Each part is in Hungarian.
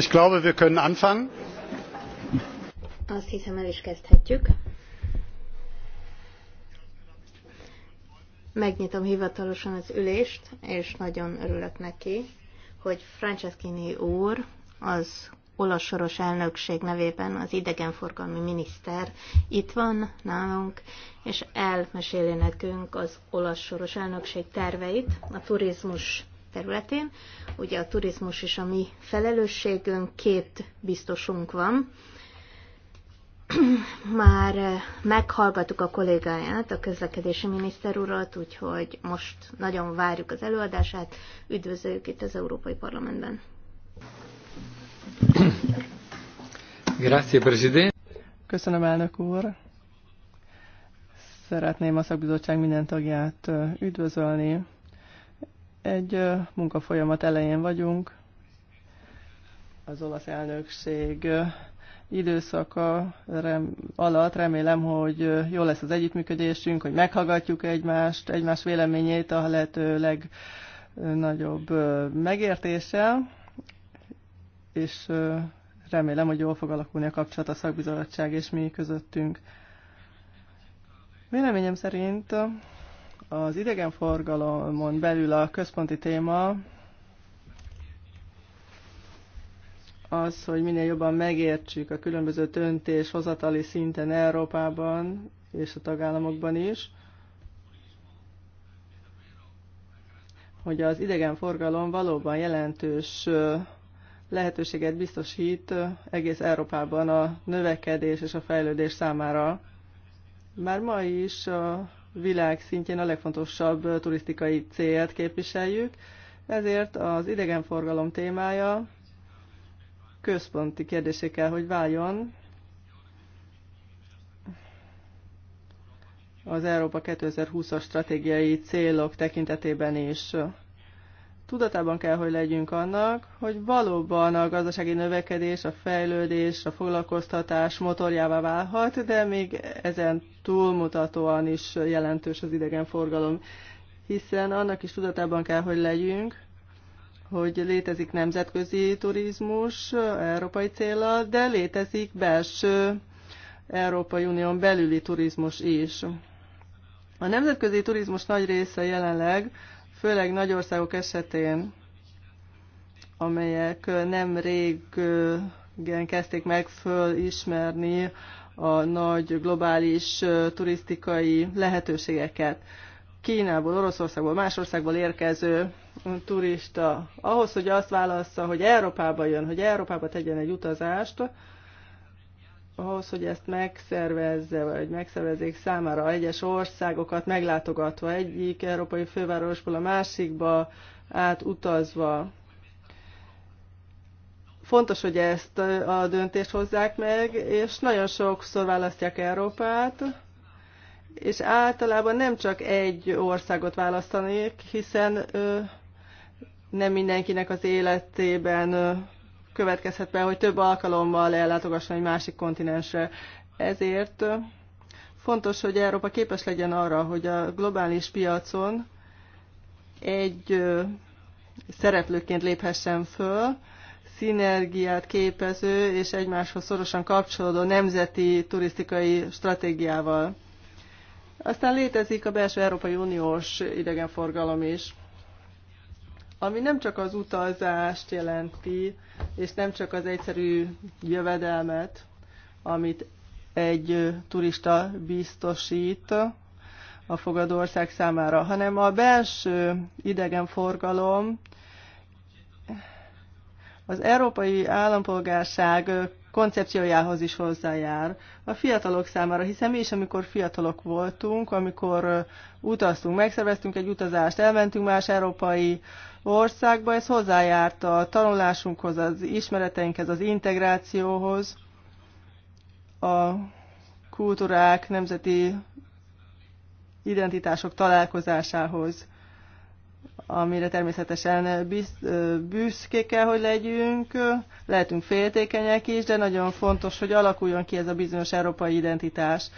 Ich glaube, wir können anfangen. Azt hiszem, el is kezdhetjük. Megnyitom hivatalosan az ülést, és nagyon örülök neki, hogy Franceschini úr az olasz soros elnökség nevében az idegenforgalmi miniszter itt van nálunk, és elmeséli nekünk az olasz soros elnökség terveit a turizmus területén. Ugye a turizmus is a mi felelősségünk, két biztosunk van. Már eh, meghallgattuk a kollégáját, a közlekedési miniszter urat, úgyhogy most nagyon várjuk az előadását. Üdvözöljük itt az Európai Parlamentben. Grazie, Presidente. Köszönöm, elnök úr. Szeretném a szakbizottság minden tagját eh, üdvözölni, egy munkafolyamat elején vagyunk. Az olasz elnökség időszaka rem, alatt remélem, hogy jó lesz az együttműködésünk, hogy meghallgatjuk egymást, egymás véleményét a lehető legnagyobb megértéssel, és remélem, hogy jól fog alakulni a kapcsolat a szakbizottság és mi közöttünk. Véleményem szerint az idegenforgalomon belül a központi téma az, hogy minél jobban megértsük a különböző döntés hozatali szinten Európában és a tagállamokban is, hogy az idegenforgalom valóban jelentős lehetőséget biztosít egész Európában a növekedés és a fejlődés számára. Már ma is a világ szintjén a legfontosabb turisztikai célt képviseljük, ezért az idegenforgalom témája központi kérdésé kell, hogy váljon az Európa 2020-as stratégiai célok tekintetében is tudatában kell, hogy legyünk annak, hogy valóban a gazdasági növekedés, a fejlődés, a foglalkoztatás motorjává válhat, de még ezen túlmutatóan is jelentős az idegenforgalom, hiszen annak is tudatában kell, hogy legyünk, hogy létezik nemzetközi turizmus európai célra, de létezik belső Európai Unión belüli turizmus is. A nemzetközi turizmus nagy része jelenleg főleg nagy országok esetén, amelyek nem rég igen, kezdték meg fölismerni a nagy globális turisztikai lehetőségeket. Kínából, Oroszországból, más országból érkező turista, ahhoz, hogy azt válassza, hogy Európába jön, hogy Európába tegyen egy utazást, ahhoz, hogy ezt megszervezze, vagy megszervezzék számára egyes országokat meglátogatva egyik európai fővárosból a másikba átutazva. Fontos, hogy ezt a döntést hozzák meg, és nagyon sokszor választják Európát, és általában nem csak egy országot választanék, hiszen nem mindenkinek az életében következhet be, hogy több alkalommal ellátogasson egy másik kontinensre. Ezért fontos, hogy Európa képes legyen arra, hogy a globális piacon egy szereplőként léphessen föl, szinergiát képező és egymáshoz szorosan kapcsolódó nemzeti turisztikai stratégiával. Aztán létezik a belső Európai Uniós idegenforgalom is, ami nem csak az utazást jelenti, és nem csak az egyszerű jövedelmet, amit egy turista biztosít a fogadó ország számára, hanem a belső idegenforgalom az európai állampolgárság koncepciójához is hozzájár a fiatalok számára, hiszen mi is, amikor fiatalok voltunk, amikor utaztunk, megszerveztünk egy utazást, elmentünk más európai országba, ez hozzájárt a tanulásunkhoz, az ismereteinkhez, az integrációhoz, a kultúrák, nemzeti identitások találkozásához, amire természetesen büszkék kell, hogy legyünk, lehetünk féltékenyek is, de nagyon fontos, hogy alakuljon ki ez a bizonyos európai identitás.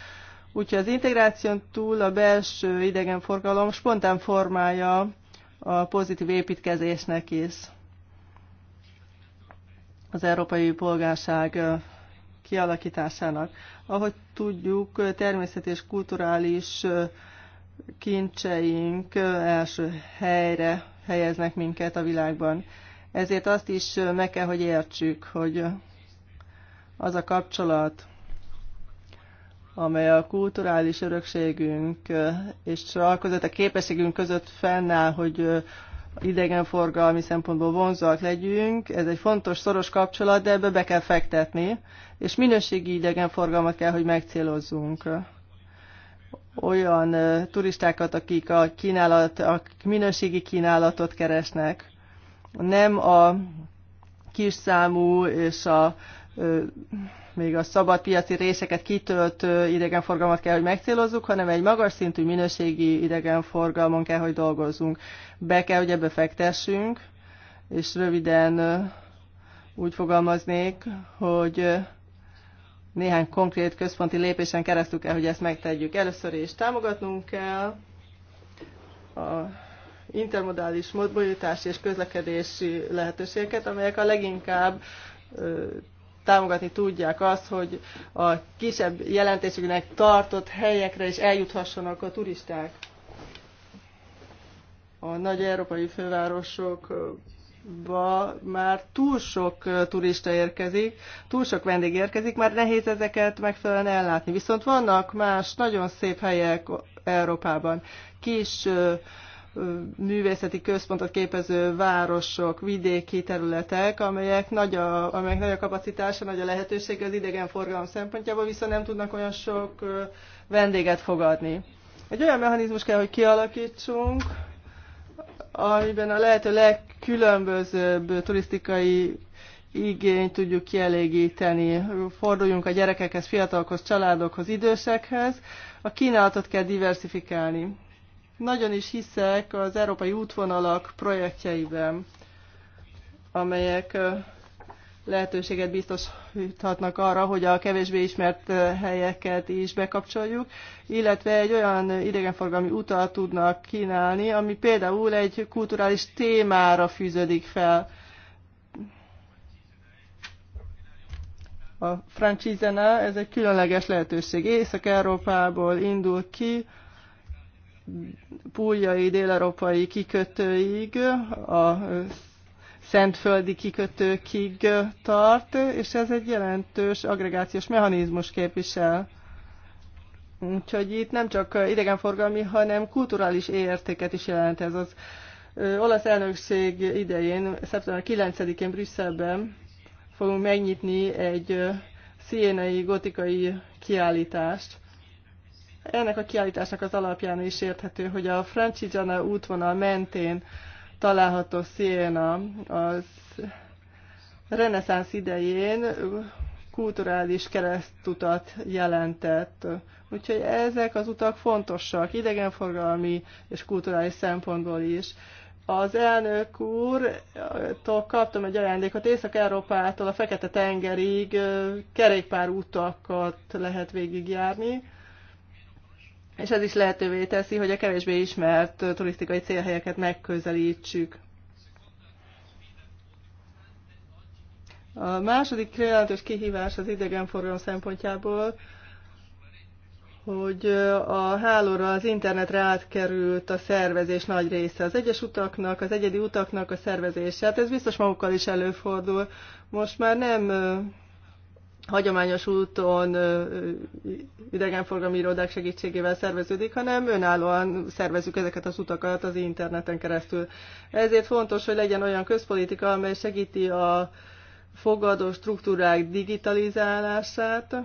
Úgyhogy az integráción túl a belső idegenforgalom spontán formája a pozitív építkezésnek is. Az európai polgárság kialakításának. Ahogy tudjuk, természet és kulturális kincseink első helyre helyeznek minket a világban. Ezért azt is meg kell, hogy értsük, hogy az a kapcsolat, amely a kulturális örökségünk és a között a képességünk között fennáll, hogy idegenforgalmi szempontból vonzóak legyünk. Ez egy fontos, szoros kapcsolat, de ebbe be kell fektetni, és minőségi idegenforgalmat kell, hogy megcélozzunk. Olyan turistákat, akik a, kínálat, a minőségi kínálatot keresnek, nem a kis számú és a még a szabad piaci részeket kitöltő idegenforgalmat kell, hogy megcélozzuk, hanem egy magas szintű minőségi idegenforgalmon kell, hogy dolgozzunk. Be kell, hogy ebbe fektessünk, és röviden úgy fogalmaznék, hogy néhány konkrét központi lépésen keresztül kell, hogy ezt megtegyük. Először is támogatnunk kell a intermodális mobilitási és közlekedési lehetőségeket, amelyek a leginkább támogatni tudják azt, hogy a kisebb jelentésüknek tartott helyekre is eljuthassanak a turisták. A nagy európai fővárosokba már túl sok turista érkezik, túl sok vendég érkezik, már nehéz ezeket megfelelően ellátni. Viszont vannak más nagyon szép helyek Európában, kis művészeti központot képező városok, vidéki területek, amelyek nagy a, amelyek nagy a kapacitása, nagy a lehetőség az idegenforgalom szempontjából, viszont nem tudnak olyan sok vendéget fogadni. Egy olyan mechanizmus kell, hogy kialakítsunk, amiben a lehető legkülönbözőbb turisztikai igényt tudjuk kielégíteni. Forduljunk a gyerekekhez, fiatalokhoz, családokhoz, idősekhez. A kínálatot kell diversifikálni. Nagyon is hiszek az Európai Útvonalak projektjeiben, amelyek lehetőséget biztosíthatnak arra, hogy a kevésbé ismert helyeket is bekapcsoljuk, illetve egy olyan idegenforgalmi utat tudnak kínálni, ami például egy kulturális témára fűződik fel. A francizena, ez egy különleges lehetőség. Észak-Európából indul ki, púljai dél-európai kikötőig, a szentföldi kikötőkig tart, és ez egy jelentős agregációs mechanizmus képvisel. Úgyhogy itt nem csak idegenforgalmi, hanem kulturális értéket is jelent ez az olasz elnökség idején, szeptember 9-én Brüsszelben fogunk megnyitni egy szienai gotikai kiállítást. Ennek a kiállításnak az alapján is érthető, hogy a Francigiana útvonal mentén található Siena az reneszánsz idején kulturális keresztutat jelentett. Úgyhogy ezek az utak fontosak, idegenforgalmi és kulturális szempontból is. Az elnök úrtól kaptam egy ajándékot, Észak-Európától a Fekete-tengerig kerékpár utakat lehet végigjárni és ez is lehetővé teszi, hogy a kevésbé ismert turisztikai célhelyeket megközelítsük. A második jelentős kihívás az idegenforgalom szempontjából, hogy a hálóra az internetre átkerült a szervezés nagy része. Az egyes utaknak, az egyedi utaknak a szervezése, hát ez biztos magukkal is előfordul. Most már nem hagyományos úton idegenforgalmi irodák segítségével szerveződik, hanem önállóan szervezzük ezeket az utakat az interneten keresztül. Ezért fontos, hogy legyen olyan közpolitika, amely segíti a fogadó struktúrák digitalizálását,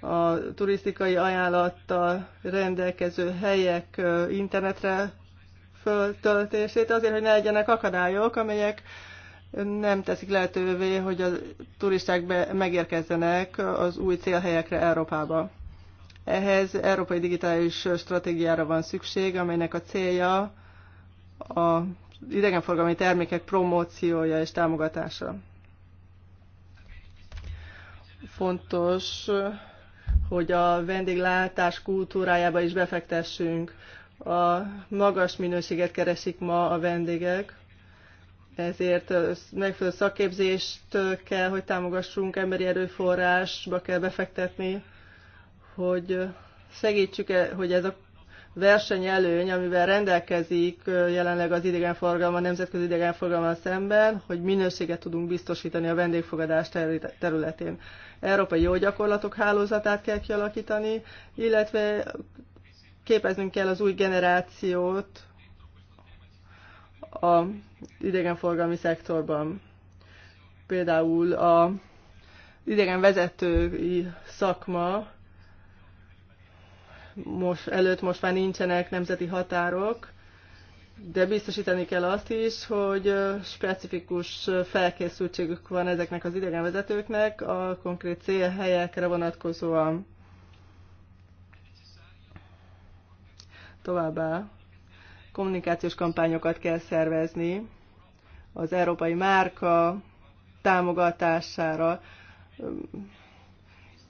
a turisztikai ajánlattal rendelkező helyek internetre föltöltését, azért, hogy ne legyenek akadályok, amelyek nem teszik lehetővé, hogy a turisták be, megérkezzenek az új célhelyekre Európába. Ehhez európai digitális stratégiára van szükség, amelynek a célja a idegenforgalmi termékek promóciója és támogatása. Fontos, hogy a vendéglátás kultúrájába is befektessünk. A magas minőséget keresik ma a vendégek, ezért megfelelő szakképzést kell, hogy támogassunk, emberi erőforrásba kell befektetni, hogy segítsük, -e, hogy ez a versenyelőny, amivel rendelkezik jelenleg az idegenforgalma, nemzetközi idegenforgalma szemben, hogy minőséget tudunk biztosítani a vendégfogadás területén. Európai jó gyakorlatok hálózatát kell kialakítani, illetve képeznünk kell az új generációt, a idegenforgalmi szektorban. Például a idegen vezetői szakma most, előtt most már nincsenek nemzeti határok, de biztosítani kell azt is, hogy specifikus felkészültségük van ezeknek az idegenvezetőknek a konkrét célhelyekre vonatkozóan. Továbbá kommunikációs kampányokat kell szervezni az európai márka támogatására.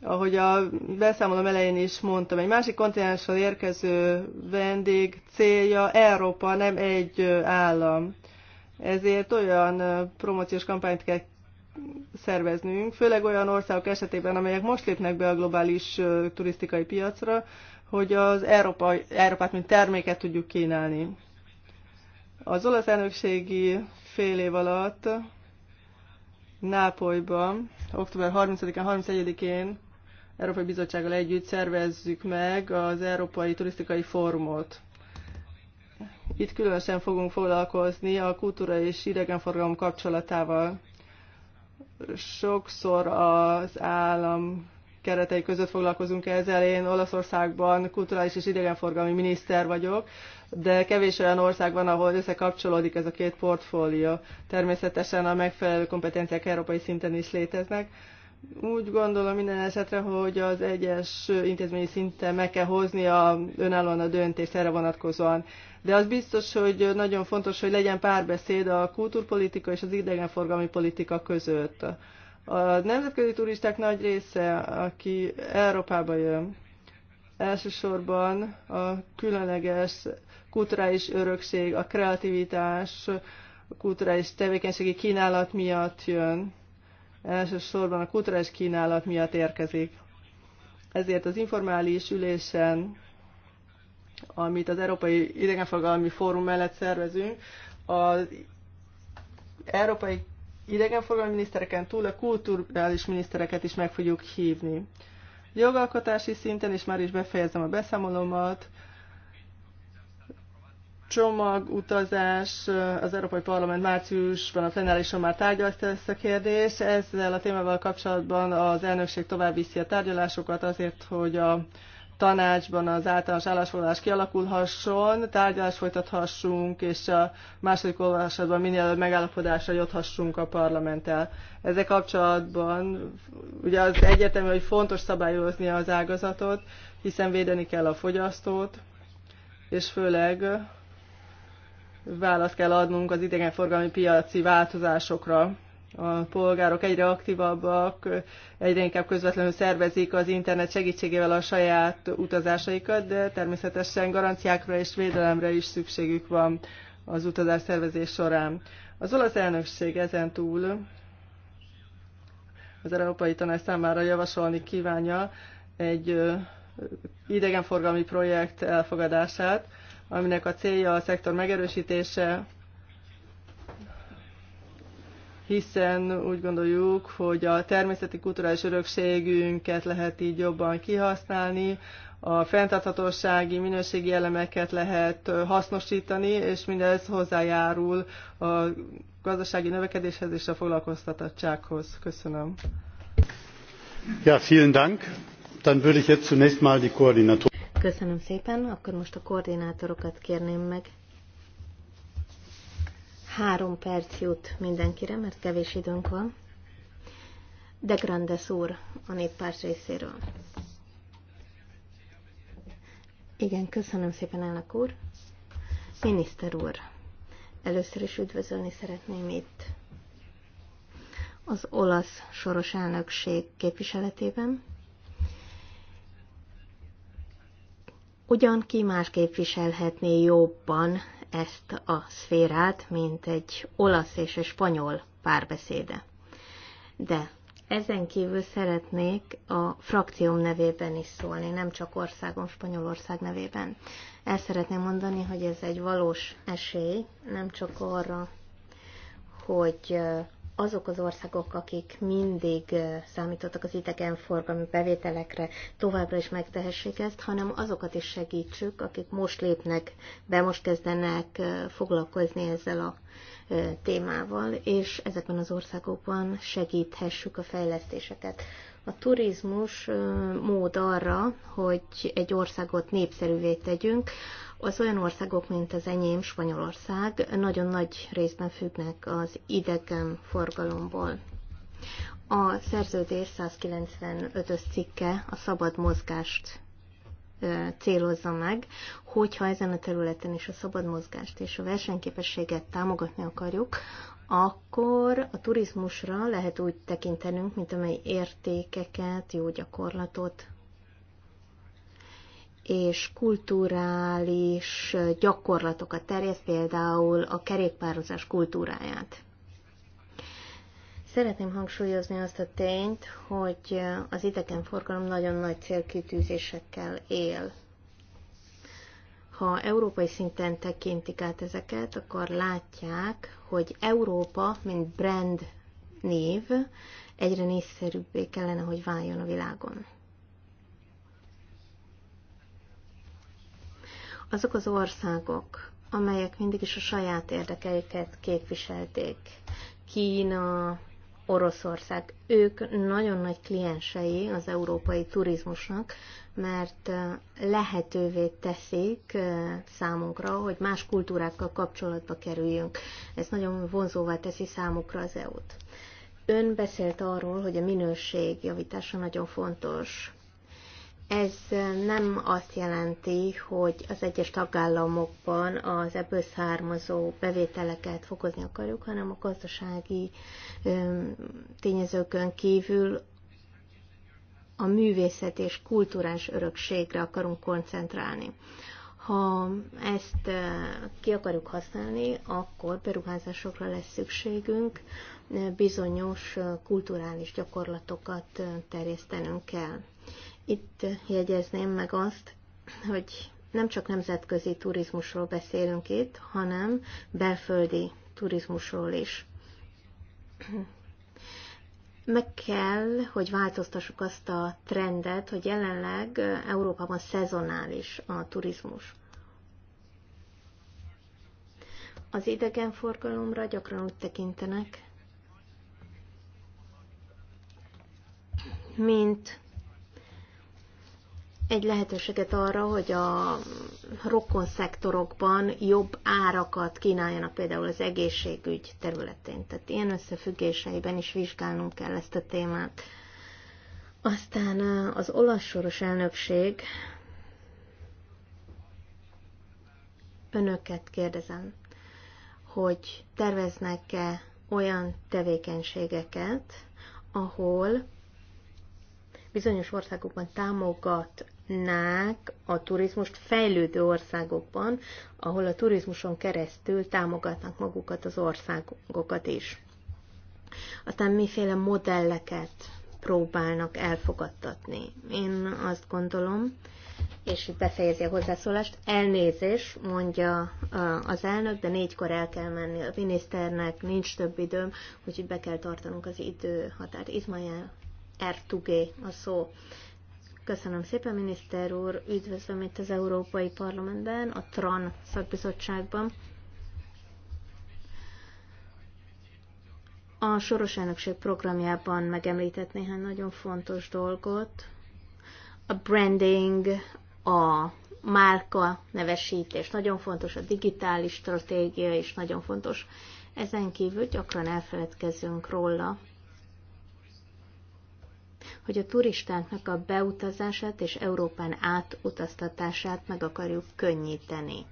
Ahogy a beszámolom elején is mondtam, egy másik kontinensről érkező vendég célja Európa, nem egy állam. Ezért olyan promóciós kampányt kell szerveznünk, főleg olyan országok esetében, amelyek most lépnek be a globális turisztikai piacra, hogy az Európa, Európát mint terméket tudjuk kínálni. Az olasz elnökségi fél év alatt Nápolyban, október 30-án, 31-én Európai Bizottsággal együtt szervezzük meg az Európai Turisztikai Fórumot. Itt különösen fogunk foglalkozni a kultúra és idegenforgalom kapcsolatával. Sokszor az állam keretei között foglalkozunk ezzel. Én Olaszországban kulturális és idegenforgalmi miniszter vagyok, de kevés olyan ország van, ahol összekapcsolódik ez a két portfólió. Természetesen a megfelelő kompetenciák európai szinten is léteznek. Úgy gondolom minden esetre, hogy az egyes intézményi szinten meg kell hozni a önállóan a döntést erre vonatkozóan. De az biztos, hogy nagyon fontos, hogy legyen párbeszéd a kulturpolitika és az idegenforgalmi politika között a nemzetközi turisták nagy része, aki Európába jön, elsősorban a különleges kulturális örökség, a kreativitás, a kulturális tevékenységi kínálat miatt jön. Elsősorban a kulturális kínálat miatt érkezik. Ezért az informális ülésen, amit az Európai Idegenforgalmi Fórum mellett szervezünk, az Európai idegenforgalmi minisztereken túl a kulturális minisztereket is meg fogjuk hívni. Jogalkotási szinten, és már is befejezem a beszámolómat, csomagutazás, az Európai Parlament márciusban a plenárison már tárgyalt ezt a kérdést. Ezzel a témával kapcsolatban az elnökség tovább viszi a tárgyalásokat azért, hogy a tanácsban az általános állásfoglalás kialakulhasson, tárgyalást folytathassunk, és a második olvasatban minél megállapodásra juthassunk a parlamenttel. Ezzel kapcsolatban ugye az egyértelmű, hogy fontos szabályozni az ágazatot, hiszen védeni kell a fogyasztót, és főleg választ kell adnunk az idegenforgalmi piaci változásokra a polgárok egyre aktívabbak, egyre inkább közvetlenül szervezik az internet segítségével a saját utazásaikat, de természetesen garanciákra és védelemre is szükségük van az utazás szervezés során. Az olasz elnökség ezen túl az Európai Tanács számára javasolni kívánja egy idegenforgalmi projekt elfogadását, aminek a célja a szektor megerősítése, hiszen úgy gondoljuk, hogy a természeti kulturális örökségünket lehet így jobban kihasználni, a fenntarthatósági minőségi elemeket lehet hasznosítani, és mindez hozzájárul a gazdasági növekedéshez és a foglalkoztatottsághoz. Köszönöm. Ja, vielen Dank. Dann würde ich jetzt zunächst mal die Koordinator Köszönöm szépen. Akkor most a koordinátorokat kérném meg. Három perc jut mindenkire, mert kevés időnk van. De Grandes úr a néppárt részéről. Igen, köszönöm szépen, elnök úr. Miniszter úr, először is üdvözölni szeretném itt az olasz soros elnökség képviseletében. Ugyan ki más képviselhetné jobban ezt a szférát, mint egy olasz és egy spanyol párbeszéde. De ezen kívül szeretnék a frakcióm nevében is szólni, nem csak országom, Spanyolország nevében. El szeretném mondani, hogy ez egy valós esély, nem csak arra, hogy azok az országok, akik mindig számítottak az idegenforgalmi bevételekre, továbbra is megtehessék ezt, hanem azokat is segítsük, akik most lépnek be, most kezdenek foglalkozni ezzel a témával, és ezekben az országokban segíthessük a fejlesztéseket. A turizmus mód arra, hogy egy országot népszerűvé tegyünk, az olyan országok, mint az enyém, Spanyolország, nagyon nagy részben függnek az idegen forgalomból. A szerződés 195-ös cikke a szabad mozgást célozza meg, hogyha ezen a területen is a szabad mozgást és a versenyképességet támogatni akarjuk, akkor a turizmusra lehet úgy tekintenünk, mint amely értékeket, jó gyakorlatot és kulturális gyakorlatokat terjeszt, például a kerékpározás kultúráját. Szeretném hangsúlyozni azt a tényt, hogy az idegenforgalom nagyon nagy célkitűzésekkel él. Ha európai szinten tekintik át ezeket, akkor látják, hogy Európa, mint brand név, egyre nézszerűbbé kellene, hogy váljon a világon. azok az országok, amelyek mindig is a saját érdekeiket képviselték, Kína, Oroszország, ők nagyon nagy kliensei az európai turizmusnak, mert lehetővé teszik számunkra, hogy más kultúrákkal kapcsolatba kerüljünk. Ez nagyon vonzóvá teszi számukra az EU-t. Ön beszélt arról, hogy a minőség javítása nagyon fontos. Ez nem azt jelenti, hogy az egyes tagállamokban az ebből származó bevételeket fokozni akarjuk, hanem a gazdasági tényezőkön kívül a művészet és kulturális örökségre akarunk koncentrálni. Ha ezt ki akarjuk használni, akkor beruházásokra lesz szükségünk, bizonyos kulturális gyakorlatokat terjesztenünk kell. Itt jegyezném meg azt, hogy nem csak nemzetközi turizmusról beszélünk itt, hanem belföldi turizmusról is. Meg kell, hogy változtassuk azt a trendet, hogy jelenleg Európában szezonális a turizmus. Az idegenforgalomra gyakran úgy tekintenek, mint egy lehetőséget arra, hogy a rokon szektorokban jobb árakat kínáljanak például az egészségügy területén. Tehát ilyen összefüggéseiben is vizsgálnunk kell ezt a témát. Aztán az olasz soros elnökség, önöket kérdezem, hogy terveznek-e olyan tevékenységeket, ahol bizonyos országokban támogat támogatnák a turizmust fejlődő országokban, ahol a turizmuson keresztül támogatnak magukat az országokat is. Aztán miféle modelleket próbálnak elfogadtatni. Én azt gondolom, és befejezi a hozzászólást. Elnézés, mondja az elnök, de négykor el kell menni a miniszternek, nincs több időm, úgyhogy be kell tartanunk az időhatárt. Izmael Ertugé a szó. Köszönöm szépen, miniszter úr, üdvözlöm itt az Európai Parlamentben, a TRAN szakbizottságban. A soros elnökség programjában megemlített néhány nagyon fontos dolgot. A branding, a márka nevesítés nagyon fontos, a digitális stratégia is nagyon fontos. Ezen kívül gyakran elfeledkezünk róla, hogy a turistáknak a beutazását és Európán átutaztatását meg akarjuk könnyíteni.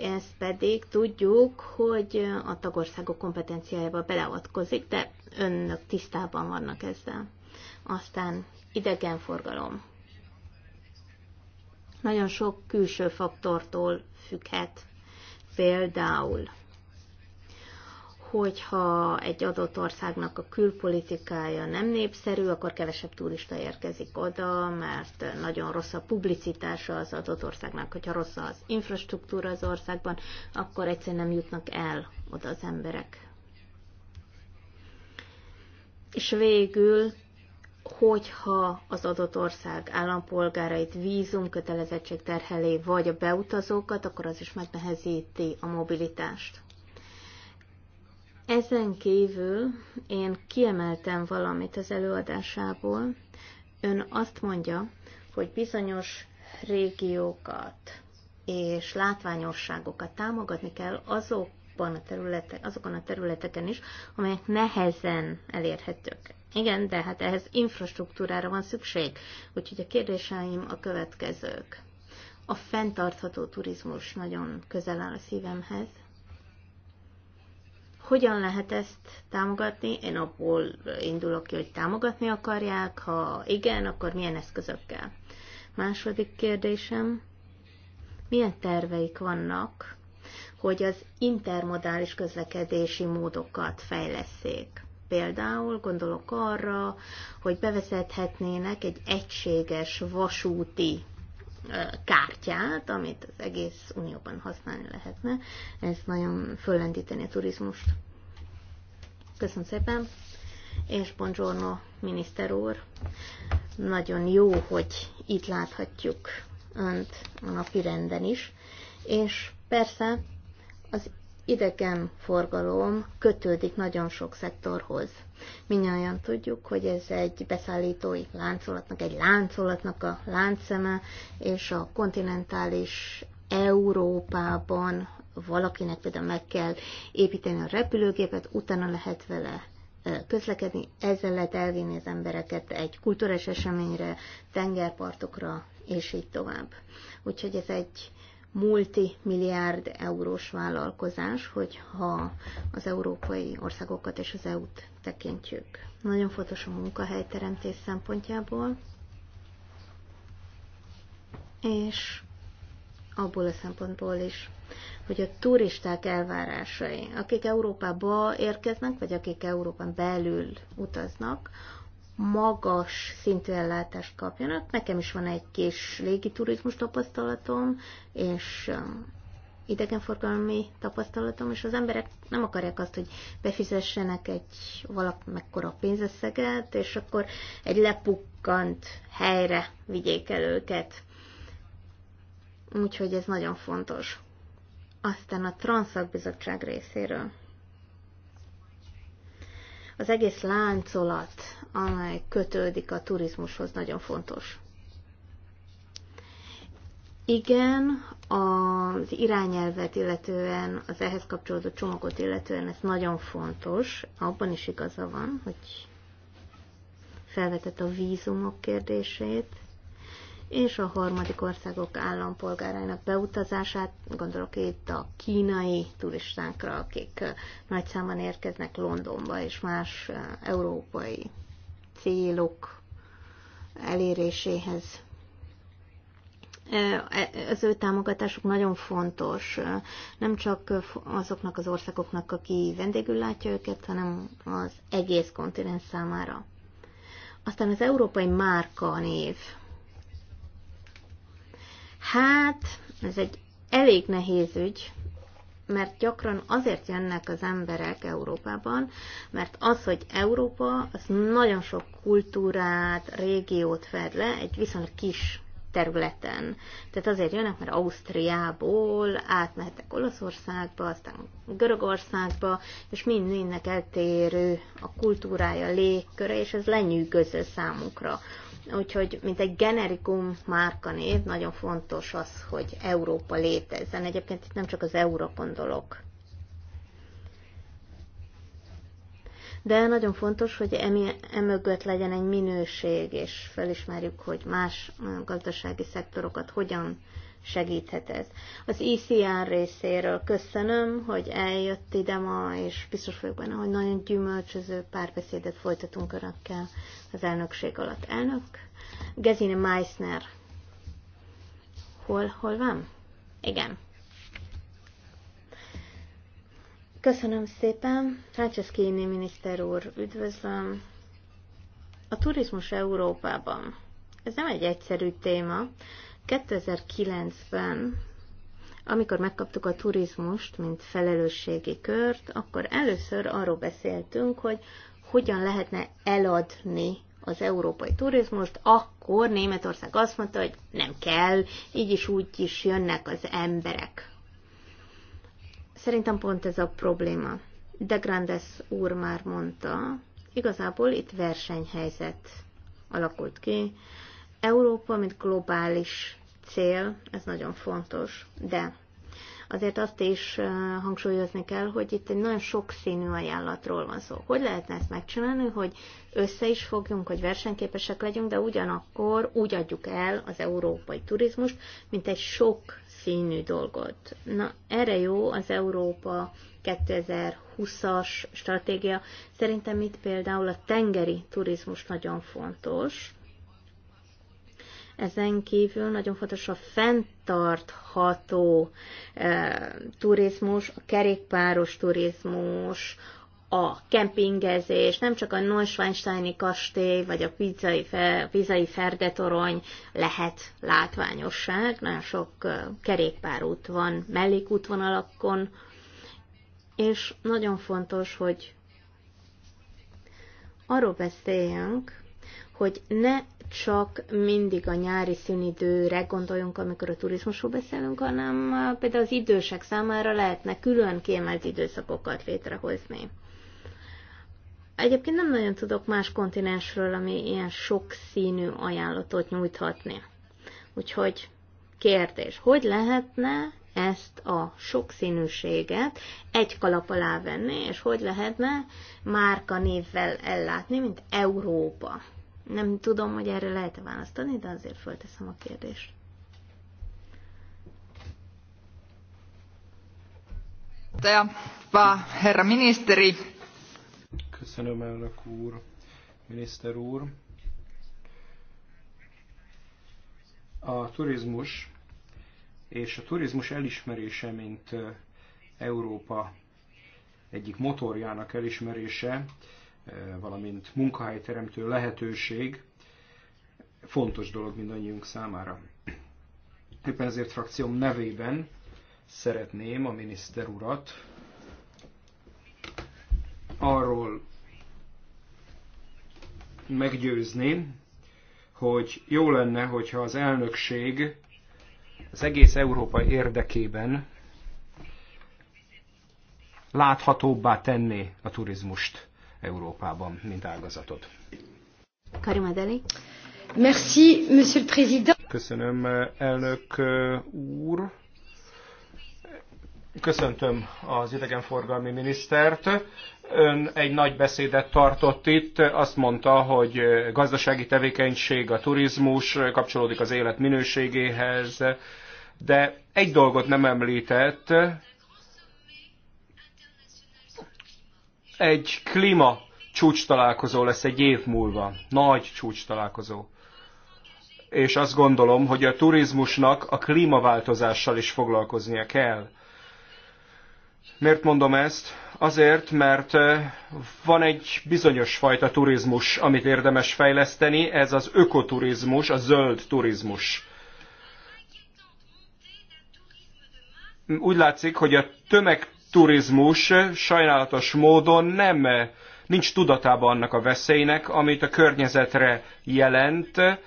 Ezt pedig tudjuk, hogy a tagországok kompetenciájába beleavatkozik, de önök tisztában vannak ezzel. Aztán idegenforgalom. Nagyon sok külső faktortól függhet. Például hogyha egy adott országnak a külpolitikája nem népszerű, akkor kevesebb turista érkezik oda, mert nagyon rossz a publicitása az adott országnak. Hogyha rossz az infrastruktúra az országban, akkor egyszerűen nem jutnak el oda az emberek. És végül hogyha az adott ország állampolgárait vízum kötelezettség terhelé, vagy a beutazókat, akkor az is megnehezíti a mobilitást. Ezen kívül én kiemeltem valamit az előadásából. Ön azt mondja, hogy bizonyos régiókat és látványosságokat támogatni kell azokban a területek, azokon a területeken is, amelyek nehezen elérhetők. Igen, de hát ehhez infrastruktúrára van szükség. Úgyhogy a kérdéseim a következők. A fenntartható turizmus nagyon közel áll a szívemhez, hogyan lehet ezt támogatni? Én abból indulok ki, hogy támogatni akarják, ha igen, akkor milyen eszközökkel? Második kérdésem, milyen terveik vannak, hogy az intermodális közlekedési módokat fejleszék? Például gondolok arra, hogy bevezethetnének egy egységes vasúti kártyát, amit az egész Unióban használni lehetne. Ez nagyon föllendíteni a turizmust. Köszönöm szépen, és buongiorno, miniszter úr. Nagyon jó, hogy itt láthatjuk önt a napi renden is, és persze az forgalom kötődik nagyon sok szektorhoz Minnyáján tudjuk, hogy ez egy beszállítói láncolatnak, egy láncolatnak a láncszeme, és a kontinentális Európában valakinek például meg kell építeni a repülőgépet, utána lehet vele közlekedni, ezzel lehet elvinni az embereket egy kulturális eseményre, tengerpartokra, és így tovább. Úgyhogy ez egy multimilliárd eurós vállalkozás, hogyha az európai országokat és az EU-t tekintjük. Nagyon fontos a munkahelyteremtés szempontjából, és abból a szempontból is, hogy a turisták elvárásai, akik Európába érkeznek, vagy akik Európán belül utaznak, magas szintű ellátást kapjanak. Nekem is van egy kis légiturizmus tapasztalatom, és um, idegenforgalmi tapasztalatom, és az emberek nem akarják azt, hogy befizessenek egy valamekkora pénzösszeget, és akkor egy lepukkant helyre vigyék el őket. Úgyhogy ez nagyon fontos. Aztán a Transzakbizottság részéről. Az egész láncolat, amely kötődik a turizmushoz, nagyon fontos. Igen, az irányelvet illetően, az ehhez kapcsolódó csomagot illetően ez nagyon fontos. Abban is igaza van, hogy felvetett a vízumok kérdését, és a harmadik országok állampolgárainak beutazását, gondolok itt a kínai turistánkra, akik nagy számban érkeznek Londonba és más eh, európai célok eléréséhez. E, az ő támogatásuk nagyon fontos, nem csak azoknak az országoknak, aki vendégül látja őket, hanem az egész kontinens számára. Aztán az európai márka név. Hát, ez egy elég nehéz ügy, mert gyakran azért jönnek az emberek Európában, mert az, hogy Európa, az nagyon sok kultúrát, régiót fed le egy viszonylag kis területen. Tehát azért jönnek, mert Ausztriából átmehetek Olaszországba, aztán Görögországba, és mind mindnek eltérő a kultúrája, a légköre, és ez lenyűgöző számukra. Úgyhogy, mint egy generikum márkanév, nagyon fontos az, hogy Európa létezzen. Egyébként itt nem csak az Európa gondolok. De nagyon fontos, hogy emögött legyen egy minőség, és felismerjük, hogy más gazdasági szektorokat hogyan segíthet ez. Az ICR e részéről köszönöm, hogy eljött ide ma, és biztos vagyok benne, hogy nagyon gyümölcsöző párbeszédet folytatunk önökkel az elnökség alatt. Elnök Gezine Meissner. Hol, hol van? Igen. Köszönöm szépen. Franceschini miniszter úr, üdvözlöm. A turizmus Európában. Ez nem egy egyszerű téma, 2009-ben, amikor megkaptuk a turizmust, mint felelősségi kört, akkor először arról beszéltünk, hogy hogyan lehetne eladni az európai turizmust, akkor Németország azt mondta, hogy nem kell, így is úgy is jönnek az emberek. Szerintem pont ez a probléma. De Grandes úr már mondta, igazából itt versenyhelyzet alakult ki. Európa, mint globális cél, ez nagyon fontos, de azért azt is hangsúlyozni kell, hogy itt egy nagyon sokszínű ajánlatról van szó. Hogy lehetne ezt megcsinálni, hogy össze is fogjunk, hogy versenyképesek legyünk, de ugyanakkor úgy adjuk el az európai turizmust, mint egy sok színű dolgot. Na, erre jó az Európa 2020-as stratégia. Szerintem itt például a tengeri turizmus nagyon fontos, ezen kívül nagyon fontos a fenntartható e, turizmus, a kerékpáros turizmus, a kempingezés, nem csak a Neuschwansteini kastély, vagy a pizzai, fe, pizzai ferdetorony lehet látványosság, nagyon sok eh, kerékpárút van mellékútvonalakon, és nagyon fontos, hogy arról beszéljünk, hogy ne csak mindig a nyári szünidőre gondoljunk, amikor a turizmusról beszélünk, hanem például az idősek számára lehetne külön kiemelt időszakokat létrehozni. Egyébként nem nagyon tudok más kontinensről, ami ilyen sokszínű ajánlatot nyújthatni. Úgyhogy kérdés, hogy lehetne ezt a sokszínűséget egy kalap alá venni, és hogy lehetne névvel ellátni, mint Európa. Nem tudom, hogy erre lehet-e választani, de azért fölteszem a kérdést. Herra miniszteri! Köszönöm, elnök úr, miniszter úr. A turizmus és a turizmus elismerése, mint Európa egyik motorjának elismerése valamint munkahelyteremtő lehetőség fontos dolog mindannyiunk számára. Éppen ezért frakcióm nevében szeretném a miniszter urat arról meggyőzni, hogy jó lenne, hogyha az elnökség az egész Európa érdekében láthatóbbá tenné a turizmust. Európában, mint ágazatot. Karim Adeli. Merci, monsieur le président. Köszönöm, elnök úr. Köszöntöm az idegenforgalmi minisztert. Ön egy nagy beszédet tartott itt, azt mondta, hogy gazdasági tevékenység, a turizmus kapcsolódik az élet minőségéhez, de egy dolgot nem említett, egy klíma csúcs találkozó lesz egy év múlva. Nagy csúcs találkozó. És azt gondolom, hogy a turizmusnak a klímaváltozással is foglalkoznia kell. Miért mondom ezt? Azért, mert van egy bizonyos fajta turizmus, amit érdemes fejleszteni, ez az ökoturizmus, a zöld turizmus. Úgy látszik, hogy a tömeg turizmus sajnálatos módon nem nincs tudatában annak a veszélynek, amit a környezetre jelent. E,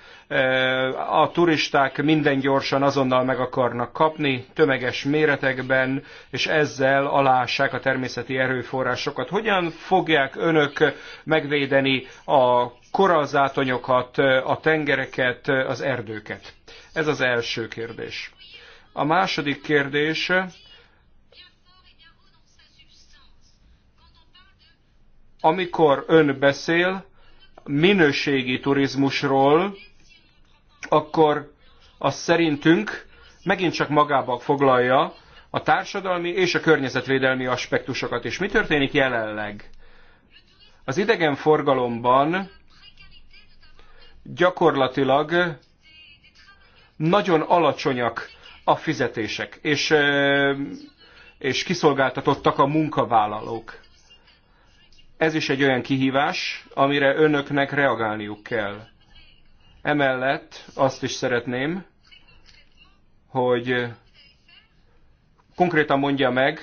a turisták minden gyorsan azonnal meg akarnak kapni, tömeges méretekben, és ezzel alássák a természeti erőforrásokat. Hogyan fogják önök megvédeni a korazátonyokat, a tengereket, az erdőket? Ez az első kérdés. A második kérdés amikor ön beszél minőségi turizmusról, akkor az szerintünk megint csak magába foglalja a társadalmi és a környezetvédelmi aspektusokat is. Mi történik jelenleg? Az idegenforgalomban gyakorlatilag nagyon alacsonyak a fizetések, és, és kiszolgáltatottak a munkavállalók. Ez is egy olyan kihívás, amire önöknek reagálniuk kell. Emellett azt is szeretném, hogy konkrétan mondja meg,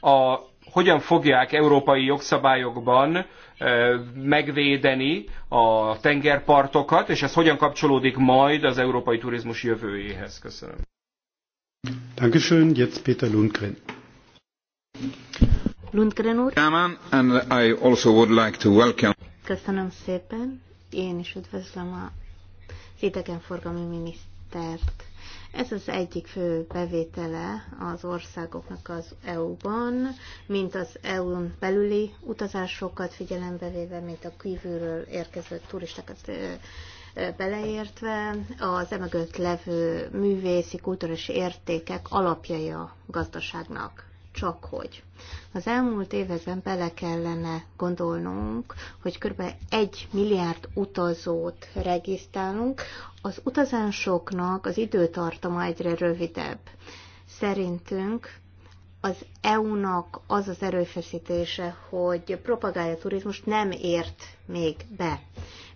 a, hogyan fogják európai jogszabályokban e, megvédeni a tengerpartokat, és ez hogyan kapcsolódik majd az európai turizmus jövőjéhez. Köszönöm. Dankeschön, jetzt Peter Lundgren. Lundgren And I also would like to welcome. Köszönöm szépen. Én is üdvözlöm a idegenforgalmi minisztert. Ez az egyik fő bevétele az országoknak az EU-ban, mint az EU-n belüli utazásokat figyelembe véve, mint a kívülről érkező turistákat beleértve, az emögött levő művészi, kulturális értékek alapjai a gazdaságnak csak hogy. Az elmúlt években bele kellene gondolnunk, hogy kb. 1 milliárd utazót regisztrálunk. Az utazásoknak az időtartama egyre rövidebb. Szerintünk az EU-nak az az erőfeszítése, hogy propagálja a turizmust, nem ért még be.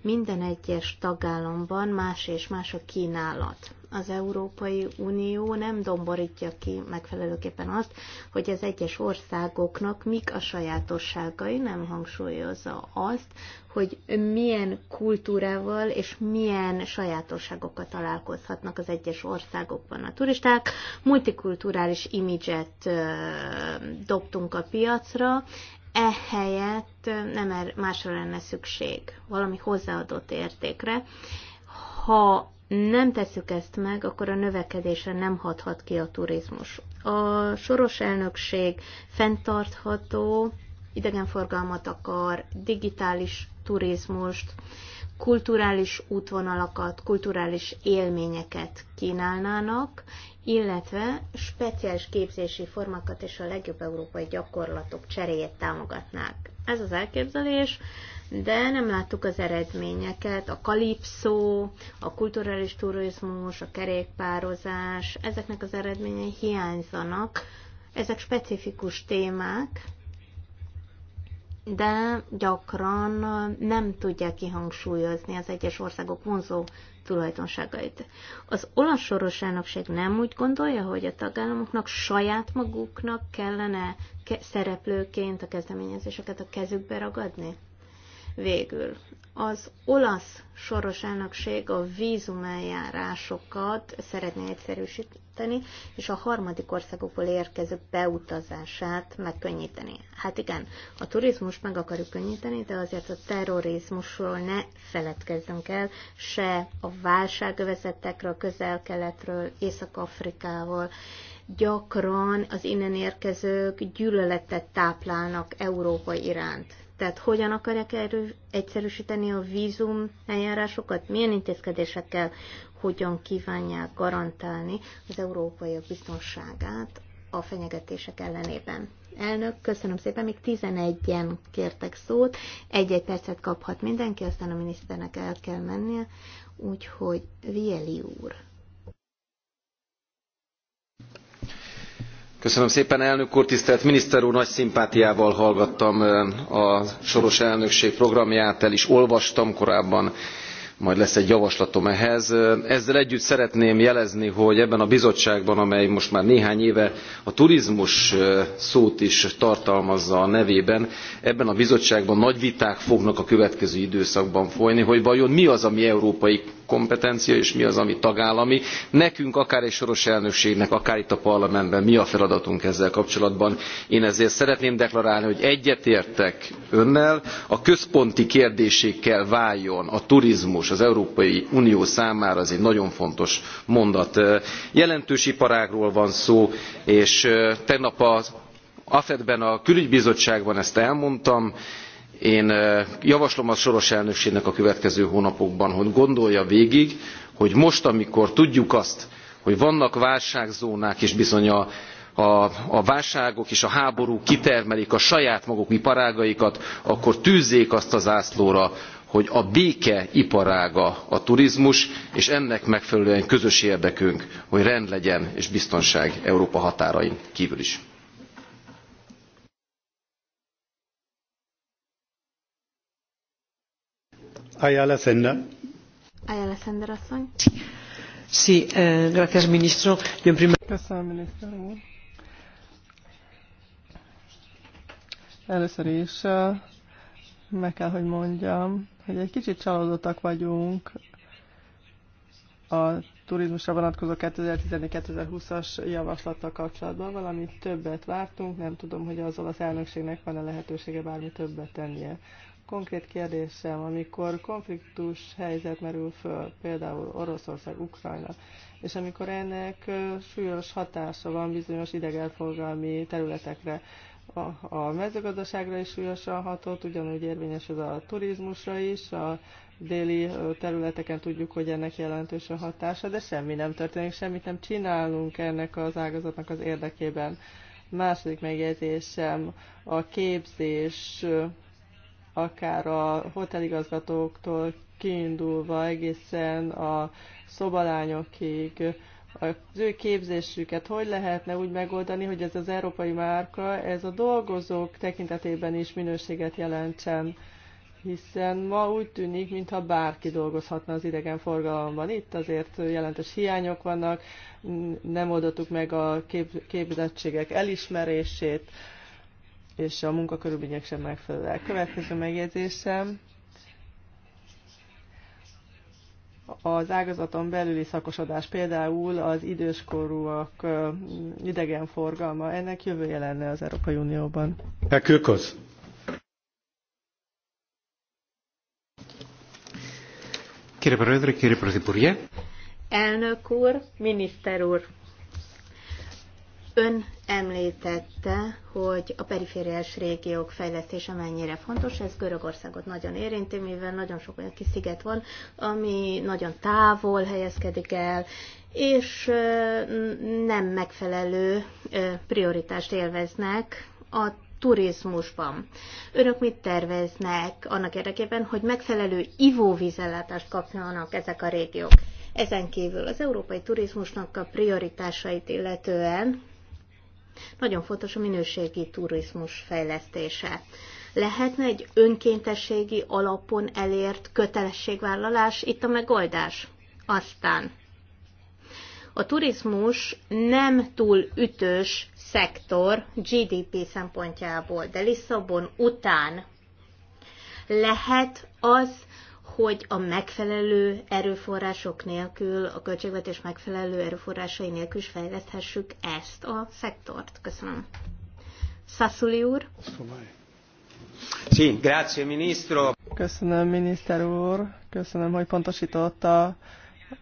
Minden egyes tagállamban más és más a kínálat. Az Európai Unió nem domborítja ki megfelelőképpen azt, hogy az egyes országoknak mik a sajátosságai, nem hangsúlyozza azt, hogy milyen kultúrával és milyen sajátosságokkal találkozhatnak az egyes országokban a turisták. Multikulturális imidzset dobtunk a piacra, ehelyett nem er, másra lenne szükség, valami hozzáadott értékre. Ha nem tesszük ezt meg, akkor a növekedésre nem hathat ki a turizmus. A soros elnökség fenntartható idegenforgalmat akar, digitális turizmust, kulturális útvonalakat, kulturális élményeket kínálnának, illetve speciális képzési formákat és a legjobb európai gyakorlatok cseréjét támogatnák. Ez az elképzelés, de nem láttuk az eredményeket. A kalipszó, a kulturális turizmus, a kerékpározás, ezeknek az eredményei hiányzanak. Ezek specifikus témák, de gyakran nem tudják kihangsúlyozni az egyes országok vonzó tulajdonságait. Az olasz soros elnökség nem úgy gondolja, hogy a tagállamoknak saját maguknak kellene ke- szereplőként a kezdeményezéseket a kezükbe ragadni? Végül az olasz soros elnökség a vízumeljárásokat szeretné egyszerűsíteni, és a harmadik országokból érkező beutazását megkönnyíteni. Hát igen, a turizmus meg akarjuk könnyíteni, de azért a terrorizmusról ne feledkezzünk el, se a válságövezetekről, közel-keletről, Észak-Afrikával, gyakran az innen érkezők gyűlöletet táplálnak Európa iránt. Tehát hogyan akarják egyszerűsíteni a vízum eljárásokat, milyen intézkedésekkel, hogyan kívánják garantálni az európai biztonságát a fenyegetések ellenében. Elnök, köszönöm szépen, még 11-en kértek szót, egy-egy percet kaphat mindenki, aztán a miniszternek el kell mennie, úgyhogy Vieli úr. Köszönöm szépen, elnök úr, tisztelt miniszter úr, nagy szimpátiával hallgattam a soros elnökség programját, el is olvastam korábban, majd lesz egy javaslatom ehhez. Ezzel együtt szeretném jelezni, hogy ebben a bizottságban, amely most már néhány éve a turizmus szót is tartalmazza a nevében, ebben a bizottságban nagy viták fognak a következő időszakban folyni, hogy vajon mi az, ami európai kompetencia és mi az, ami tagállami. Nekünk, akár egy soros elnökségnek, akár itt a parlamentben mi a feladatunk ezzel kapcsolatban. Én ezért szeretném deklarálni, hogy egyetértek önnel, a központi kérdésékkel váljon a turizmus az Európai Unió számára, ez egy nagyon fontos mondat. Jelentős iparágról van szó, és tegnap az AFED-ben a külügybizottságban ezt elmondtam, én javaslom a soros elnökségnek a következő hónapokban, hogy gondolja végig, hogy most, amikor tudjuk azt, hogy vannak válságzónák, és bizony a, válságok és a háború kitermelik a saját maguk iparágaikat, akkor tűzzék azt az zászlóra, hogy a béke iparága a turizmus, és ennek megfelelően közös érdekünk, hogy rend legyen és biztonság Európa határain kívül is. Ayala Sender. Ayala Sender asszony. Sí, eh, gracias, ministro. Yo en primer... Köszönöm, miniszter úr. Először is eh, meg kell, hogy mondjam, hogy egy kicsit csalódottak vagyunk a turizmusra vonatkozó 2014-2020-as javaslattal kapcsolatban. Valami többet vártunk, nem tudom, hogy az olasz elnökségnek van-e lehetősége bármi többet tennie konkrét kérdésem, amikor konfliktus helyzet merül föl, például Oroszország, Ukrajna, és amikor ennek súlyos hatása van bizonyos idegenforgalmi területekre, a, a mezőgazdaságra is súlyosan hatott, ugyanúgy érvényes ez a turizmusra is, a déli területeken tudjuk, hogy ennek jelentős a hatása, de semmi nem történik, semmit nem csinálunk ennek az ágazatnak az érdekében. Második megjegyzésem, a képzés akár a hoteligazgatóktól kiindulva egészen a szobalányokig, az ő képzésüket hogy lehetne úgy megoldani, hogy ez az európai márka, ez a dolgozók tekintetében is minőséget jelentsen, hiszen ma úgy tűnik, mintha bárki dolgozhatna az idegenforgalomban. Itt azért jelentős hiányok vannak, nem oldottuk meg a kép- képzettségek elismerését, és a munkakörülmények sem megfelelőek. Következő megjegyzésem, az ágazaton belüli szakosodás, például az időskorúak idegenforgalma, ennek jövője lenne az Európai Unióban. Herr Kürkosz. Elnök úr, miniszter úr, Ön említette, hogy a perifériás régiók fejlesztése mennyire fontos, ez Görögországot nagyon érinti, mivel nagyon sok olyan kis sziget van, ami nagyon távol helyezkedik el, és nem megfelelő prioritást élveznek a turizmusban. Önök mit terveznek annak érdekében, hogy megfelelő ivóvízellátást kapjanak ezek a régiók? Ezen kívül az európai turizmusnak a prioritásait illetően nagyon fontos a minőségi turizmus fejlesztése. Lehetne egy önkéntességi alapon elért kötelességvállalás itt a megoldás? Aztán a turizmus nem túl ütős szektor GDP szempontjából, de Lisszabon után lehet az hogy a megfelelő erőforrások nélkül, a költségvetés megfelelő erőforrásai nélkül is fejleszthessük ezt a szektort. Köszönöm. Sassuli úr. Sí, grazie, ministro. Köszönöm, miniszter úr. Köszönöm, hogy pontosította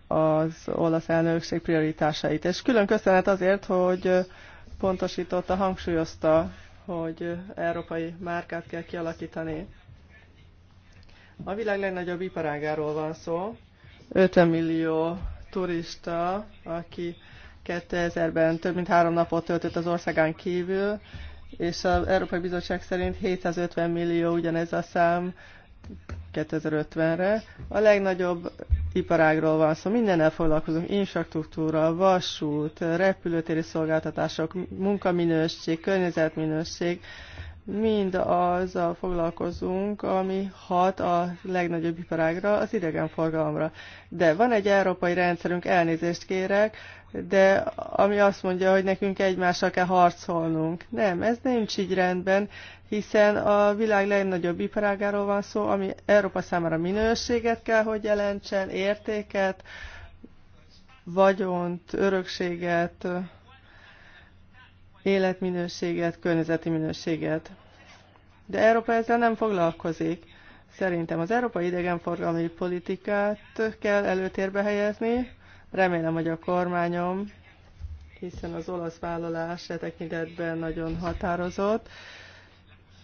az olasz elnökség prioritásait. És külön köszönet azért, hogy pontosította, hangsúlyozta, hogy európai márkát kell kialakítani a világ legnagyobb iparágáról van szó. 50 millió turista, aki 2000-ben több mint három napot töltött az országán kívül, és az Európai Bizottság szerint 750 millió ugyanez a szám 2050-re. A legnagyobb iparágról van szó, mindennel foglalkozunk, infrastruktúra, vasút, repülőtéri szolgáltatások, munkaminőség, környezetminőség, mind azzal foglalkozunk, ami hat a legnagyobb iparágra, az idegenforgalomra. De van egy európai rendszerünk, elnézést kérek, de ami azt mondja, hogy nekünk egymással kell harcolnunk. Nem, ez nincs így rendben, hiszen a világ legnagyobb iparágáról van szó, ami Európa számára minőséget kell, hogy jelentsen, értéket, vagyont, örökséget, életminőséget, környezeti minőséget. De Európa ezzel nem foglalkozik. Szerintem az európai idegenforgalmi politikát kell előtérbe helyezni. Remélem, hogy a kormányom, hiszen az olasz vállalás e tekintetben nagyon határozott,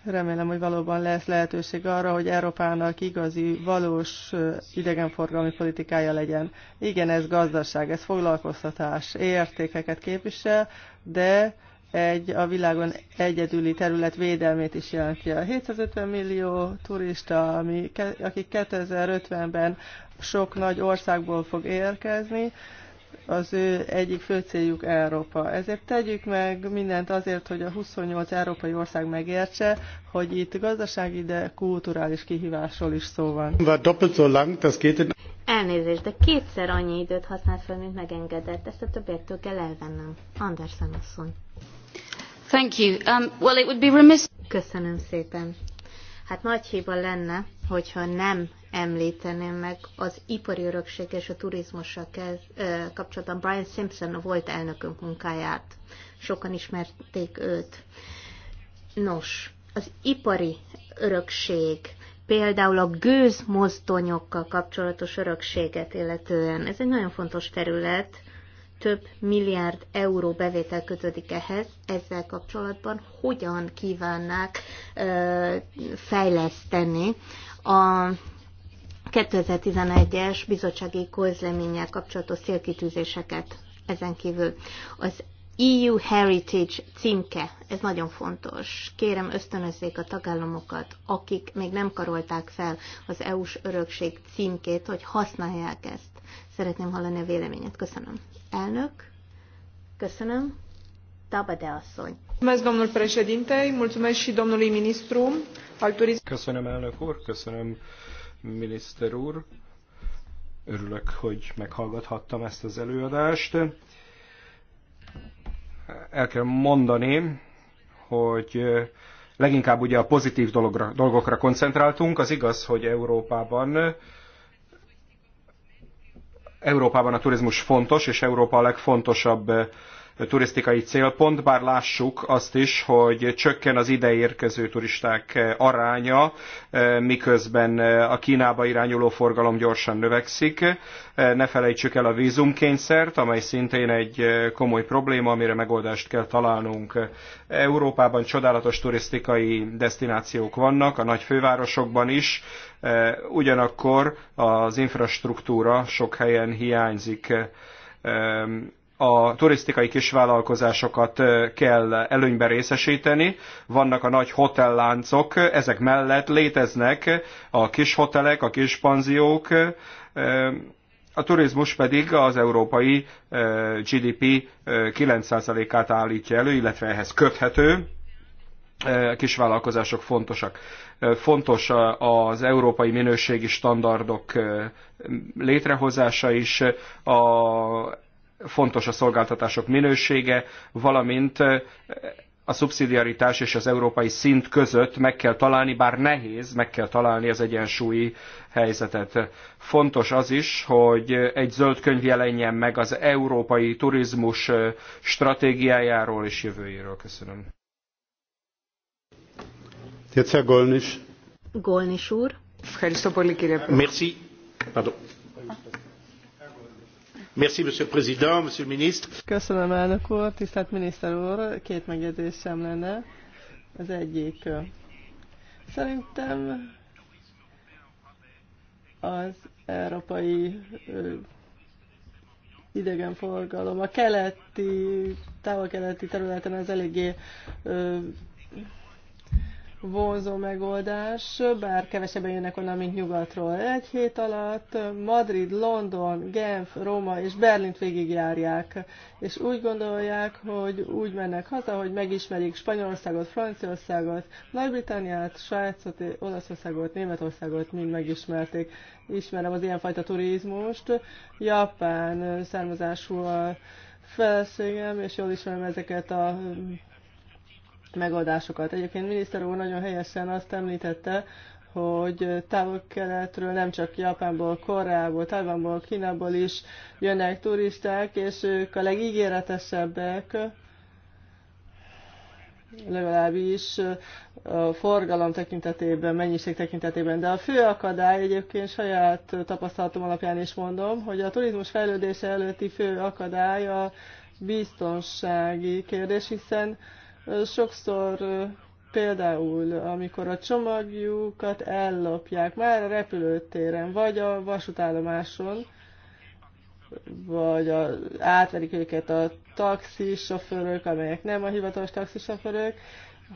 remélem, hogy valóban lesz lehetőség arra, hogy Európának igazi, valós idegenforgalmi politikája legyen. Igen, ez gazdaság, ez foglalkoztatás, értékeket képvisel, de egy a világon egyedüli terület védelmét is jelenti. A 750 millió turista, ami, akik 2050-ben sok nagy országból fog érkezni, az ő egyik fő céljuk Európa. Ezért tegyük meg mindent azért, hogy a 28 európai ország megértse, hogy itt gazdasági, de kulturális kihívásról is szó van. Elnézést, de kétszer annyi időt használt fel, mint megengedett. Ezt a többiektől kell elvennem. Andersen asszony. Thank you. Um, well, it would be remiss... Köszönöm szépen. Hát nagy hiba lenne, hogyha nem említeném meg az ipari örökség és a turizmussal kapcsolatban Brian Simpson a volt elnökünk munkáját. Sokan ismerték őt. Nos, az ipari örökség, például a gőzmozdonyokkal kapcsolatos örökséget illetően, ez egy nagyon fontos terület, több milliárd euró bevétel kötődik ehhez, ezzel kapcsolatban hogyan kívánnák ö, fejleszteni a 2011-es bizottsági közleménnyel kapcsolatos célkitűzéseket ezen kívül. Az EU Heritage címke, ez nagyon fontos. Kérem ösztönözzék a tagállamokat, akik még nem karolták fel az EU-s örökség címkét, hogy használják ezt. Szeretném hallani a véleményet. Köszönöm. Elnök, köszönöm. Tabade asszony. Mulțumesc, domnul președinte, mulțumesc și domnului ministru Köszönöm, elnök úr, köszönöm, miniszter úr. Örülök, hogy meghallgathattam ezt az előadást. El kell mondani, hogy leginkább ugye a pozitív dologra, dolgokra koncentráltunk. Az igaz, hogy Európában Európában a turizmus fontos, és Európa a legfontosabb eh, turisztikai célpont, bár lássuk azt is, hogy csökken az ide érkező turisták aránya, eh, miközben eh, a Kínába irányuló forgalom gyorsan növekszik. Eh, ne felejtsük el a vízumkényszert, amely szintén egy komoly probléma, amire megoldást kell találnunk. Európában csodálatos turisztikai destinációk vannak, a nagy fővárosokban is, ugyanakkor az infrastruktúra sok helyen hiányzik a turisztikai kisvállalkozásokat kell előnyben részesíteni. Vannak a nagy hotelláncok, ezek mellett léteznek a kis hotelek, a kis panziók, a turizmus pedig az európai GDP 9%-át állítja elő, illetve ehhez köthető. A kisvállalkozások fontosak. Fontos az európai minőségi standardok létrehozása is, a fontos a szolgáltatások minősége, valamint a szubszidiaritás és az európai szint között meg kell találni, bár nehéz, meg kell találni az egyensúlyi helyzetet. Fontos az is, hogy egy zöld könyv jelenjen meg az európai turizmus stratégiájáról és jövőjéről. Köszönöm. Tetszett Golnis. Golnis úr. Merci. Pardon. Monsieur le Président, Monsieur le Ministre. Köszönöm, elnök úr, tisztelt miniszter úr, két megjegyzésem lenne. Az egyik, szerintem az európai idegenforgalom a keleti, távol-keleti területen az eléggé vonzó megoldás, bár kevesebben jönnek onnan, mint nyugatról. Egy hét alatt Madrid, London, Genf, Róma és Berlint végigjárják, és úgy gondolják, hogy úgy mennek haza, hogy megismerik Spanyolországot, Franciaországot, Nagy-Britanniát, Svájcot, Olaszországot, Németországot mind megismerték. Ismerem az ilyenfajta turizmust. Japán származású a feleségem, és jól ismerem ezeket a megoldásokat. Egyébként miniszter úr nagyon helyesen azt említette, hogy távol-keletről, nem csak Japánból, Koreából, Tajvanból, Kínából is jönnek turisták, és ők a legígéretesebbek, legalábbis a forgalom tekintetében, mennyiség tekintetében. De a fő akadály egyébként saját tapasztalatom alapján is mondom, hogy a turizmus fejlődése előtti fő akadály a biztonsági kérdés, hiszen Sokszor például, amikor a csomagjukat ellopják már a repülőtéren, vagy a vasútállomáson, vagy a, átverik őket a taxisofőrök, amelyek nem a hivatalos taxisofőrök,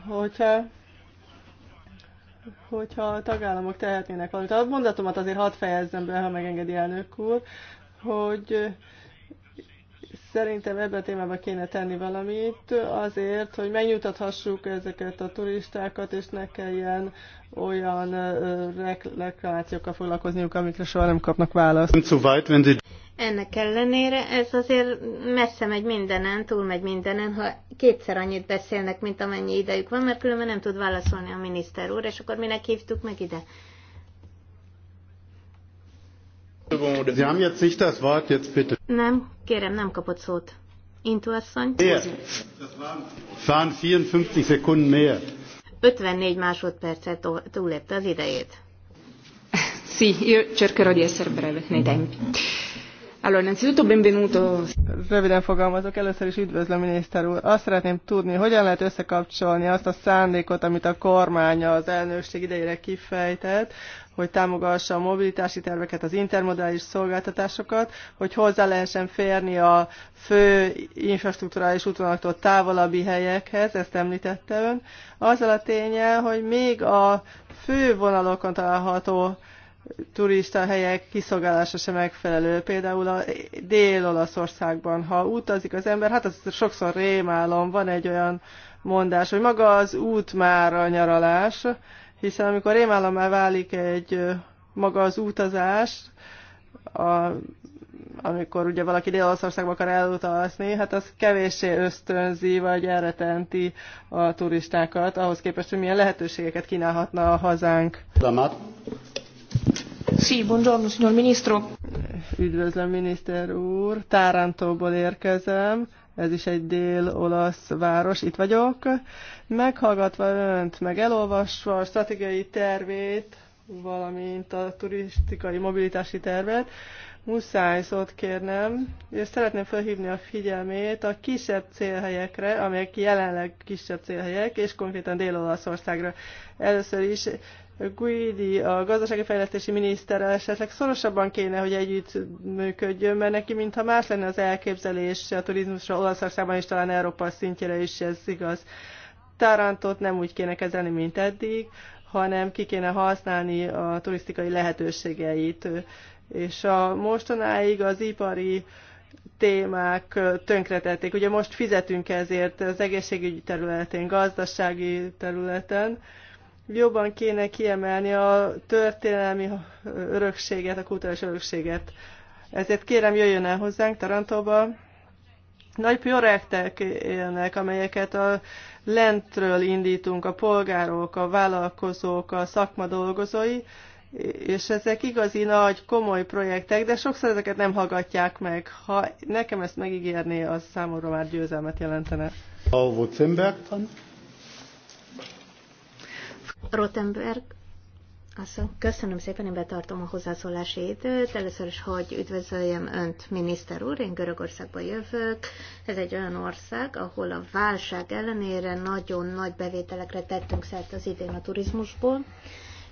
hogyha hogyha a tagállamok tehetnének valamit. A mondatomat azért hadd fejezzem be, ha megengedi elnök úr, hogy Szerintem ebben a témában kéne tenni valamit azért, hogy megnyugtathassuk ezeket a turistákat, és ne kelljen olyan reklamációkkal foglalkozniuk, amikre soha nem kapnak választ. Ennek ellenére ez azért messze megy mindenen, túl megy mindenen, ha kétszer annyit beszélnek, mint amennyi idejük van, mert különben nem tud válaszolni a miniszter úr, és akkor minek hívtuk meg ide. Sie Nem, kérem, nem kapott szót. Intu asszony? 54 54 másodpercet túlépte az idejét. Sì, io cercherò di essere breve nei tempi. Allora, innanzitutto benvenuto. Röviden fogalmazok, először is üdvözlöm, miniszter úr. Azt szeretném tudni, hogyan lehet összekapcsolni azt a szándékot, amit a kormány az elnökség idejére kifejtett, hogy támogassa a mobilitási terveket, az intermodális szolgáltatásokat, hogy hozzá lehessen férni a fő infrastruktúrális útvonalaktól távolabbi helyekhez, ezt említette ön, azzal a ténye, hogy még a fő vonalokon található turista helyek kiszolgálása sem megfelelő. Például a Dél-Olaszországban, ha utazik az ember, hát az sokszor rémálom, van egy olyan mondás, hogy maga az út már a nyaralás, hiszen amikor rémállammá válik egy maga az utazás, a, amikor ugye valaki Dél-Olaszországba akar elutazni, hát az kevéssé ösztönzi vagy elretenti a turistákat, ahhoz képest, hogy milyen lehetőségeket kínálhatna a hazánk. Damat. Sí, buongiorno, signor ministro. Üdvözlöm, miniszter úr. Tárántóból érkezem ez is egy dél-olasz város, itt vagyok. Meghallgatva önt, meg elolvasva a stratégiai tervét, valamint a turisztikai mobilitási tervet, muszáj szót kérnem, és szeretném felhívni a figyelmét a kisebb célhelyekre, amelyek jelenleg kisebb célhelyek, és konkrétan Dél-Olaszországra. Először is Guidi, a gazdasági fejlesztési miniszterrel esetleg szorosabban kéne, hogy együtt működjön, mert neki mintha más lenne az elképzelés a turizmusra Olaszországban és talán Európa szintjére is ez igaz. Tarantot nem úgy kéne kezelni, mint eddig, hanem ki kéne használni a turisztikai lehetőségeit. És a mostanáig az ipari témák tönkretették. Ugye most fizetünk ezért az egészségügyi területén, gazdasági területen, jobban kéne kiemelni a történelmi örökséget, a kultúrás örökséget. Ezért kérem, jöjjön el hozzánk Tarantóba. Nagy projektek élnek, amelyeket a lentről indítunk, a polgárok, a vállalkozók, a szakma dolgozói, és ezek igazi nagy, komoly projektek, de sokszor ezeket nem hallgatják meg. Ha nekem ezt megígérné, az számomra már győzelmet jelentene. A Wurzenberg Rotenberg köszönöm szépen, én betartom a hozzászólási időt. Először is, hogy üdvözöljem Önt, miniszter úr, én Görögországba jövök. Ez egy olyan ország, ahol a válság ellenére nagyon nagy bevételekre tettünk szert az idén a turizmusból.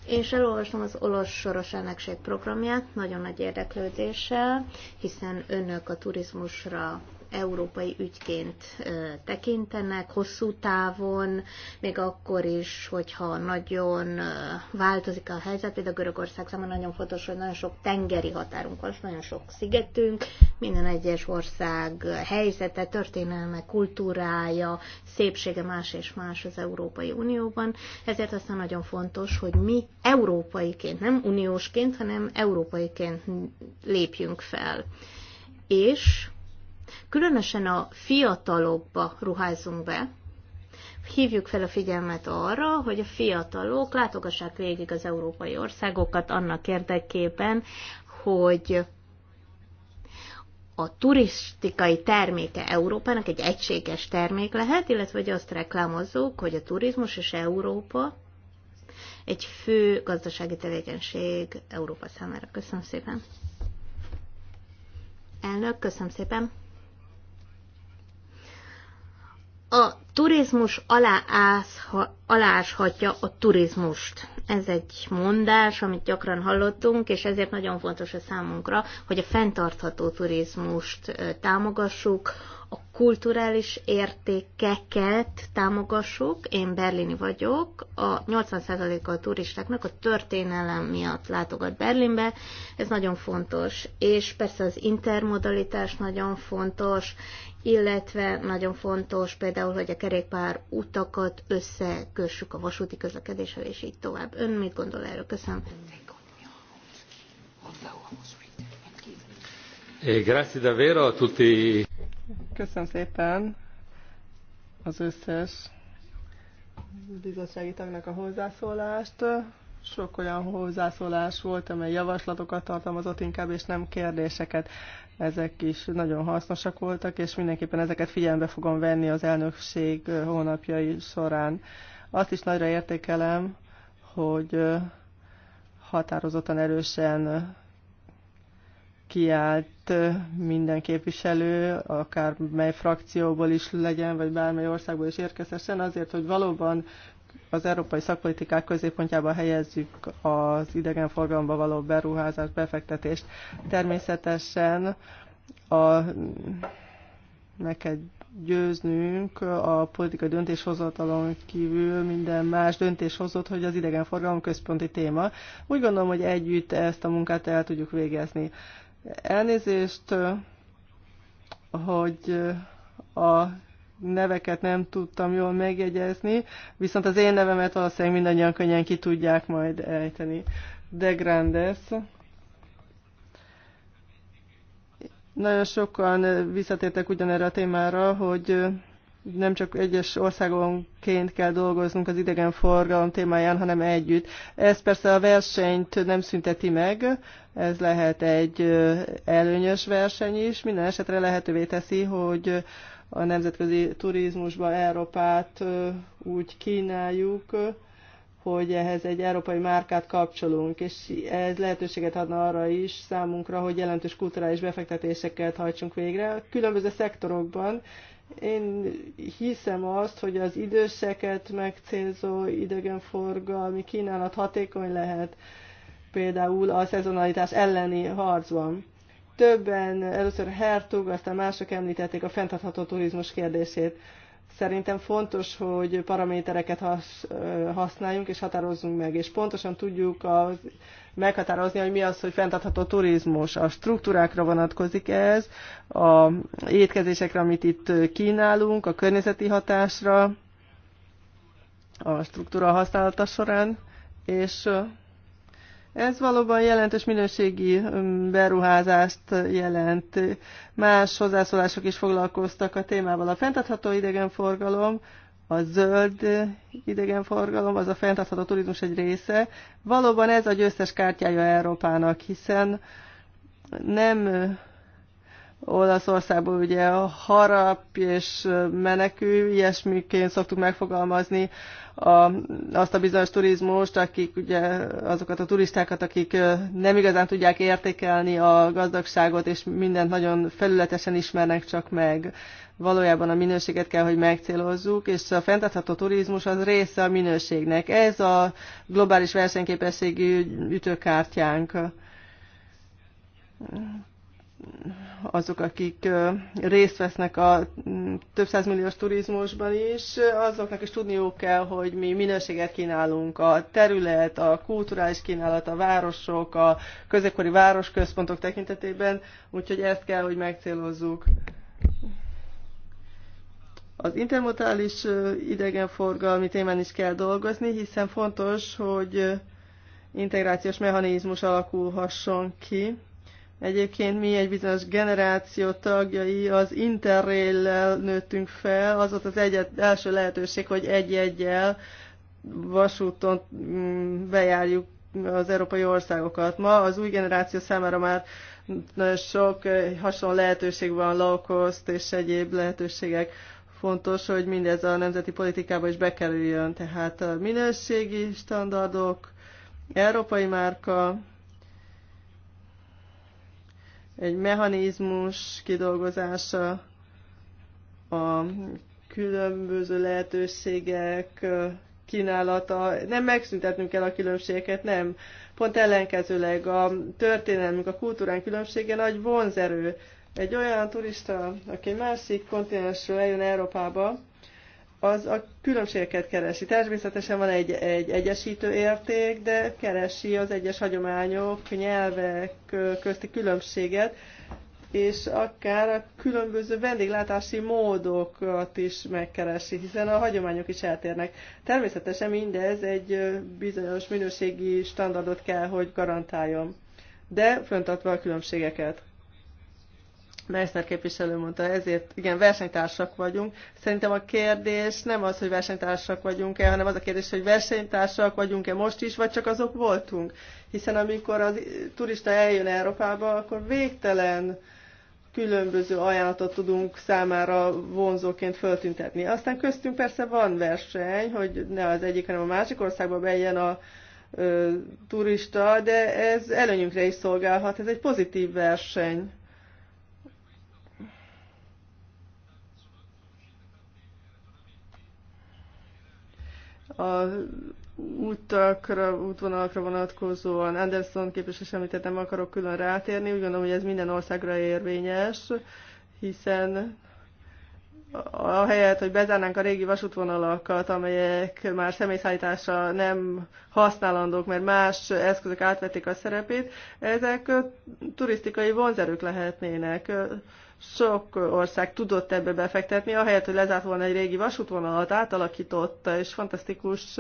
És elolvastam az olasz soros elnökség programját, nagyon nagy érdeklődéssel, hiszen önök a turizmusra európai ügyként tekintenek hosszú távon, még akkor is, hogyha nagyon változik a helyzet, például Görögország számára nagyon fontos, hogy nagyon sok tengeri határunk van, nagyon sok szigetünk, minden egyes ország helyzete, történelme, kultúrája, szépsége más és más az Európai Unióban, ezért aztán nagyon fontos, hogy mi európaiként, nem uniósként, hanem európaiként lépjünk fel. És Különösen a fiatalokba ruházunk be, hívjuk fel a figyelmet arra, hogy a fiatalok látogassák végig az európai országokat annak érdekében, hogy a turisztikai terméke Európának egy egységes termék lehet, illetve hogy azt reklámozzuk, hogy a turizmus és Európa egy fő gazdasági tevékenység Európa számára. Köszönöm szépen. Elnök, köszönöm szépen a turizmus aláázha, aláshatja a turizmust. Ez egy mondás, amit gyakran hallottunk, és ezért nagyon fontos a számunkra, hogy a fenntartható turizmust támogassuk, a kulturális értékeket támogassuk. Én berlini vagyok, a 80%-a a turistáknak a történelem miatt látogat Berlinbe, ez nagyon fontos. És persze az intermodalitás nagyon fontos, illetve nagyon fontos például, hogy a kerékpár utakat összekössük a vasúti közlekedéssel, és így tovább. Ön mit gondol erről? Köszönöm. Eh, grazie davvero a tutti. Köszönöm szépen az összes bizottsági tagnak a hozzászólást. Sok olyan hozzászólás volt, amely javaslatokat tartalmazott inkább, és nem kérdéseket. Ezek is nagyon hasznosak voltak, és mindenképpen ezeket figyelembe fogom venni az elnökség hónapjai során. Azt is nagyra értékelem, hogy határozottan erősen kiállt minden képviselő, akár mely frakcióból is legyen, vagy bármely országból is érkezhessen, azért, hogy valóban az európai szakpolitikák középpontjába helyezzük az idegenforgalomba való beruházást, befektetést. Természetesen a, meg kell győznünk a politikai döntéshozatalon kívül minden más döntéshozott, hogy az idegenforgalom központi téma. Úgy gondolom, hogy együtt ezt a munkát el tudjuk végezni. Elnézést, hogy a neveket nem tudtam jól megjegyezni, viszont az én nevemet valószínűleg mindannyian könnyen ki tudják majd ejteni. De Grandes. Nagyon sokan visszatértek ugyanerre a témára, hogy nem csak egyes országonként kell dolgoznunk az idegenforgalom témáján, hanem együtt. Ez persze a versenyt nem szünteti meg, ez lehet egy előnyös verseny is, minden esetre lehetővé teszi, hogy a nemzetközi turizmusba Európát úgy kínáljuk, hogy ehhez egy európai márkát kapcsolunk, és ez lehetőséget adna arra is számunkra, hogy jelentős kulturális befektetéseket hajtsunk végre a különböző szektorokban. Én hiszem azt, hogy az időseket megcélzó idegenforgalmi kínálat hatékony lehet például a szezonalitás elleni harcban. Többen, először Hertug, aztán mások említették a fenntartható turizmus kérdését. Szerintem fontos, hogy paramétereket has, használjunk és határozzunk meg, és pontosan tudjuk az, meghatározni, hogy mi az, hogy fenntartható turizmus. A struktúrákra vonatkozik ez, a étkezésekre, amit itt kínálunk, a környezeti hatásra, a struktúra használata során, és ez valóban jelentős minőségi um, beruházást jelent. Más hozzászólások is foglalkoztak a témával. A fenntartható idegenforgalom, a zöld idegenforgalom, az a fenntartható turizmus egy része. Valóban ez a győztes kártyája Európának, hiszen nem Olaszországból ugye a harap és menekül, ilyesmiként szoktuk megfogalmazni a, azt a bizonyos turizmust, akik ugye azokat a turistákat, akik nem igazán tudják értékelni a gazdagságot, és mindent nagyon felületesen ismernek csak meg. Valójában a minőséget kell, hogy megcélozzuk, és a fenntartható turizmus az része a minőségnek. Ez a globális versenyképességi ütőkártyánk azok, akik részt vesznek a több százmilliós turizmusban is, azoknak is tudniuk kell, hogy mi minőséget kínálunk. A terület, a kulturális kínálat, a városok, a közekori városközpontok tekintetében, úgyhogy ezt kell, hogy megcélozzuk. Az intermodális idegenforgalmi témán is kell dolgozni, hiszen fontos, hogy integrációs mechanizmus alakulhasson ki Egyébként mi egy bizonyos generáció tagjai az interrail nőttünk fel, az volt az egyet, első lehetőség, hogy egy-egyel vasúton mm, bejárjuk az európai országokat. Ma az új generáció számára már nagyon sok eh, hasonló lehetőség van, low cost és egyéb lehetőségek. Fontos, hogy mindez a nemzeti politikába is bekerüljön. Tehát a minőségi standardok, európai márka, egy mechanizmus kidolgozása, a különböző lehetőségek kínálata, nem megszüntetnünk kell a különbségeket, nem. Pont ellenkezőleg a történelmünk, a kultúrán különbsége nagy vonzerő. Egy olyan turista, aki másik kontinensről eljön Európába, az a különbségeket keresi. Természetesen van egy, egy egyesítő érték, de keresi az egyes hagyományok, nyelvek közti különbséget, és akár a különböző vendéglátási módokat is megkeresi, hiszen a hagyományok is eltérnek. Természetesen mindez egy bizonyos minőségi standardot kell, hogy garantáljon, de föntartva a különbségeket. Meissner képviselő mondta, ezért igen, versenytársak vagyunk. Szerintem a kérdés nem az, hogy versenytársak vagyunk-e, hanem az a kérdés, hogy versenytársak vagyunk-e most is, vagy csak azok voltunk. Hiszen amikor a turista eljön Európába, akkor végtelen különböző ajánlatot tudunk számára vonzóként föltüntetni. Aztán köztünk persze van verseny, hogy ne az egyik, hanem a másik országba bejön a ö, turista, de ez előnyünkre is szolgálhat. Ez egy pozitív verseny a útakra, útvonalakra vonatkozóan Anderson képviselő amit nem akarok külön rátérni, úgy gondolom, hogy ez minden országra érvényes, hiszen a helyet, hogy bezárnánk a régi vasútvonalakat, amelyek már személyszállításra nem használandók, mert más eszközök átvették a szerepét, ezek turisztikai vonzerők lehetnének. Sok ország tudott ebbe befektetni, ahelyett, hogy lezárt volna egy régi vasútvonalat, átalakította, és fantasztikus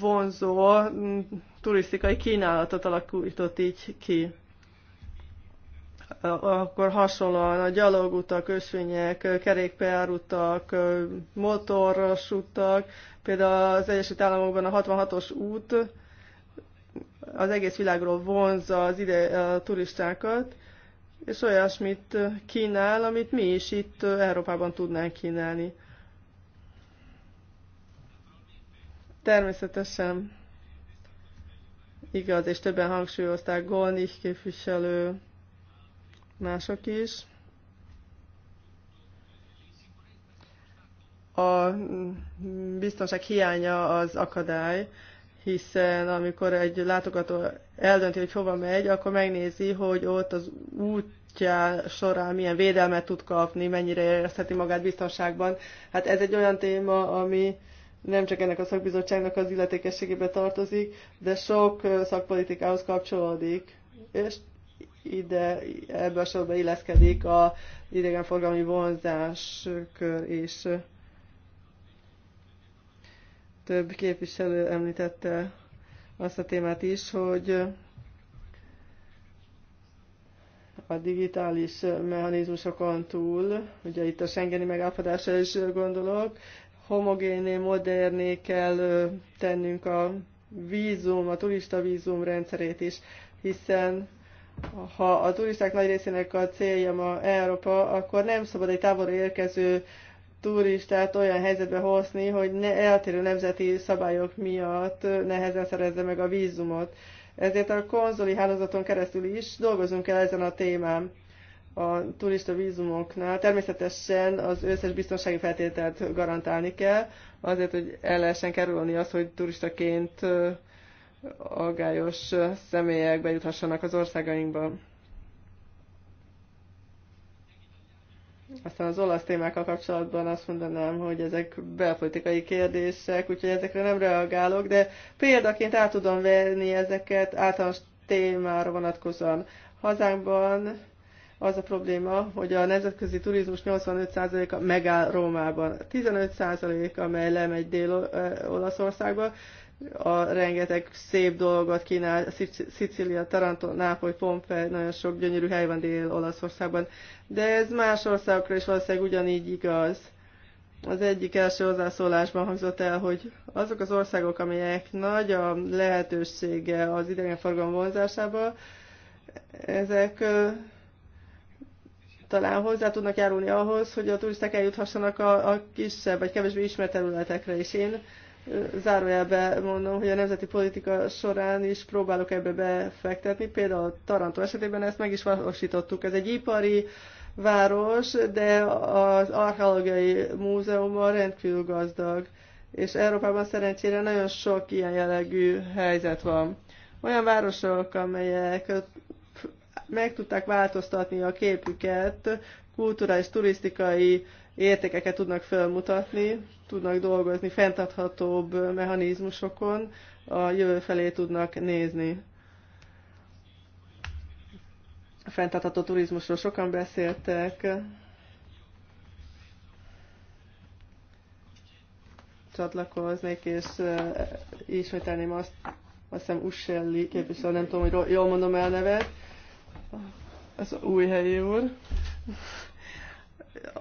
vonzó mm, turisztikai kínálatot alakított így ki akkor hasonlóan a gyalogutak, ösvények, kerékpárutak, motoros utak, például az Egyesült Államokban a 66-os út az egész világról vonzza az ide a turistákat, és olyasmit kínál, amit mi is itt Európában tudnánk kínálni. Természetesen igaz, és többen hangsúlyozták Golnich képviselő, mások is. A biztonság hiánya az akadály, hiszen amikor egy látogató eldönti, hogy hova megy, akkor megnézi, hogy ott az útja során milyen védelmet tud kapni, mennyire érezheti magát biztonságban. Hát ez egy olyan téma, ami nem csak ennek a szakbizottságnak az illetékességébe tartozik, de sok szakpolitikához kapcsolódik, és ide ebbe a sorba illeszkedik a idegenforgalmi vonzás kör is. Több képviselő említette azt a témát is, hogy a digitális mechanizmusokon túl, ugye itt a Schengeni megállapodásra is gondolok, homogéné, moderné kell tennünk a vízum, a turista vízum rendszerét is, hiszen ha a turisták nagy részének a célja ma Európa, akkor nem szabad egy távolra érkező turistát olyan helyzetbe hozni, hogy ne eltérő nemzeti szabályok miatt nehezen szerezze meg a vízumot. Ezért a konzoli hálózaton keresztül is dolgozunk el ezen a témán a turista vízumoknál. Természetesen az összes biztonsági feltételt garantálni kell, azért, hogy el lehessen kerülni azt, hogy turistaként aggályos személyek bejuthassanak az országainkba. Aztán az olasz témákkal kapcsolatban azt mondanám, hogy ezek belpolitikai kérdések, úgyhogy ezekre nem reagálok, de példaként át tudom venni ezeket általános témára vonatkozóan. Hazánkban az a probléma, hogy a nemzetközi turizmus 85%-a megáll Rómában, 15% amely lemegy Dél-Olaszországba, a rengeteg szép dolgot kínál, Szicília, Taranto, Nápoly, Pompei, nagyon sok gyönyörű hely van Dél-Olaszországban, de ez más országokra is valószínűleg ugyanígy igaz. Az egyik első hozzászólásban hangzott el, hogy azok az országok, amelyek nagy a lehetősége az idegenforgalom vonzásába, ezek talán hozzá tudnak járulni ahhoz, hogy a turisták eljuthassanak a, a kisebb vagy kevésbé ismert területekre, is én zárójelbe mondom, hogy a nemzeti politika során is próbálok ebbe befektetni. Például Taranto esetében ezt meg is valósítottuk. Ez egy ipari város, de az archeológiai múzeummal rendkívül gazdag. És Európában szerencsére nagyon sok ilyen jellegű helyzet van. Olyan városok, amelyek meg tudták változtatni a képüket, kulturális, turisztikai értékeket tudnak felmutatni, tudnak dolgozni fenntarthatóbb mechanizmusokon, a jövő felé tudnak nézni. A fenntartható turizmusról sokan beszéltek. Csatlakoznék, és eh, ismételném azt, azt hiszem Usselli képviselő, nem tudom, hogy jól mondom el nevet, az új helyi úr.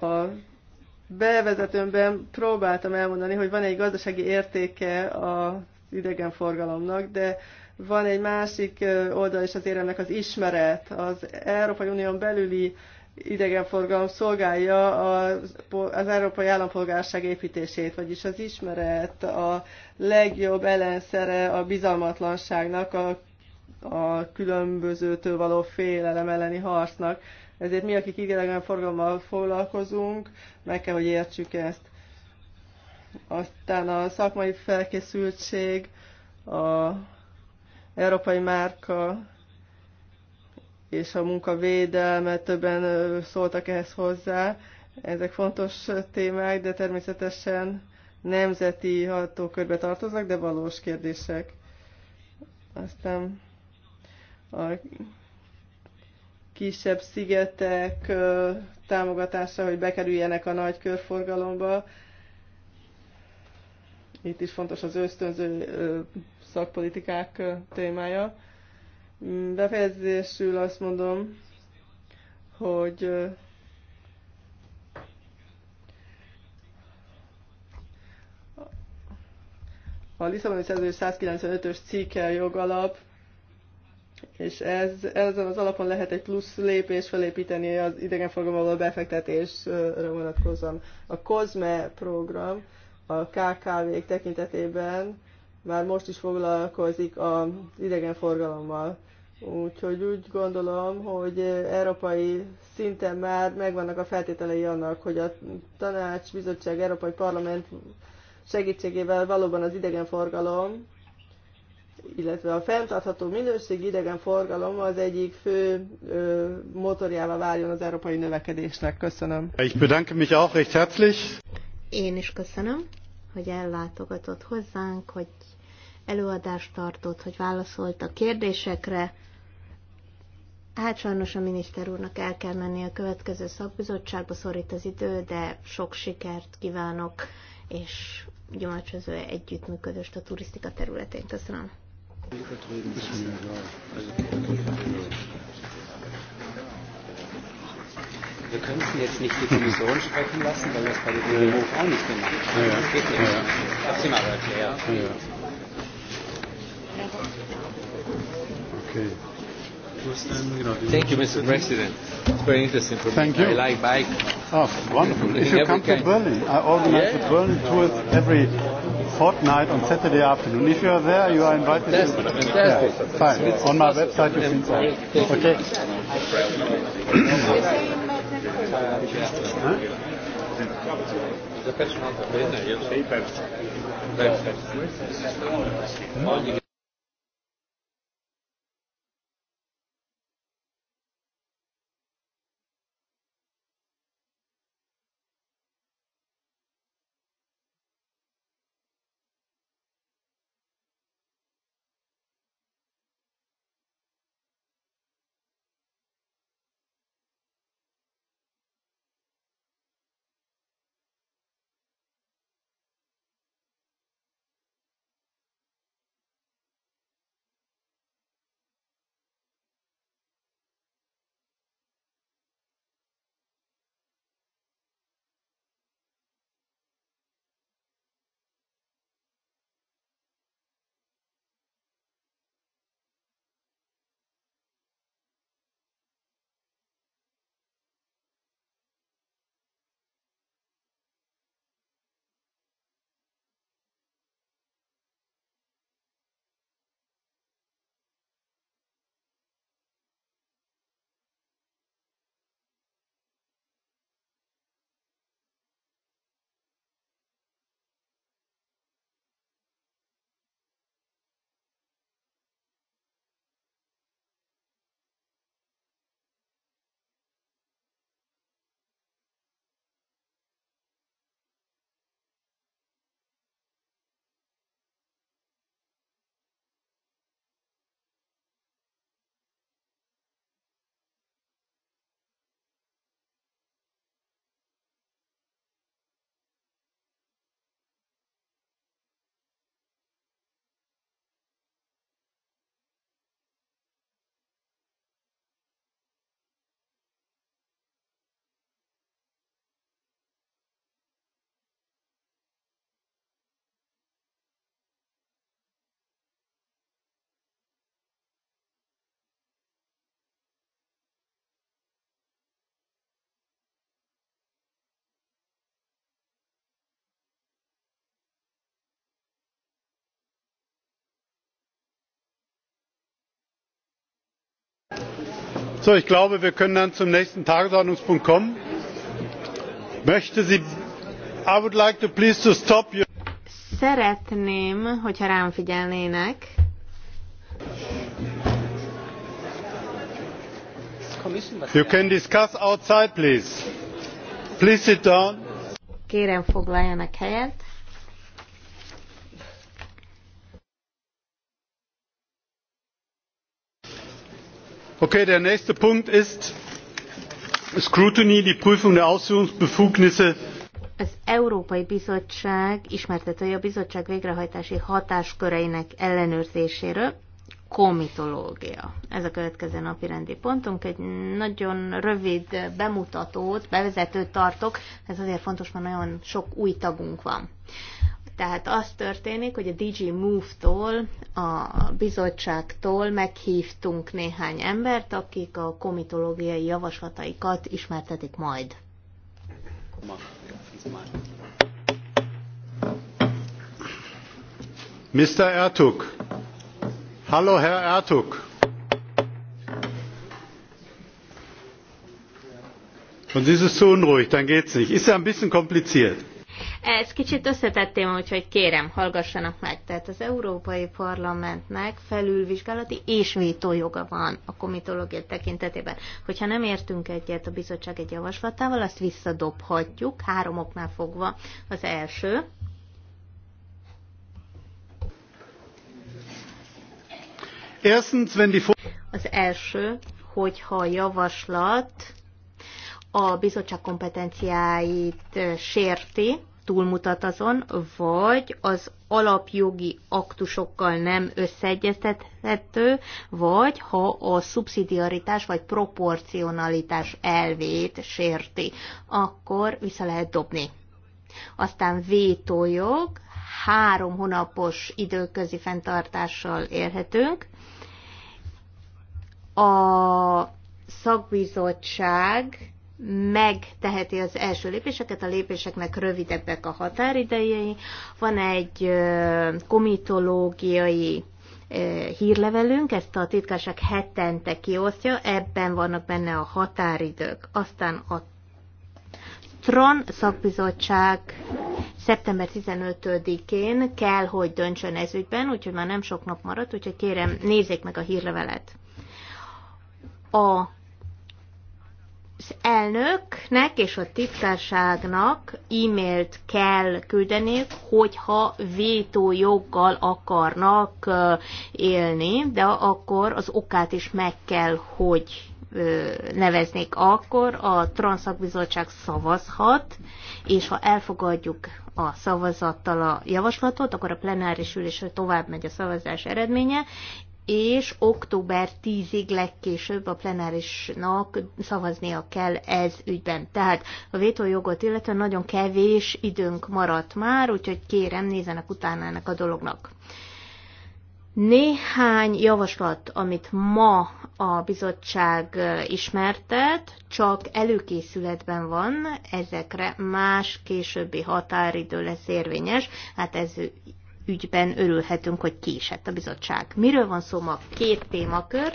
A bevezetőmben próbáltam elmondani, hogy van egy gazdasági értéke az idegenforgalomnak, de van egy másik oldal is az éremnek az ismeret. Az Európai Unión belüli idegenforgalom szolgálja az, az európai állampolgárság építését, vagyis az ismeret a legjobb ellenszere a bizalmatlanságnak, a, a különbözőtől való félelem elleni harcnak. Ezért mi, akik idegenben forgalommal foglalkozunk, meg kell, hogy értsük ezt. Aztán a szakmai felkészültség, a európai márka és a munkavédelme, többen szóltak ehhez hozzá. Ezek fontos témák, de természetesen nemzeti hatókörbe tartoznak, de valós kérdések. Aztán a kisebb szigetek támogatása, hogy bekerüljenek a nagy körforgalomba. Itt is fontos az ösztönző szakpolitikák témája. Mm, befejezésül azt mondom, hogy a Lisszaboni Szerződés 195-ös cikke jogalap és ez, ezen az alapon lehet egy plusz lépés felépíteni az idegenforgalomba befektetésre vonatkozóan. A COSME program a KKV-k tekintetében már most is foglalkozik az idegenforgalommal. Úgyhogy úgy gondolom, hogy európai szinten már megvannak a feltételei annak, hogy a tanács, bizottság, európai parlament segítségével valóban az idegenforgalom illetve a fenntartható minőség idegen forgalom az egyik fő ö, motorjává váljon az európai növekedésnek. Köszönöm. Ich bedanke mich auch recht herzlich. Én is köszönöm, hogy ellátogatott hozzánk, hogy előadást tartott, hogy válaszolt a kérdésekre. Hát sajnos a miniszter úrnak el kell menni a következő szakbizottságba, szorít az idő, de sok sikert kívánok, és gyümölcsöző együttműködést a turisztika területén. Köszönöm. Wir können Sie jetzt nicht die Kommission sprechen lassen, weil wir es bei dem ja. Hof auch nicht gemacht haben. Ja, ja. Das geht nicht. Ja, ja. Ich habe Sie mal erklärt. Ja, ja. Okay. Thank you, Mr. President. It's very interesting for me. Thank You. I like bike. Oh, wonderful. If you come to Berlin, I organize yeah. the Berlin tour every Fortnite on Saturday afternoon. If you are there, you are invited. That's, to, yeah, fine. on my website, you can find. Okay. huh? ich glaube, wir können dann zum nächsten Tagesordnungspunkt kommen. Szeretném, hogyha rám figyelnének. You can discuss outside, please. Please sit down. Kérem foglaljanak helyet. der nächste punkt ist scrutiny die prüfung der ausführungsbefugnisse az Európai Bizottság ismertetője a bizottság végrehajtási hatásköreinek ellenőrzéséről, komitológia. Ez a következő napi rendi pontunk. Egy nagyon rövid bemutatót, bevezetőt tartok, ez azért fontos, mert nagyon sok új tagunk van. Tehát az történik, hogy a DG Move-tól, a bizottságtól meghívtunk néhány embert, akik a komitológiai javaslataikat ismertetik majd. Mr. Ertug! Hallo, Herr Ertug! Und Sie sind so unruhig, dann geht's nicht. Ist ja ein bisschen kompliziert. Ez kicsit összetettém, úgyhogy kérem, hallgassanak meg. Tehát az Európai Parlamentnek felülvizsgálati és vétójoga van a komitológia tekintetében. Hogyha nem értünk egyet a bizottság egy javaslatával, azt visszadobhatjuk, három oknál fogva. Az első, Az első, hogyha a javaslat a bizottság kompetenciáit sérti, túlmutat azon, vagy az alapjogi aktusokkal nem összeegyeztethető, vagy ha a szubszidiaritás vagy proporcionalitás elvét sérti, akkor vissza lehet dobni. Aztán vétójog, három hónapos időközi fenntartással érhetünk. A szakbizottság megteheti az első lépéseket, a lépéseknek rövidebbek a határidejei, van egy komitológiai hírlevelünk, ezt a titkárság hetente kiosztja, ebben vannak benne a határidők. Aztán a TRON szakbizottság szeptember 15-én kell, hogy döntsön ez ügyben, úgyhogy már nem sok nap maradt, úgyhogy kérem, nézzék meg a hírlevelet. A az elnöknek és a titkárságnak e-mailt kell küldeniük, hogyha vétójoggal akarnak élni, de akkor az okát is meg kell, hogy neveznék. Akkor a Transzakbizottság szavazhat, és ha elfogadjuk a szavazattal a javaslatot, akkor a plenáris ülésre tovább megy a szavazás eredménye, és október 10-ig legkésőbb a plenárisnak szavaznia kell ez ügyben. Tehát a vétójogot illetően nagyon kevés időnk maradt már, úgyhogy kérem, nézzenek utána ennek a dolognak. Néhány javaslat, amit ma a bizottság ismertet, csak előkészületben van, ezekre más későbbi határidő lesz érvényes, hát ez ügyben örülhetünk, hogy kiesett a bizottság. Miről van szó ma? Két témakör,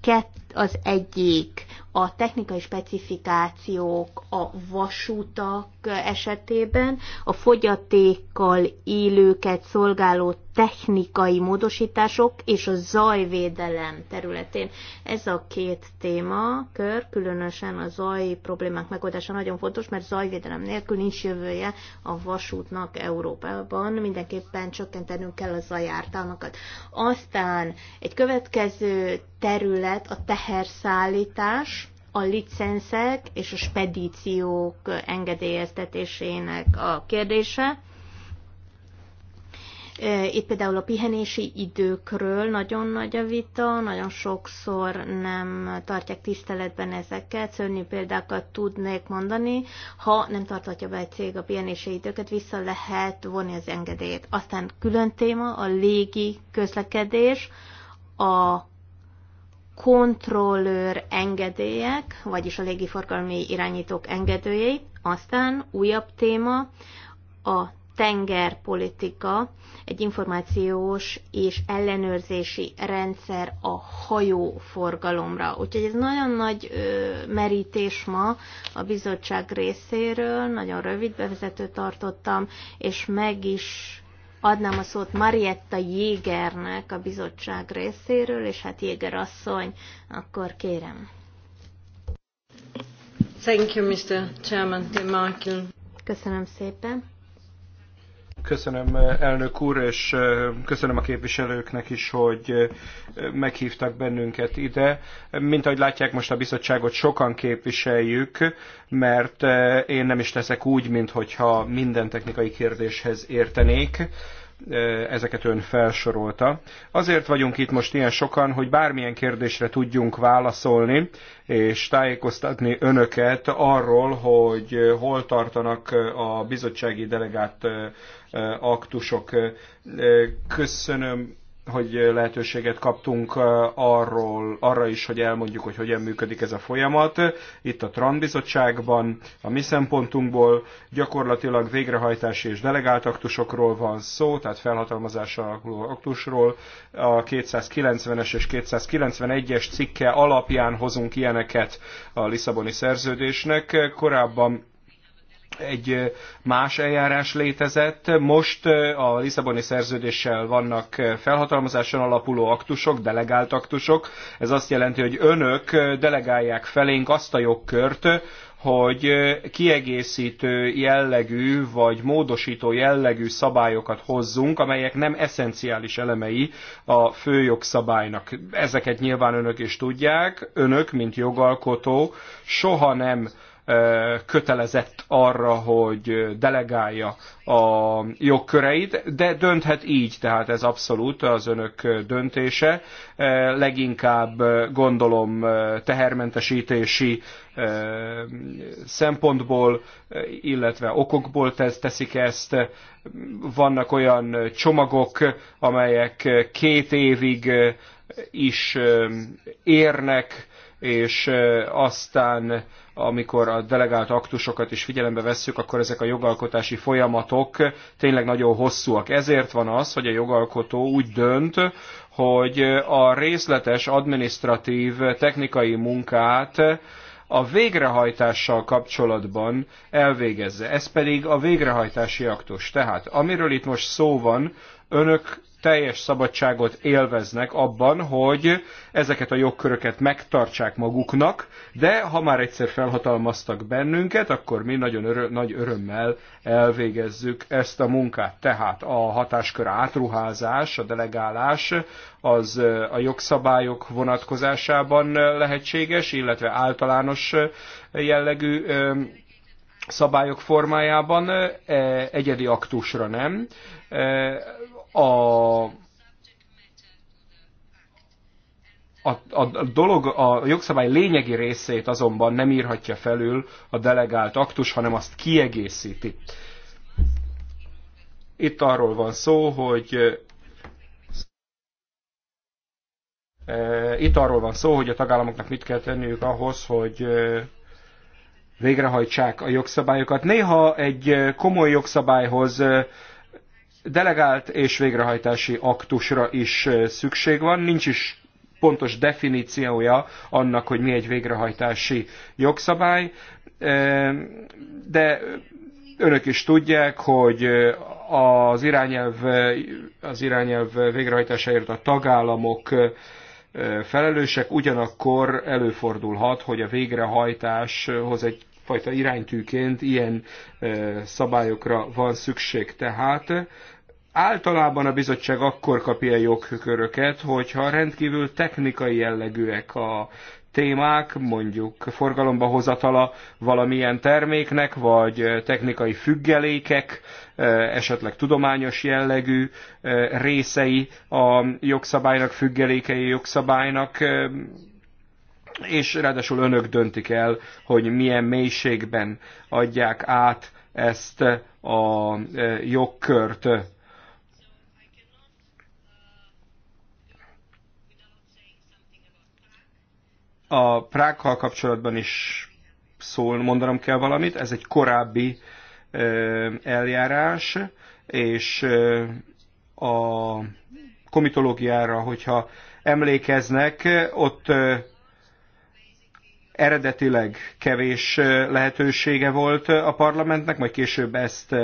kettő az egyik a technikai specifikációk a vasútak esetében, a fogyatékkal élőket szolgáló technikai módosítások és a zajvédelem területén. Ez a két téma kör, különösen a zaj problémák megoldása nagyon fontos, mert zajvédelem nélkül nincs jövője a vasútnak Európában. Mindenképpen csökkentenünk kell a zajártalmakat. Aztán egy következő terület a technikai teherszállítás, a licenszek és a spedíciók engedélyeztetésének a kérdése. Itt például a pihenési időkről nagyon nagy a vita, nagyon sokszor nem tartják tiszteletben ezeket, szörnyű példákat tudnék mondani, ha nem tartatja be egy cég a pihenési időket, vissza lehet vonni az engedélyt. Aztán külön téma a légi közlekedés, a kontrollőr engedélyek, vagyis a légiforgalmi irányítók engedélyei. Aztán újabb téma a tengerpolitika, egy információs és ellenőrzési rendszer a hajóforgalomra. Úgyhogy ez nagyon nagy ö, merítés ma a bizottság részéről, nagyon rövid bevezetőt tartottam, és meg is adnám a szót Marietta Jégernek a bizottság részéről, és hát Jéger asszony, akkor kérem. Thank you, Mr. Chairman Köszönöm szépen. Köszönöm elnök úr, és köszönöm a képviselőknek is, hogy meghívtak bennünket ide. Mint ahogy látják, most a bizottságot sokan képviseljük, mert én nem is teszek úgy, mintha minden technikai kérdéshez értenék ezeket ön felsorolta. Azért vagyunk itt most ilyen sokan, hogy bármilyen kérdésre tudjunk válaszolni, és tájékoztatni önöket arról, hogy hol tartanak a bizottsági delegált aktusok. Köszönöm hogy lehetőséget kaptunk arról, arra is, hogy elmondjuk, hogy hogyan működik ez a folyamat. Itt a Tran bizottságban a mi szempontunkból gyakorlatilag végrehajtási és delegált aktusokról van szó, tehát felhatalmazással alakuló aktusról. A 290-es és 291-es cikke alapján hozunk ilyeneket a Lisszaboni szerződésnek. Korábban egy más eljárás létezett. Most a Lisszaboni szerződéssel vannak felhatalmazáson alapuló aktusok, delegált aktusok. Ez azt jelenti, hogy önök delegálják felénk azt a jogkört, hogy kiegészítő jellegű vagy módosító jellegű szabályokat hozzunk, amelyek nem eszenciális elemei a főjogszabálynak. Ezeket nyilván önök is tudják, önök, mint jogalkotó, soha nem kötelezett arra, hogy delegálja a jogköreit, de dönthet így, tehát ez abszolút az önök döntése. Leginkább gondolom tehermentesítési szempontból, illetve okokból teszik ezt. Vannak olyan csomagok, amelyek két évig is érnek, és aztán amikor a delegált aktusokat is figyelembe vesszük, akkor ezek a jogalkotási folyamatok tényleg nagyon hosszúak. Ezért van az, hogy a jogalkotó úgy dönt, hogy a részletes administratív technikai munkát a végrehajtással kapcsolatban elvégezze. Ez pedig a végrehajtási aktus. Tehát, amiről itt most szó van, önök teljes szabadságot élveznek abban, hogy ezeket a jogköröket megtartsák maguknak, de ha már egyszer felhatalmaztak bennünket, akkor mi nagyon örö- nagy örömmel elvégezzük ezt a munkát. Tehát a hatáskör átruházás, a delegálás az a jogszabályok vonatkozásában lehetséges, illetve általános jellegű szabályok formájában, egyedi aktusra nem a, a, a dolog, a jogszabály lényegi részét azonban nem írhatja felül a delegált aktus, hanem azt kiegészíti. Itt arról van szó, hogy e, Itt arról van szó, hogy a tagállamoknak mit kell tenniük ahhoz, hogy e, végrehajtsák a jogszabályokat. Néha egy e, komoly jogszabályhoz delegált és végrehajtási aktusra is szükség van, nincs is pontos definíciója annak, hogy mi egy végrehajtási jogszabály, de önök is tudják, hogy az irányelv, az irányelv végrehajtásáért a tagállamok felelősek, ugyanakkor előfordulhat, hogy a végrehajtáshoz egy fajta iránytűként ilyen szabályokra van szükség. Tehát általában a bizottság akkor kapja jogköröket, hogyha rendkívül technikai jellegűek a témák, mondjuk forgalomba hozatala valamilyen terméknek, vagy technikai függelékek, esetleg tudományos jellegű részei a jogszabálynak, függelékei jogszabálynak, és ráadásul önök döntik el, hogy milyen mélységben adják át ezt a e, jogkört. A Prákkal kapcsolatban is szól, mondanom kell valamit, ez egy korábbi e, eljárás, és e, a komitológiára, hogyha emlékeznek, ott Eredetileg kevés lehetősége volt a parlamentnek, majd később ezt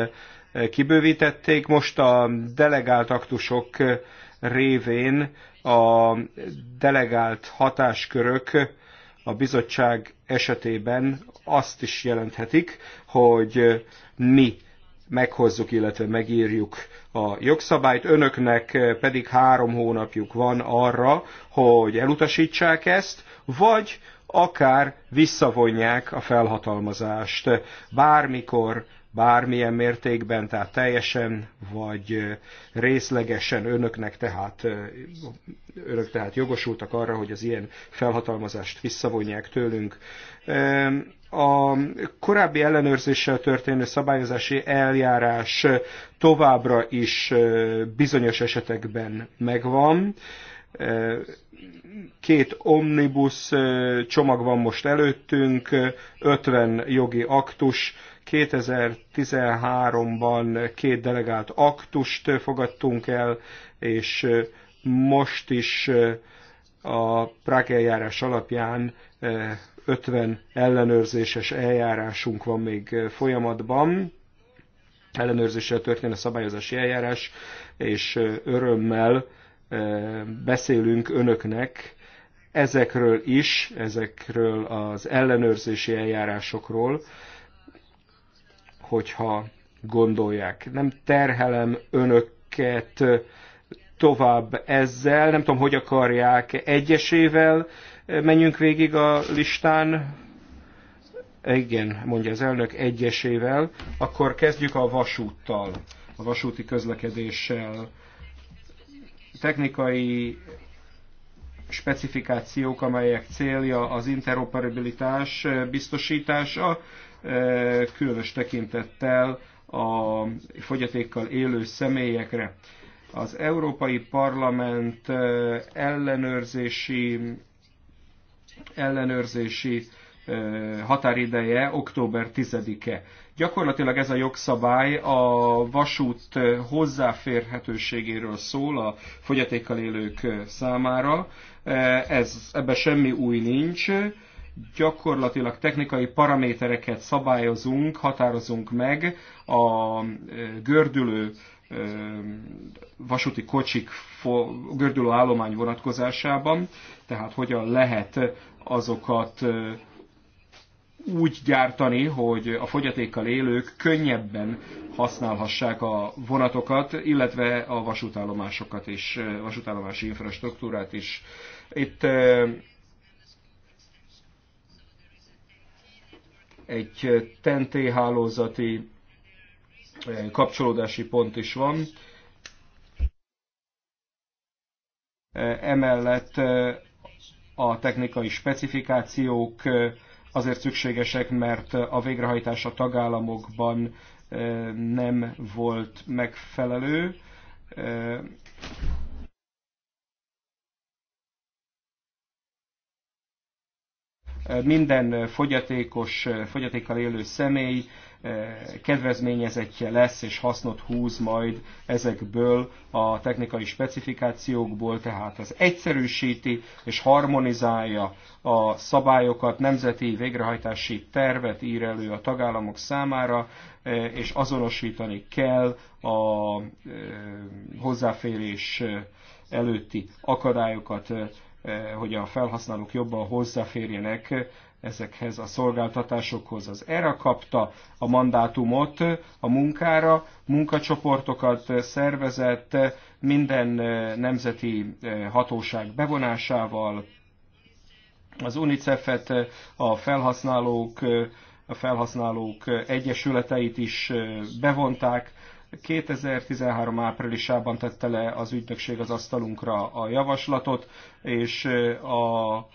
kibővítették. Most a delegált aktusok révén a delegált hatáskörök a bizottság esetében azt is jelenthetik, hogy mi meghozzuk, illetve megírjuk a jogszabályt, önöknek pedig három hónapjuk van arra, hogy elutasítsák ezt, vagy akár visszavonják a felhatalmazást bármikor, bármilyen mértékben, tehát teljesen vagy részlegesen önöknek tehát, önök tehát jogosultak arra, hogy az ilyen felhatalmazást visszavonják tőlünk. A korábbi ellenőrzéssel történő szabályozási eljárás továbbra is bizonyos esetekben megvan két omnibus csomag van most előttünk, 50 jogi aktus, 2013-ban két delegált aktust fogadtunk el, és most is a Prág eljárás alapján 50 ellenőrzéses eljárásunk van még folyamatban. Ellenőrzéssel történne szabályozási eljárás, és örömmel beszélünk önöknek ezekről is, ezekről az ellenőrzési eljárásokról, hogyha gondolják. Nem terhelem önöket tovább ezzel, nem tudom, hogy akarják egyesével, menjünk végig a listán, igen, mondja az elnök, egyesével, akkor kezdjük a vasúttal, a vasúti közlekedéssel technikai specifikációk, amelyek célja az interoperabilitás biztosítása, e, különös tekintettel a fogyatékkal élő személyekre. Az Európai Parlament e, ellenőrzési, ellenőrzési határideje október 10-e. Gyakorlatilag ez a jogszabály a vasút hozzáférhetőségéről szól a fogyatékkal élők számára. Ez, ebbe semmi új nincs. Gyakorlatilag technikai paramétereket szabályozunk, határozunk meg a gördülő vasúti kocsik gördülő állomány vonatkozásában, tehát hogyan lehet azokat úgy gyártani, hogy a fogyatékkal élők könnyebben használhassák a vonatokat, illetve a vasútállomásokat és vasútállomási infrastruktúrát is. Itt egy TNT hálózati kapcsolódási pont is van. Emellett a technikai specifikációk azért szükségesek, mert a végrehajtás a tagállamokban nem volt megfelelő. Minden fogyatékos, fogyatékkal élő személy kedvezményezettje lesz és hasznot húz majd ezekből a technikai specifikációkból, tehát az egyszerűsíti és harmonizálja a szabályokat, nemzeti végrehajtási tervet ír elő a tagállamok számára, és azonosítani kell a hozzáférés előtti akadályokat, hogy a felhasználók jobban hozzáférjenek ezekhez a szolgáltatásokhoz. Az ERA kapta a mandátumot a munkára, munkacsoportokat szervezett minden eh, nemzeti eh, hatóság bevonásával, az UNICEF-et, eh, a felhasználók, a felhasználók egyesületeit is bevonták, 2013 áprilisában tette le az ügynökség az asztalunkra a javaslatot, és a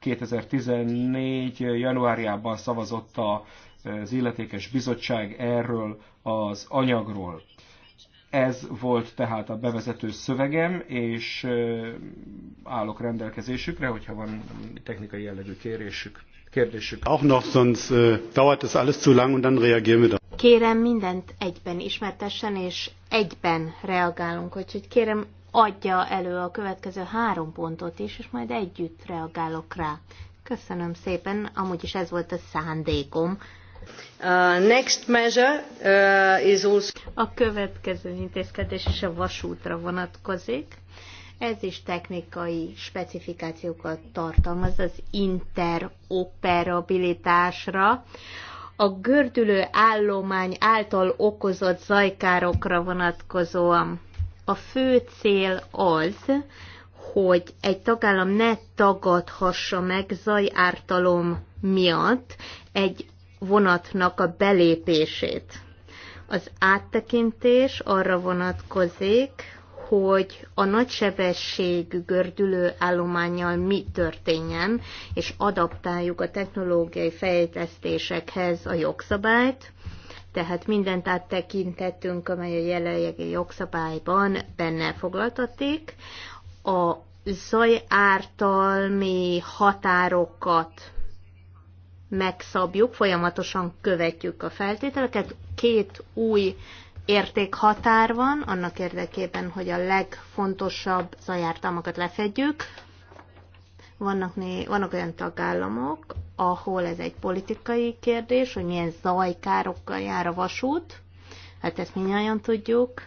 2014. januárjában szavazott az illetékes bizottság erről az anyagról. Ez volt tehát a bevezető szövegem, és állok rendelkezésükre, hogyha van technikai jellegű kérésük. Kérdésük. Auch noch, sonst äh, dauert es alles zu lang und dann reagieren wir. Kérem mindent egyben ismertessen, és egyben reagálunk, úgyhogy kérem adja elő a következő három pontot is, és majd együtt reagálok rá. Köszönöm szépen, amúgy is ez volt a szándékom. Uh, next measure uh, is also... A következő intézkedés is a vasútra vonatkozik. Ez is technikai specifikációkat tartalmaz az interoperabilitásra, a gördülő állomány által okozott zajkárokra vonatkozóan. A fő cél az, hogy egy tagállam ne tagadhassa meg zajártalom miatt egy vonatnak a belépését. Az áttekintés arra vonatkozik, hogy a nagysebességű gördülő állományjal mi történjen, és adaptáljuk a technológiai fejlesztésekhez a jogszabályt, tehát mindent áttekintettünk, amely a jelenlegi jogszabályban benne foglaltatik. A zaj ártalmi határokat megszabjuk, folyamatosan követjük a feltételeket. Két új értékhatár van, annak érdekében, hogy a legfontosabb zajártalmakat lefedjük, vannak, né, vannak olyan tagállamok, ahol ez egy politikai kérdés, hogy milyen zajkárokkal jár a vasút. Hát ezt mindjárt tudjuk.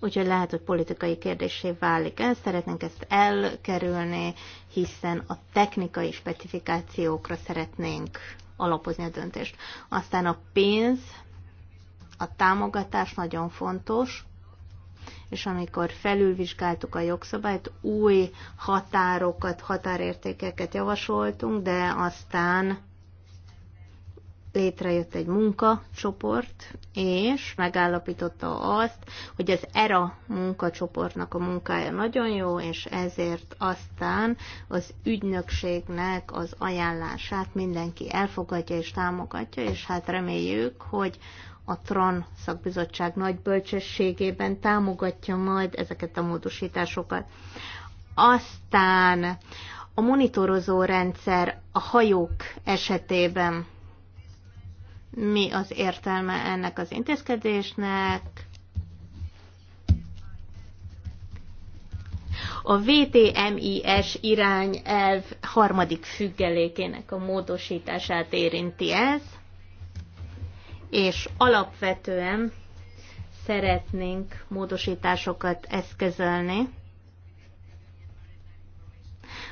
Úgyhogy lehet, hogy politikai kérdésé válik Ez Szeretnénk ezt elkerülni, hiszen a technikai specifikációkra szeretnénk alapozni a döntést. Aztán a pénz, a támogatás nagyon fontos és amikor felülvizsgáltuk a jogszabályt, új határokat, határértékeket javasoltunk, de aztán létrejött egy munkacsoport, és megállapította azt, hogy az ERA munkacsoportnak a munkája nagyon jó, és ezért aztán az ügynökségnek az ajánlását mindenki elfogadja és támogatja, és hát reméljük, hogy a TRAN szakbizottság nagy bölcsességében támogatja majd ezeket a módosításokat. Aztán a monitorozó rendszer a hajók esetében mi az értelme ennek az intézkedésnek? A VTMIS irányelv harmadik függelékének a módosítását érinti ez és alapvetően szeretnénk módosításokat eszközölni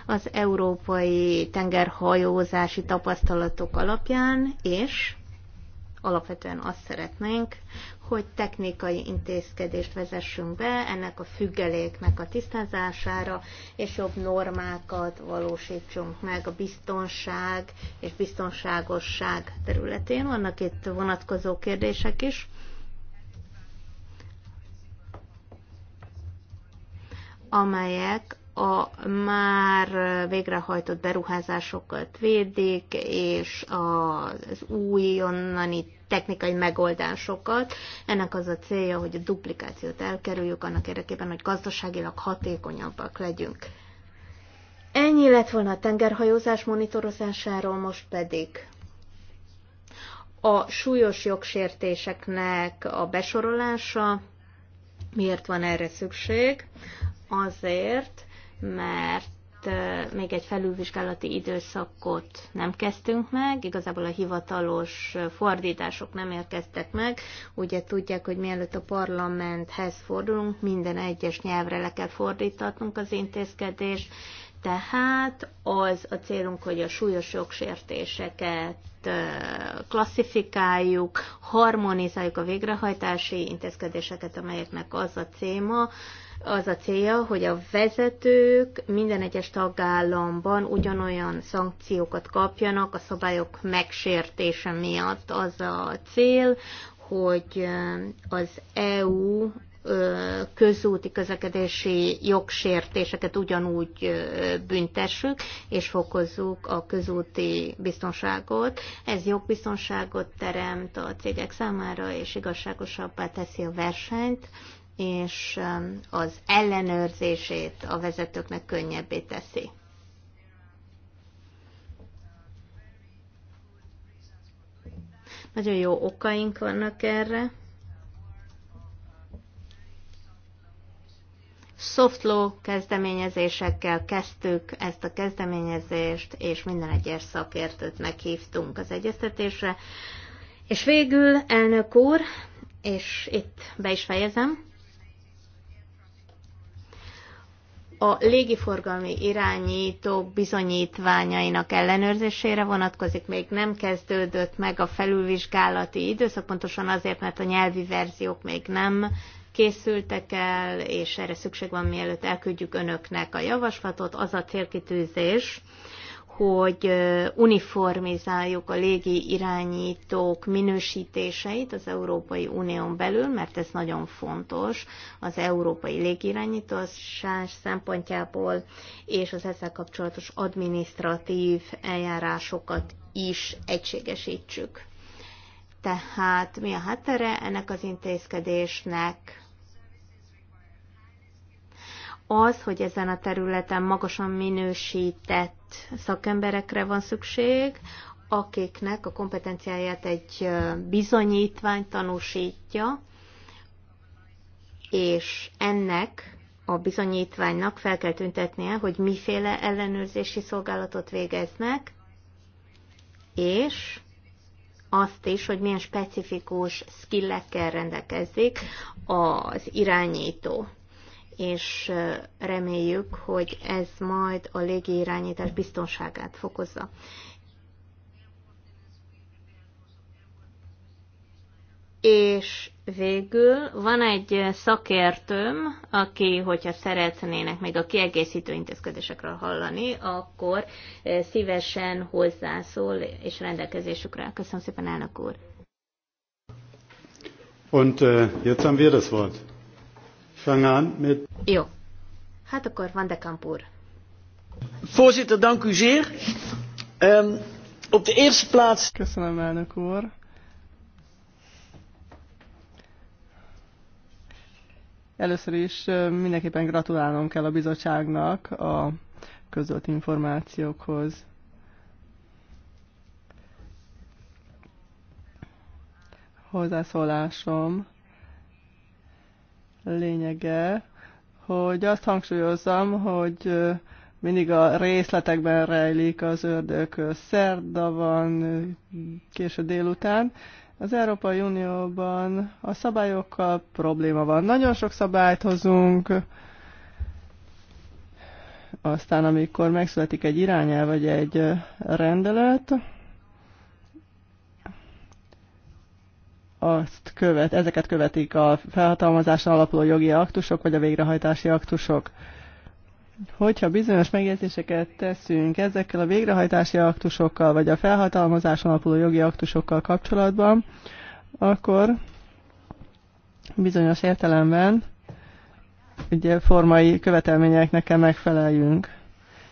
az európai tengerhajózási tapasztalatok alapján, és alapvetően azt szeretnénk, hogy technikai intézkedést vezessünk be ennek a függeléknek a tisztázására, és jobb normákat valósítsunk meg a biztonság és biztonságosság területén. Vannak itt vonatkozó kérdések is. amelyek a már végrehajtott beruházásokat védik, és az onnani technikai megoldásokat. Ennek az a célja, hogy a duplikációt elkerüljük, annak érdekében, hogy gazdaságilag hatékonyabbak legyünk. Ennyi lett volna a tengerhajózás monitorozásáról, most pedig a súlyos jogsértéseknek a besorolása, miért van erre szükség? Azért, mert még egy felülvizsgálati időszakot nem kezdtünk meg, igazából a hivatalos fordítások nem érkeztek meg. Ugye tudják, hogy mielőtt a parlamenthez fordulunk, minden egyes nyelvre le kell fordítatnunk az intézkedést, tehát az a célunk, hogy a súlyos jogsértéseket klasszifikáljuk, harmonizáljuk a végrehajtási intézkedéseket, amelyeknek az a céma, az a célja, hogy a vezetők minden egyes tagállamban ugyanolyan szankciókat kapjanak a szabályok megsértése miatt. Az a cél, hogy az EU közúti közlekedési jogsértéseket ugyanúgy büntessük, és fokozzuk a közúti biztonságot. Ez jogbiztonságot teremt a cégek számára, és igazságosabbá teszi a versenyt, és um, az ellenőrzését a vezetőknek könnyebbé teszi. Nagyon jó okaink vannak erre. Soft law kezdeményezésekkel kezdtük ezt a kezdeményezést, és minden egyes szakértőt meghívtunk az egyeztetésre. És végül, elnök úr, és itt be is fejezem, a légiforgalmi irányító bizonyítványainak ellenőrzésére vonatkozik, még nem kezdődött meg a felülvizsgálati időszak, pontosan azért, mert a nyelvi verziók még nem készültek el, és erre szükség van, mielőtt elküldjük önöknek a javaslatot. Az a célkitűzés, hogy uniformizáljuk a légi irányítók minősítéseit az Európai Unión belül, mert ez nagyon fontos az európai légirányítás szempontjából, és az ezzel kapcsolatos administratív eljárásokat is egységesítsük. Tehát mi a háttere ennek az intézkedésnek? az, hogy ezen a területen magasan minősített szakemberekre van szükség, akiknek a kompetenciáját egy bizonyítvány tanúsítja, és ennek a bizonyítványnak fel kell tüntetnie, hogy miféle ellenőrzési szolgálatot végeznek, és azt is, hogy milyen specifikus skillekkel rendelkezik az irányító és reméljük, hogy ez majd a légirányítás biztonságát fokozza. És végül van egy szakértőm, aki, hogyha szeretnének még a kiegészítő intézkedésekről hallani, akkor szívesen hozzászól és rendelkezésükre. Köszönöm szépen, elnök úr! Und äh, jetzt haben wir das Wort. Mit... Jó. Hát akkor Van de Kampur. Voorzitter, dank u zeer. Um, op de eerste plaats... Köszönöm, elnök úr. Először is mindenképpen gratulálnom kell a bizottságnak a közölt információkhoz. Hozzászólásom lényege, hogy azt hangsúlyozzam, hogy mindig a részletekben rejlik az ördög. Szerda van, késő délután. Az Európai Unióban a szabályokkal probléma van. Nagyon sok szabályt hozunk, aztán amikor megszületik egy irányelv vagy egy rendelet, azt követ, ezeket követik a felhatalmazáson alapuló jogi aktusok, vagy a végrehajtási aktusok. Hogyha bizonyos megjegyzéseket teszünk ezekkel a végrehajtási aktusokkal, vagy a felhatalmazáson alapuló jogi aktusokkal kapcsolatban, akkor bizonyos értelemben ugye formai követelményeknek kell megfeleljünk.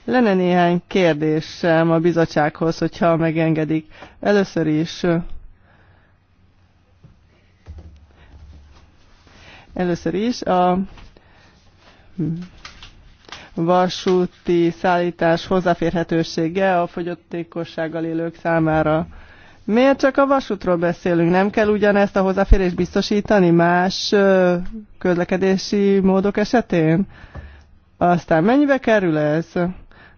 Lenne néhány kérdésem a bizottsághoz, hogyha megengedik. Először is Először is a vasúti szállítás hozzáférhetősége a fogyatékossággal élők számára. Miért csak a vasútról beszélünk? Nem kell ugyanezt a hozzáférést biztosítani más közlekedési módok esetén? Aztán mennyibe kerül ez?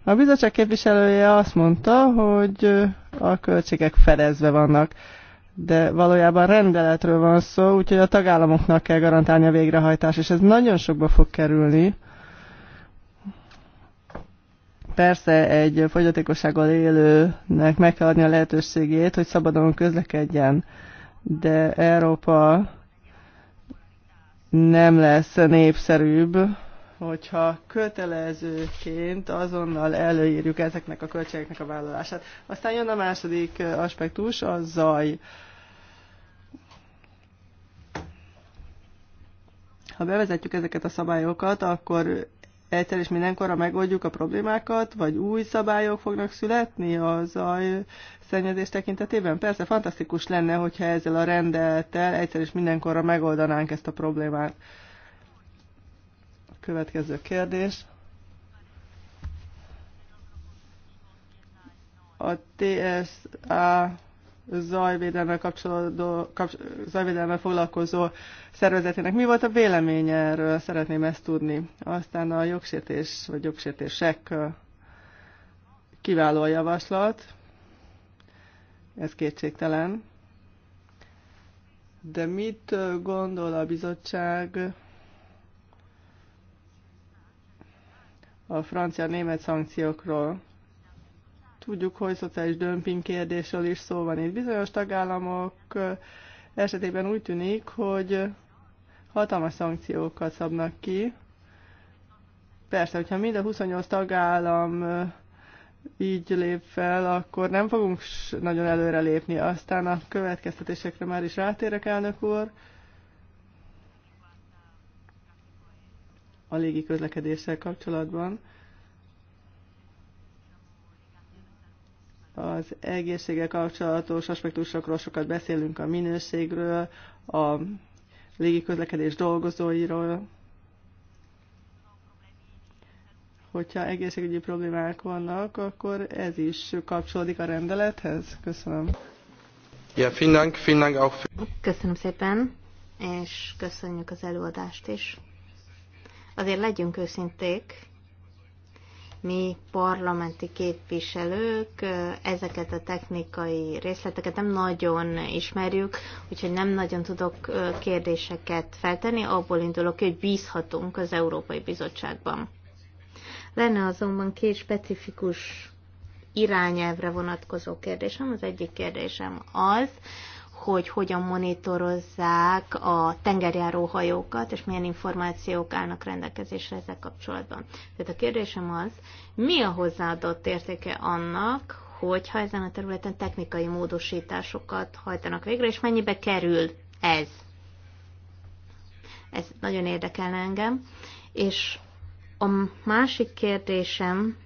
A bizottság képviselője azt mondta, hogy a költségek fedezve vannak de valójában rendeletről van szó, úgyhogy a tagállamoknak kell garantálni a végrehajtás, és ez nagyon sokba fog kerülni. Persze egy fogyatékossággal élőnek meg kell adni a lehetőségét, hogy szabadon közlekedjen, de Európa nem lesz népszerűbb, hogyha kötelezőként azonnal előírjuk ezeknek a költségeknek a vállalását. Aztán jön a második aspektus, a zaj. Ha bevezetjük ezeket a szabályokat, akkor egyszer és mindenkorra megoldjuk a problémákat, vagy új szabályok fognak születni a zaj szennyezés tekintetében? Persze fantasztikus lenne, hogyha ezzel a rendelettel egyszer és mindenkorra megoldanánk ezt a problémát. Következő kérdés. A TSA zajvédelmel, kapcsolódó, kapcs, zajvédelmel foglalkozó szervezetének mi volt a véleménye erről, szeretném ezt tudni. Aztán a jogsértés vagy jogsértések kiváló a javaslat, ez kétségtelen. De mit gondol a bizottság a francia-német szankciókról? Tudjuk, hogy szociális dömping kérdésről is szó van itt. Bizonyos tagállamok esetében úgy tűnik, hogy hatalmas szankciókat szabnak ki. Persze, hogyha mind a 28 tagállam így lép fel, akkor nem fogunk nagyon előre lépni. Aztán a következtetésekre már is rátérek, elnök úr. A légi közlekedéssel kapcsolatban. Az egészséggel kapcsolatos aspektusokról sokat beszélünk, a minőségről, a légiközlekedés dolgozóiról. Hogyha egészségügyi problémák vannak, akkor ez is kapcsolódik a rendelethez. Köszönöm. Ja, vielen Dank, vielen Dank auch für... Köszönöm szépen, és köszönjük az előadást is. Azért legyünk őszinték, mi parlamenti képviselők ezeket a technikai részleteket nem nagyon ismerjük, úgyhogy nem nagyon tudok kérdéseket feltenni, abból indulok hogy bízhatunk az Európai Bizottságban. Lenne azonban két specifikus irányelvre vonatkozó kérdésem. Az egyik kérdésem az, hogy hogyan monitorozzák a tengerjáró hajókat, és milyen információk állnak rendelkezésre ezzel kapcsolatban. Tehát a kérdésem az, mi a hozzáadott értéke annak, hogyha ezen a területen technikai módosításokat hajtanak végre, és mennyibe kerül ez? Ez nagyon érdekel engem. És a másik kérdésem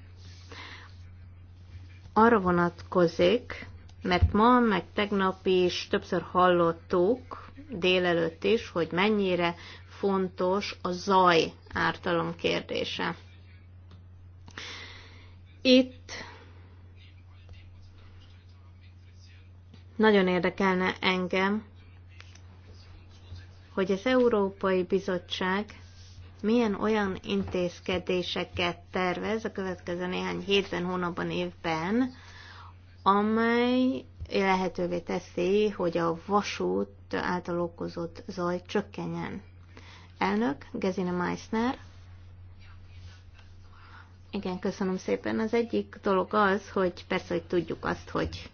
arra vonatkozik, mert ma, meg tegnap is többször hallottuk, délelőtt is, hogy mennyire fontos a zaj ártalom kérdése. Itt nagyon érdekelne engem, hogy az Európai Bizottság milyen olyan intézkedéseket tervez a következő néhány hétben, hónapban, évben, amely lehetővé teszi, hogy a vasút által okozott zaj csökkenjen. Elnök, Gezine Meissner. Igen, köszönöm szépen. Az egyik dolog az, hogy persze, hogy tudjuk azt, hogy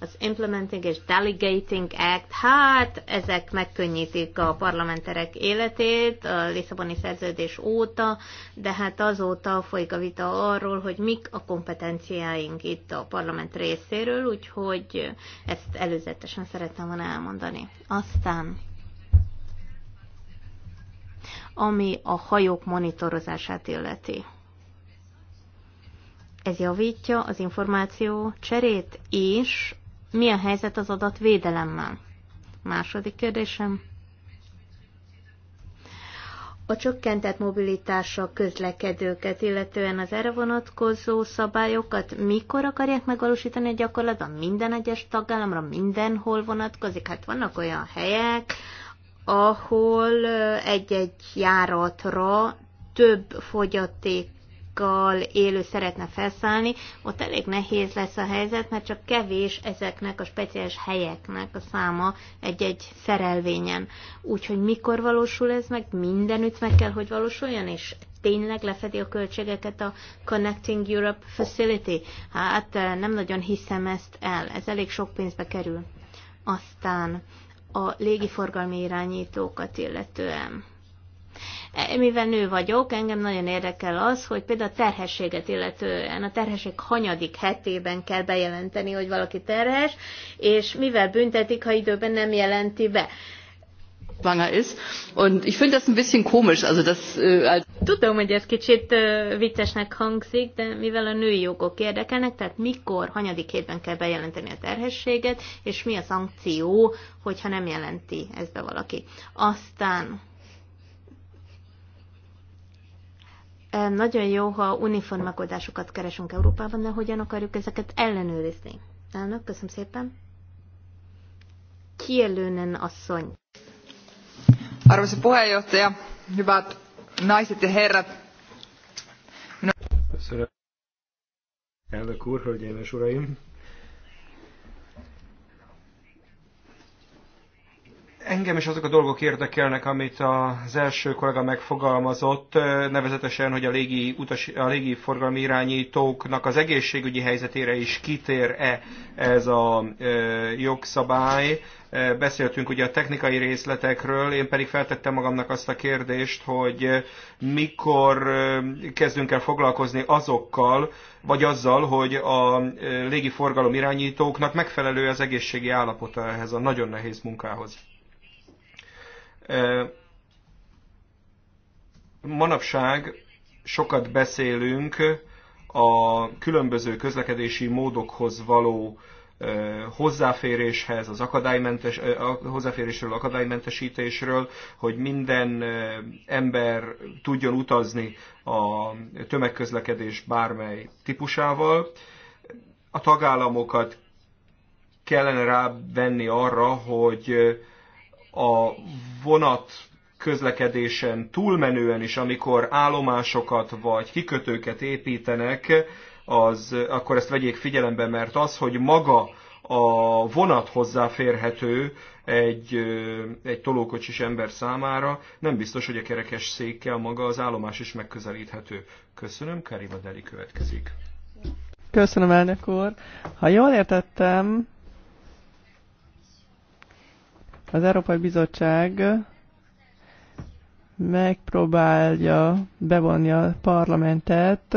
az Implementing és Delegating Act, hát ezek megkönnyítik a parlamenterek életét a Lisszaboni szerződés óta, de hát azóta folyik a vita arról, hogy mik a kompetenciáink itt a parlament részéről, úgyhogy ezt előzetesen szerettem volna elmondani. Aztán ami a hajók monitorozását illeti. Ez javítja az információ cserét és mi a helyzet az adatvédelemmel? Második kérdésem. A csökkentett mobilitása közlekedőket, illetően az erre vonatkozó szabályokat mikor akarják megvalósítani a gyakorlatban? Minden egyes tagállamra mindenhol vonatkozik? Hát vannak olyan helyek, ahol egy-egy járatra több fogyaték fogyatékkal élő szeretne felszállni, ott elég nehéz lesz a helyzet, mert csak kevés ezeknek a speciális helyeknek a száma egy-egy szerelvényen. Úgyhogy mikor valósul ez meg? Mindenütt meg kell, hogy valósuljon, és tényleg lefedi a költségeket a Connecting Europe Facility? Hát eh, nem nagyon hiszem ezt el, ez elég sok pénzbe kerül. Aztán a légiforgalmi irányítókat illetően E, mivel nő vagyok, engem nagyon érdekel az, hogy például a terhességet illetően a terhesség hanyadik hetében kell bejelenteni, hogy valaki terhes, és mivel büntetik, ha időben nem jelenti be schwanger ist. Und ich finde das ein bisschen komisch. Also das, äh, Tudom, hogy ez kicsit uh, viccesnek hangzik, de mivel a női jogok érdekelnek, tehát mikor, hanyadik hétben kell bejelenteni a terhességet, és mi a szankció, hogyha nem jelenti ezt be valaki. Aztán Nagyon jó, ha uniform megoldásokat keresünk Európában, de hogyan akarjuk ezeket ellenőrizni? Elnök, köszönöm szépen. Kielőnen asszony. Arvoisa puheenjohtaja, hyvät naiset ja herrat. Köszönöm. Elnök úr, hölgyeim és uraim! Engem is azok a dolgok érdekelnek, amit az első kollega megfogalmazott, nevezetesen, hogy a légi, utas, a légi forgalmi irányítóknak az egészségügyi helyzetére is kitér-e ez a e, jogszabály. E, beszéltünk ugye a technikai részletekről, én pedig feltettem magamnak azt a kérdést, hogy mikor kezdünk el foglalkozni azokkal, vagy azzal, hogy a légi forgalom irányítóknak megfelelő az egészségi állapota ehhez a nagyon nehéz munkához. Manapság sokat beszélünk a különböző közlekedési módokhoz való hozzáféréshez, az akadálymentes, hozzáférésről, akadálymentesítésről, hogy minden ember tudjon utazni a tömegközlekedés bármely típusával. A tagállamokat kellene rávenni arra, hogy a vonat közlekedésen túlmenően is, amikor állomásokat vagy kikötőket építenek, az, akkor ezt vegyék figyelembe, mert az, hogy maga a vonat hozzáférhető egy, egy tolókocsis ember számára, nem biztos, hogy a kerekes székkel maga az állomás is megközelíthető. Köszönöm, Kariba Deli következik. Köszönöm, elnök úr. Ha jól értettem, az Európai Bizottság megpróbálja bevonni a parlamentet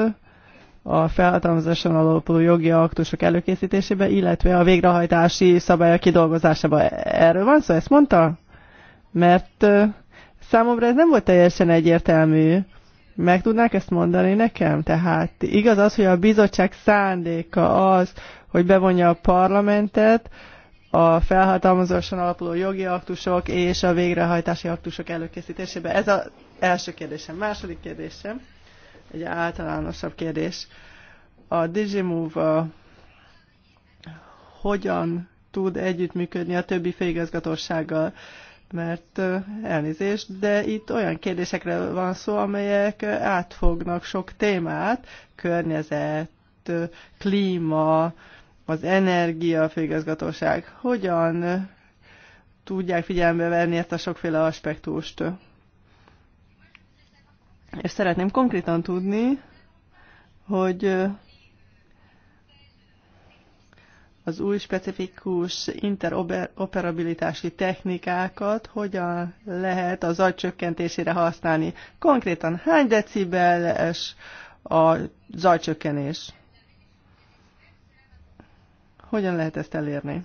a felhatalmazáson alapuló jogi aktusok előkészítésébe, illetve a végrehajtási szabályok kidolgozásába. Erről van szó, ezt mondta? Mert számomra ez nem volt teljesen egyértelmű. Meg tudnák ezt mondani nekem? Tehát igaz az, hogy a bizottság szándéka az, hogy bevonja a parlamentet, a felhatalmazáson alapuló jogi aktusok és a végrehajtási aktusok előkészítésébe. Ez az első kérdésem. Második kérdésem, egy általánosabb kérdés. A Digimove hogyan tud együttműködni a többi főigazgatósággal? mert elnézést, de itt olyan kérdésekre van szó, amelyek átfognak sok témát, környezet, klíma, az energia főigazgatóság hogyan tudják figyelembe venni ezt a sokféle aspektust. És szeretném konkrétan tudni, hogy az új specifikus interoperabilitási technikákat hogyan lehet az zajcsökkentésére használni. Konkrétan hány decibeles a zajcsökkenés? Hogyan lehet ezt elérni?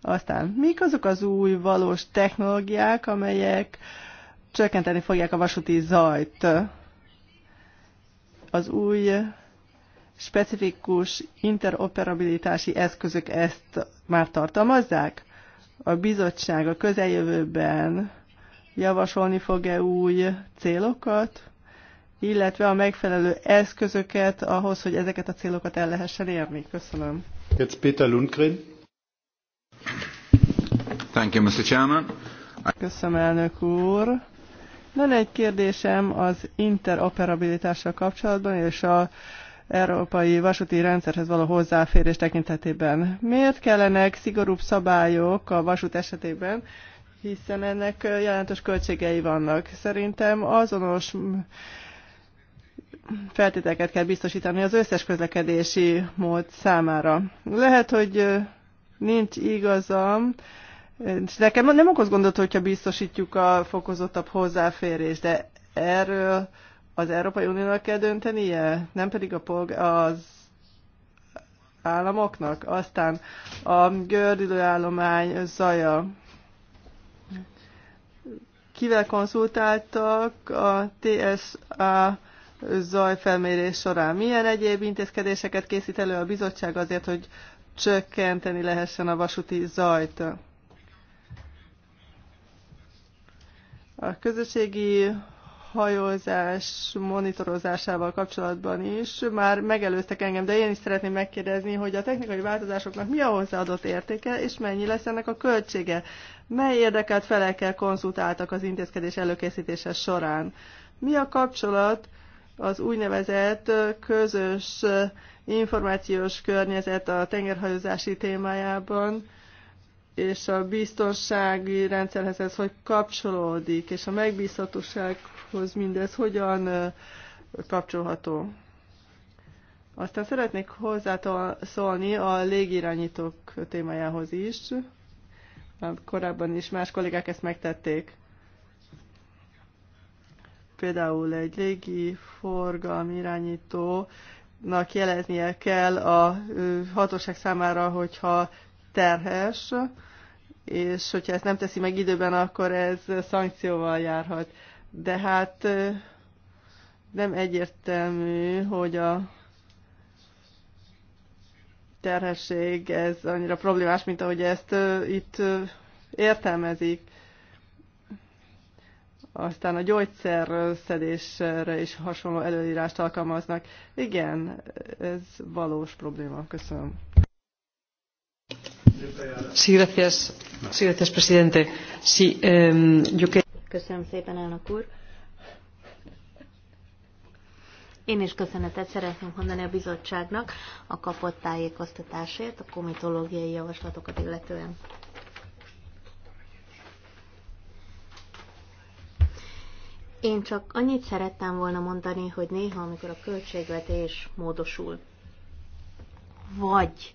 Aztán, mik azok az új valós technológiák, amelyek csökkenteni fogják a vasúti zajt? Az új specifikus interoperabilitási eszközök ezt már tartalmazzák? A bizottság a közeljövőben javasolni fog-e új célokat, illetve a megfelelő eszközöket ahhoz, hogy ezeket a célokat el lehessen érni? Köszönöm. Jetzt Peter Lundgren. Thank you, Mr. Chairman. Köszönöm, elnök úr. Lenne egy kérdésem az interoperabilitással kapcsolatban és a európai vasúti rendszerhez való hozzáférés tekintetében. Miért kellenek szigorúbb szabályok a vasút esetében, hiszen ennek jelentős költségei vannak. Szerintem azonos feltételeket kell biztosítani az összes közlekedési mód számára. Lehet, hogy nincs igazam, és nekem nem okoz gondot, hogyha biztosítjuk a fokozottabb hozzáférést, de erről az Európai Uniónak kell döntenie, nem pedig a polg- az államoknak. Aztán a gördülőállomány zaja. Kivel konzultáltak a TSA zajfelmérés során. Milyen egyéb intézkedéseket készít elő a bizottság azért, hogy csökkenteni lehessen a vasúti zajt? A közösségi hajózás monitorozásával kapcsolatban is már megelőztek engem, de én is szeretném megkérdezni, hogy a technikai változásoknak mi a hozzáadott értéke, és mennyi lesz ennek a költsége? Mely érdekelt felekkel konzultáltak az intézkedés előkészítése során? Mi a kapcsolat az úgynevezett közös információs környezet a tengerhajózási témájában, és a biztonsági rendszerhez ez hogy kapcsolódik, és a megbízhatósághoz mindez hogyan kapcsolható. Aztán szeretnék hozzászólni a légirányítók témájához is. korábban is más kollégák ezt megtették. Például egy légi forgalmi irányítónak jeleznie kell a hatóság számára, hogyha terhes, és hogyha ezt nem teszi meg időben, akkor ez szankcióval járhat. De hát nem egyértelmű, hogy a terhesség ez annyira problémás, mint ahogy ezt itt értelmezik. Aztán a gyógyszerszedésre is hasonló előírást alkalmaznak. Igen, ez valós probléma. Köszönöm. Sí, gracias. Sí, gracias, presidente. Sí, um, yo que... Köszönöm szépen, elnök úr. Én is köszönetet szeretném mondani a bizottságnak a kapott tájékoztatásért, a komitológiai javaslatokat illetően. Én csak annyit szerettem volna mondani, hogy néha, amikor a költségvetés módosul, vagy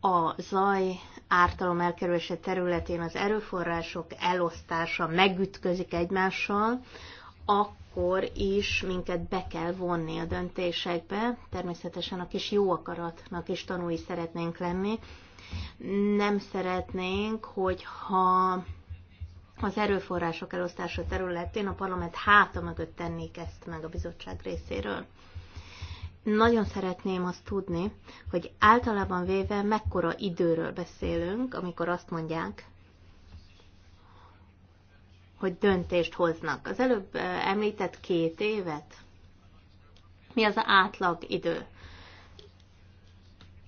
a zaj ártalom elkerülése területén az erőforrások elosztása megütközik egymással, akkor is minket be kell vonni a döntésekbe. Természetesen a kis jó akaratnak is tanúi szeretnénk lenni. Nem szeretnénk, hogyha az erőforrások elosztása területén a parlament háta mögött tennék ezt meg a bizottság részéről. Nagyon szeretném azt tudni, hogy általában véve mekkora időről beszélünk, amikor azt mondják, hogy döntést hoznak. Az előbb eh, említett két évet. Mi az átlag idő?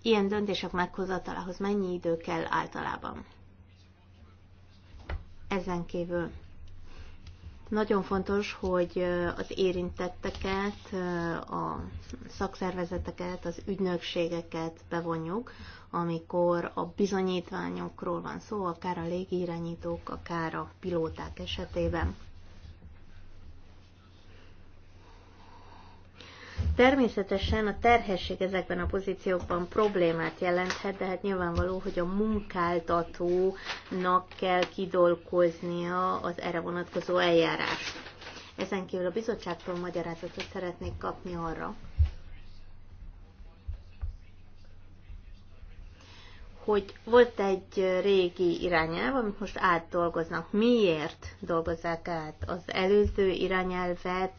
Ilyen döntések meghozatalához mennyi idő kell általában? Ezen kívül nagyon fontos, hogy az érintetteket, a szakszervezeteket, az ügynökségeket bevonjuk, amikor a bizonyítványokról van szó, akár a légirányítók, akár a pilóták esetében. Természetesen a terhesség ezekben a pozíciókban problémát jelenthet, de hát nyilvánvaló, hogy a munkáltatónak kell kidolkoznia az erre vonatkozó eljárást. Ezen kívül a bizottságtól magyarázatot szeretnék kapni arra, hogy volt egy régi irányelv, amit most átdolgoznak. Miért dolgozzák át? Az előző irányelvet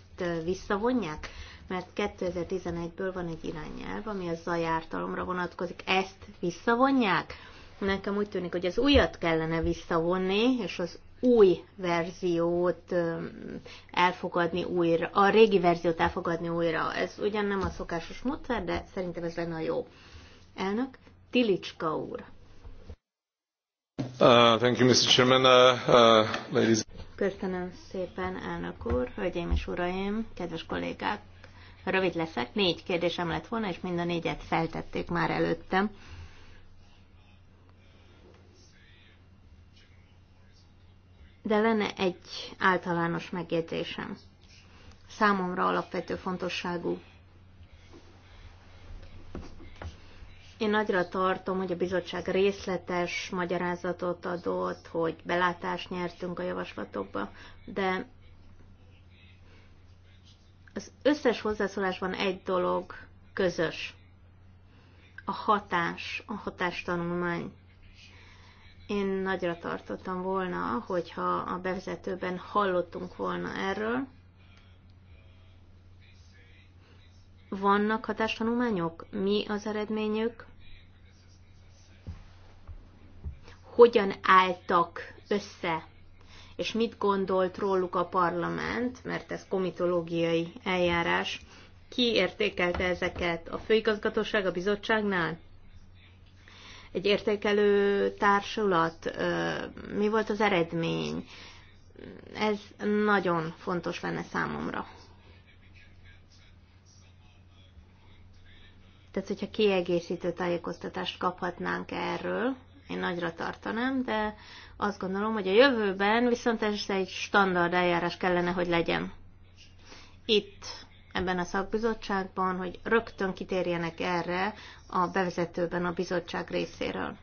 visszavonják? mert 2011-ből van egy irányelv, ami a zajártalomra vonatkozik, ezt visszavonják. Nekem úgy tűnik, hogy az újat kellene visszavonni, és az új verziót elfogadni újra, a régi verziót elfogadni újra. Ez ugyan nem a szokásos módszer, de szerintem ez lenne a jó. Elnök, Tilicska úr. Uh, thank you, Mr. Chairman. Uh, uh, ladies. Köszönöm szépen, elnök úr, hölgyeim és uraim, kedves kollégák! rövid leszek. Négy kérdésem lett volna, és mind a négyet feltették már előttem. De lenne egy általános megjegyzésem. Számomra alapvető fontosságú. Én nagyra tartom, hogy a bizottság részletes magyarázatot adott, hogy belátást nyertünk a javaslatokba, de az összes hozzászólásban egy dolog közös. A hatás, a hatástanulmány. Én nagyra tartottam volna, hogyha a bevezetőben hallottunk volna erről. Vannak hatástanulmányok? Mi az eredményük? Hogyan álltak össze és mit gondolt róluk a parlament, mert ez komitológiai eljárás. Ki értékelte ezeket? A főigazgatóság a bizottságnál? Egy értékelő társulat? Mi volt az eredmény? Ez nagyon fontos lenne számomra. Tehát, hogyha kiegészítő tájékoztatást kaphatnánk erről, én nagyra tartanám, de azt gondolom, hogy a jövőben viszont ez egy standard eljárás kellene, hogy legyen. Itt, ebben a szakbizottságban, hogy rögtön kitérjenek erre a bevezetőben a bizottság részéről.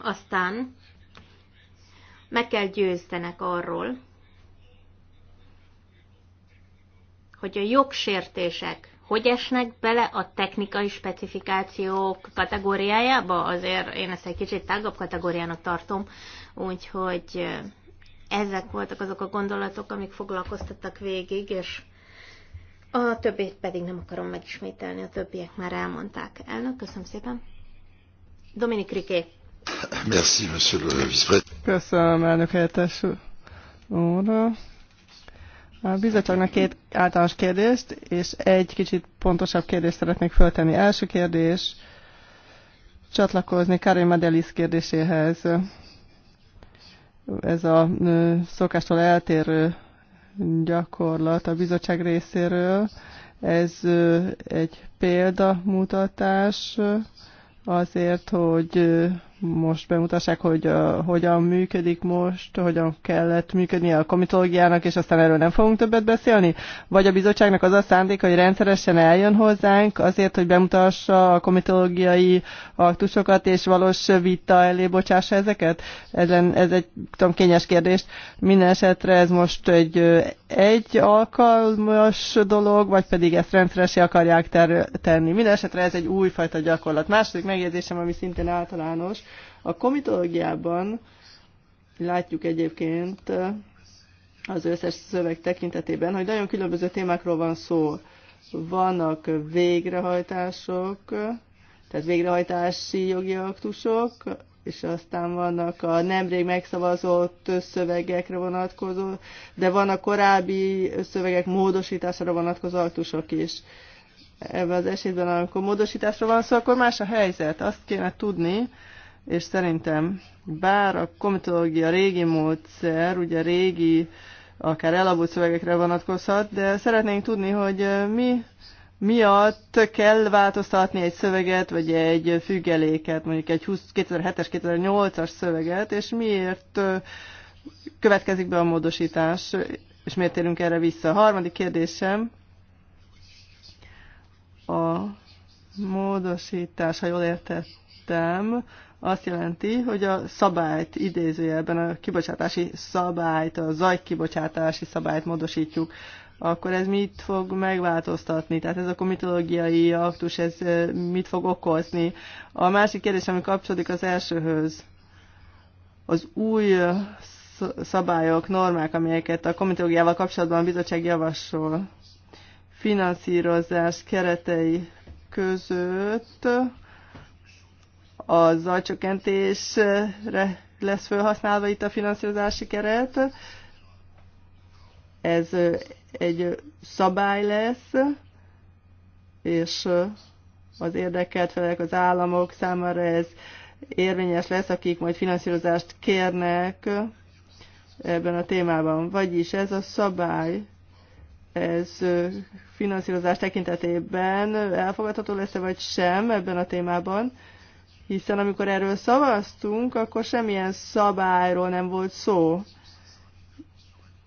Aztán meg kell győztenek arról, hogy a jogsértések hogy esnek bele a technikai specifikációk kategóriájába? Azért én ezt egy kicsit tágabb kategóriának tartom, úgyhogy ezek voltak azok a gondolatok, amik foglalkoztattak végig, és a többit pedig nem akarom megismételni, a többiek már elmondták. Elnök, köszönöm szépen. Dominik Riké. Merci, monsieur le vice Köszönöm, elnök helyettes úr. A bizottságnak két általános kérdést, és egy kicsit pontosabb kérdést szeretnék föltenni. Első kérdés, csatlakozni Karim Adelis kérdéséhez. Ez a szokástól eltérő gyakorlat a bizottság részéről. Ez egy példamutatás azért, hogy most bemutassák, hogy uh, hogyan működik most, hogyan kellett működni a komitológiának, és aztán erről nem fogunk többet beszélni? Vagy a bizottságnak az a szándék, hogy rendszeresen eljön hozzánk azért, hogy bemutassa a komitológiai aktusokat, és valós vita elé bocsássa ezeket? Ez, ez egy tudom, kényes kérdés. Minden esetre ez most egy egy alkalmas dolog, vagy pedig ezt rendszeresen akarják ter- tenni. Mindenesetre ez egy újfajta gyakorlat. Második megjegyzésem, ami szintén általános, a komitológiában látjuk egyébként az összes szöveg tekintetében, hogy nagyon különböző témákról van szó. Vannak végrehajtások, tehát végrehajtási jogi aktusok, és aztán vannak a nemrég megszavazott szövegekre vonatkozó, de van a korábbi szövegek módosításra vonatkozó aktusok is. Ebben az esetben, amikor módosításra van szó, akkor más a helyzet. Azt kéne tudni, és szerintem bár a komitológia régi módszer, ugye régi, akár elavult szövegekre vonatkozhat, de szeretnénk tudni, hogy mi miatt kell változtatni egy szöveget, vagy egy függeléket, mondjuk egy 2007-es, 2008-as szöveget, és miért következik be a módosítás, és miért térünk erre vissza. A harmadik kérdésem, a módosítás, ha jól értettem, azt jelenti, hogy a szabályt idézőjelben, a kibocsátási szabályt, a zajkibocsátási szabályt módosítjuk akkor ez mit fog megváltoztatni? Tehát ez a komitológiai aktus, ez mit fog okozni? A másik kérdés, ami kapcsolódik az elsőhöz, az új szabályok, normák, amelyeket a komitológiával kapcsolatban a bizottság javasol, finanszírozás keretei között a zajcsökkentésre lesz felhasználva itt a finanszírozási keret, ez egy szabály lesz, és az érdekelt felek, az államok számára ez érvényes lesz, akik majd finanszírozást kérnek ebben a témában. Vagyis ez a szabály, ez finanszírozás tekintetében elfogadható lesz-e vagy sem ebben a témában, hiszen amikor erről szavaztunk, akkor semmilyen szabályról nem volt szó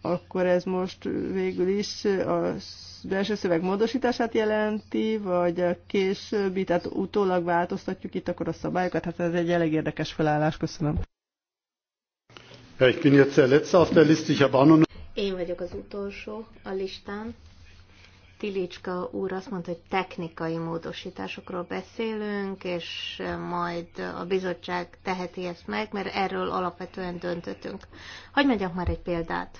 akkor ez most végül is a belső szöveg módosítását jelenti, vagy a későbbi, tehát utólag változtatjuk itt akkor a szabályokat, hát ez egy elég érdekes felállás, köszönöm. Én vagyok az utolsó a listán. Tilicska úr azt mondta, hogy technikai módosításokról beszélünk, és majd a bizottság teheti ezt meg, mert erről alapvetően döntöttünk. Hogy mondjak már egy példát?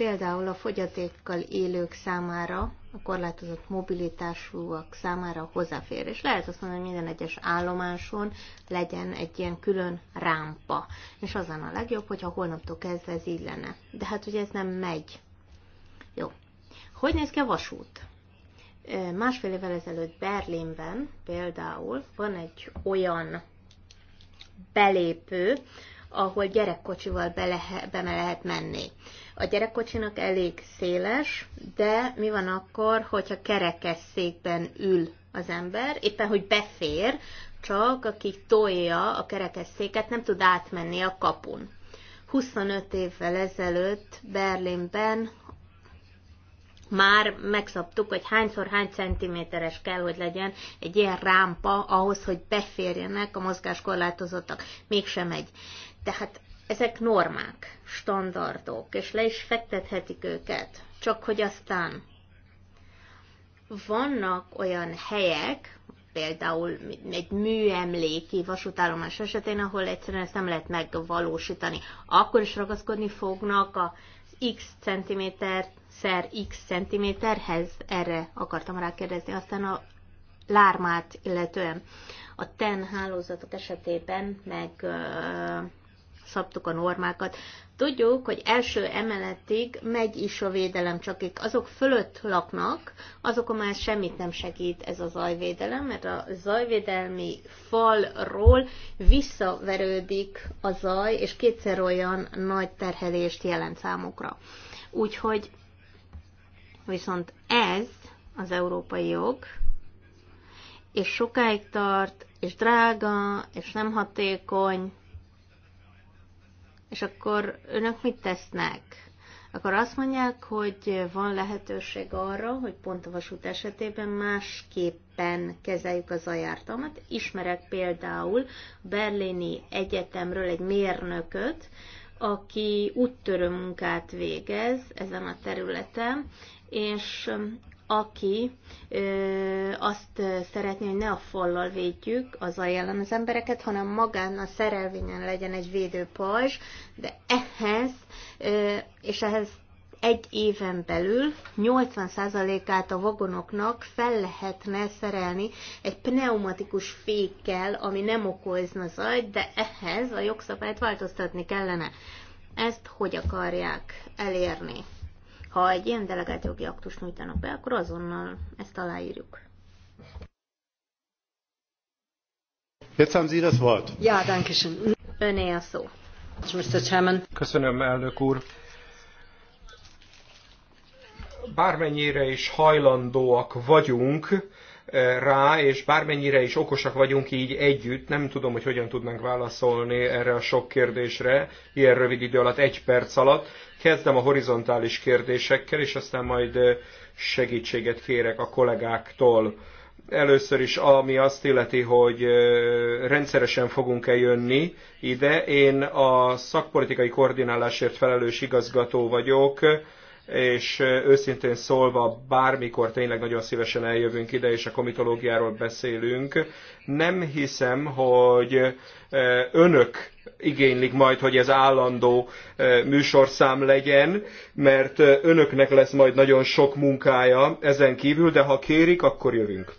például a fogyatékkal élők számára, a korlátozott mobilitásúak számára hozzáférés. Lehet azt mondani, hogy minden egyes állomáson legyen egy ilyen külön rámpa, és az lenne a legjobb, hogyha holnaptól kezdve ez így lenne. De hát ugye ez nem megy. Jó. Hogy néz ki a vasút? Másfél évvel ezelőtt Berlinben például van egy olyan belépő, ahol gyerekkocsival be, lehe, be lehet menni. A gyerekkocsinak elég széles, de mi van akkor, hogyha kerekesszékben ül az ember, éppen hogy befér, csak aki tolja a kerekesszéket, nem tud átmenni a kapun. 25 évvel ezelőtt Berlinben már megszabtuk, hogy hányszor hány centiméteres kell, hogy legyen egy ilyen rámpa ahhoz, hogy beférjenek a mozgáskorlátozottak. Mégsem egy. Tehát ezek normák, standardok, és le is fektethetik őket, csak hogy aztán vannak olyan helyek, például egy műemléki vasútállomás esetén, ahol egyszerűen ezt nem lehet megvalósítani. Akkor is ragaszkodni fognak a x centiméter szer x centiméterhez, erre akartam rákérdezni. Aztán a lármát illetően a TEN hálózatok esetében meg szabtuk a normákat. Tudjuk, hogy első emeletig megy is a védelem, csak akik azok fölött laknak, azokon már semmit nem segít ez a zajvédelem, mert a zajvédelmi falról visszaverődik a zaj, és kétszer olyan nagy terhelést jelent számukra. Úgyhogy viszont ez az európai jog, és sokáig tart, és drága, és nem hatékony, és akkor önök mit tesznek? Akkor azt mondják, hogy van lehetőség arra, hogy pont a vasút esetében másképpen kezeljük az ajártalmat. Ismerek például Berlini Egyetemről egy mérnököt, aki úttörő munkát végez ezen a területen, és aki ö, azt szeretné, hogy ne a fallal védjük az ajánlom az embereket, hanem magán a szerelvényen legyen egy védőpajzs, de ehhez, ö, és ehhez egy éven belül 80%-át a vagonoknak fel lehetne szerelni egy pneumatikus fékkel, ami nem okozna zajt, de ehhez a jogszabályt változtatni kellene. Ezt hogy akarják elérni? ha egy ilyen delegált jogi aktus nyújtanak be, akkor azonnal ezt aláírjuk. Jetzt haben Sie das Wort. Ja, danke schön. Öné a szó. Mr. Chairman. Köszönöm, elnök úr bármennyire is hajlandóak vagyunk rá, és bármennyire is okosak vagyunk így együtt, nem tudom, hogy hogyan tudnánk válaszolni erre a sok kérdésre, ilyen rövid idő alatt, egy perc alatt. Kezdem a horizontális kérdésekkel, és aztán majd segítséget kérek a kollégáktól. Először is, ami azt illeti, hogy rendszeresen fogunk-e jönni ide. Én a szakpolitikai koordinálásért felelős igazgató vagyok, és őszintén szólva bármikor tényleg nagyon szívesen eljövünk ide, és a komitológiáról beszélünk. Nem hiszem, hogy önök igénylik majd, hogy ez állandó műsorszám legyen, mert önöknek lesz majd nagyon sok munkája ezen kívül, de ha kérik, akkor jövünk.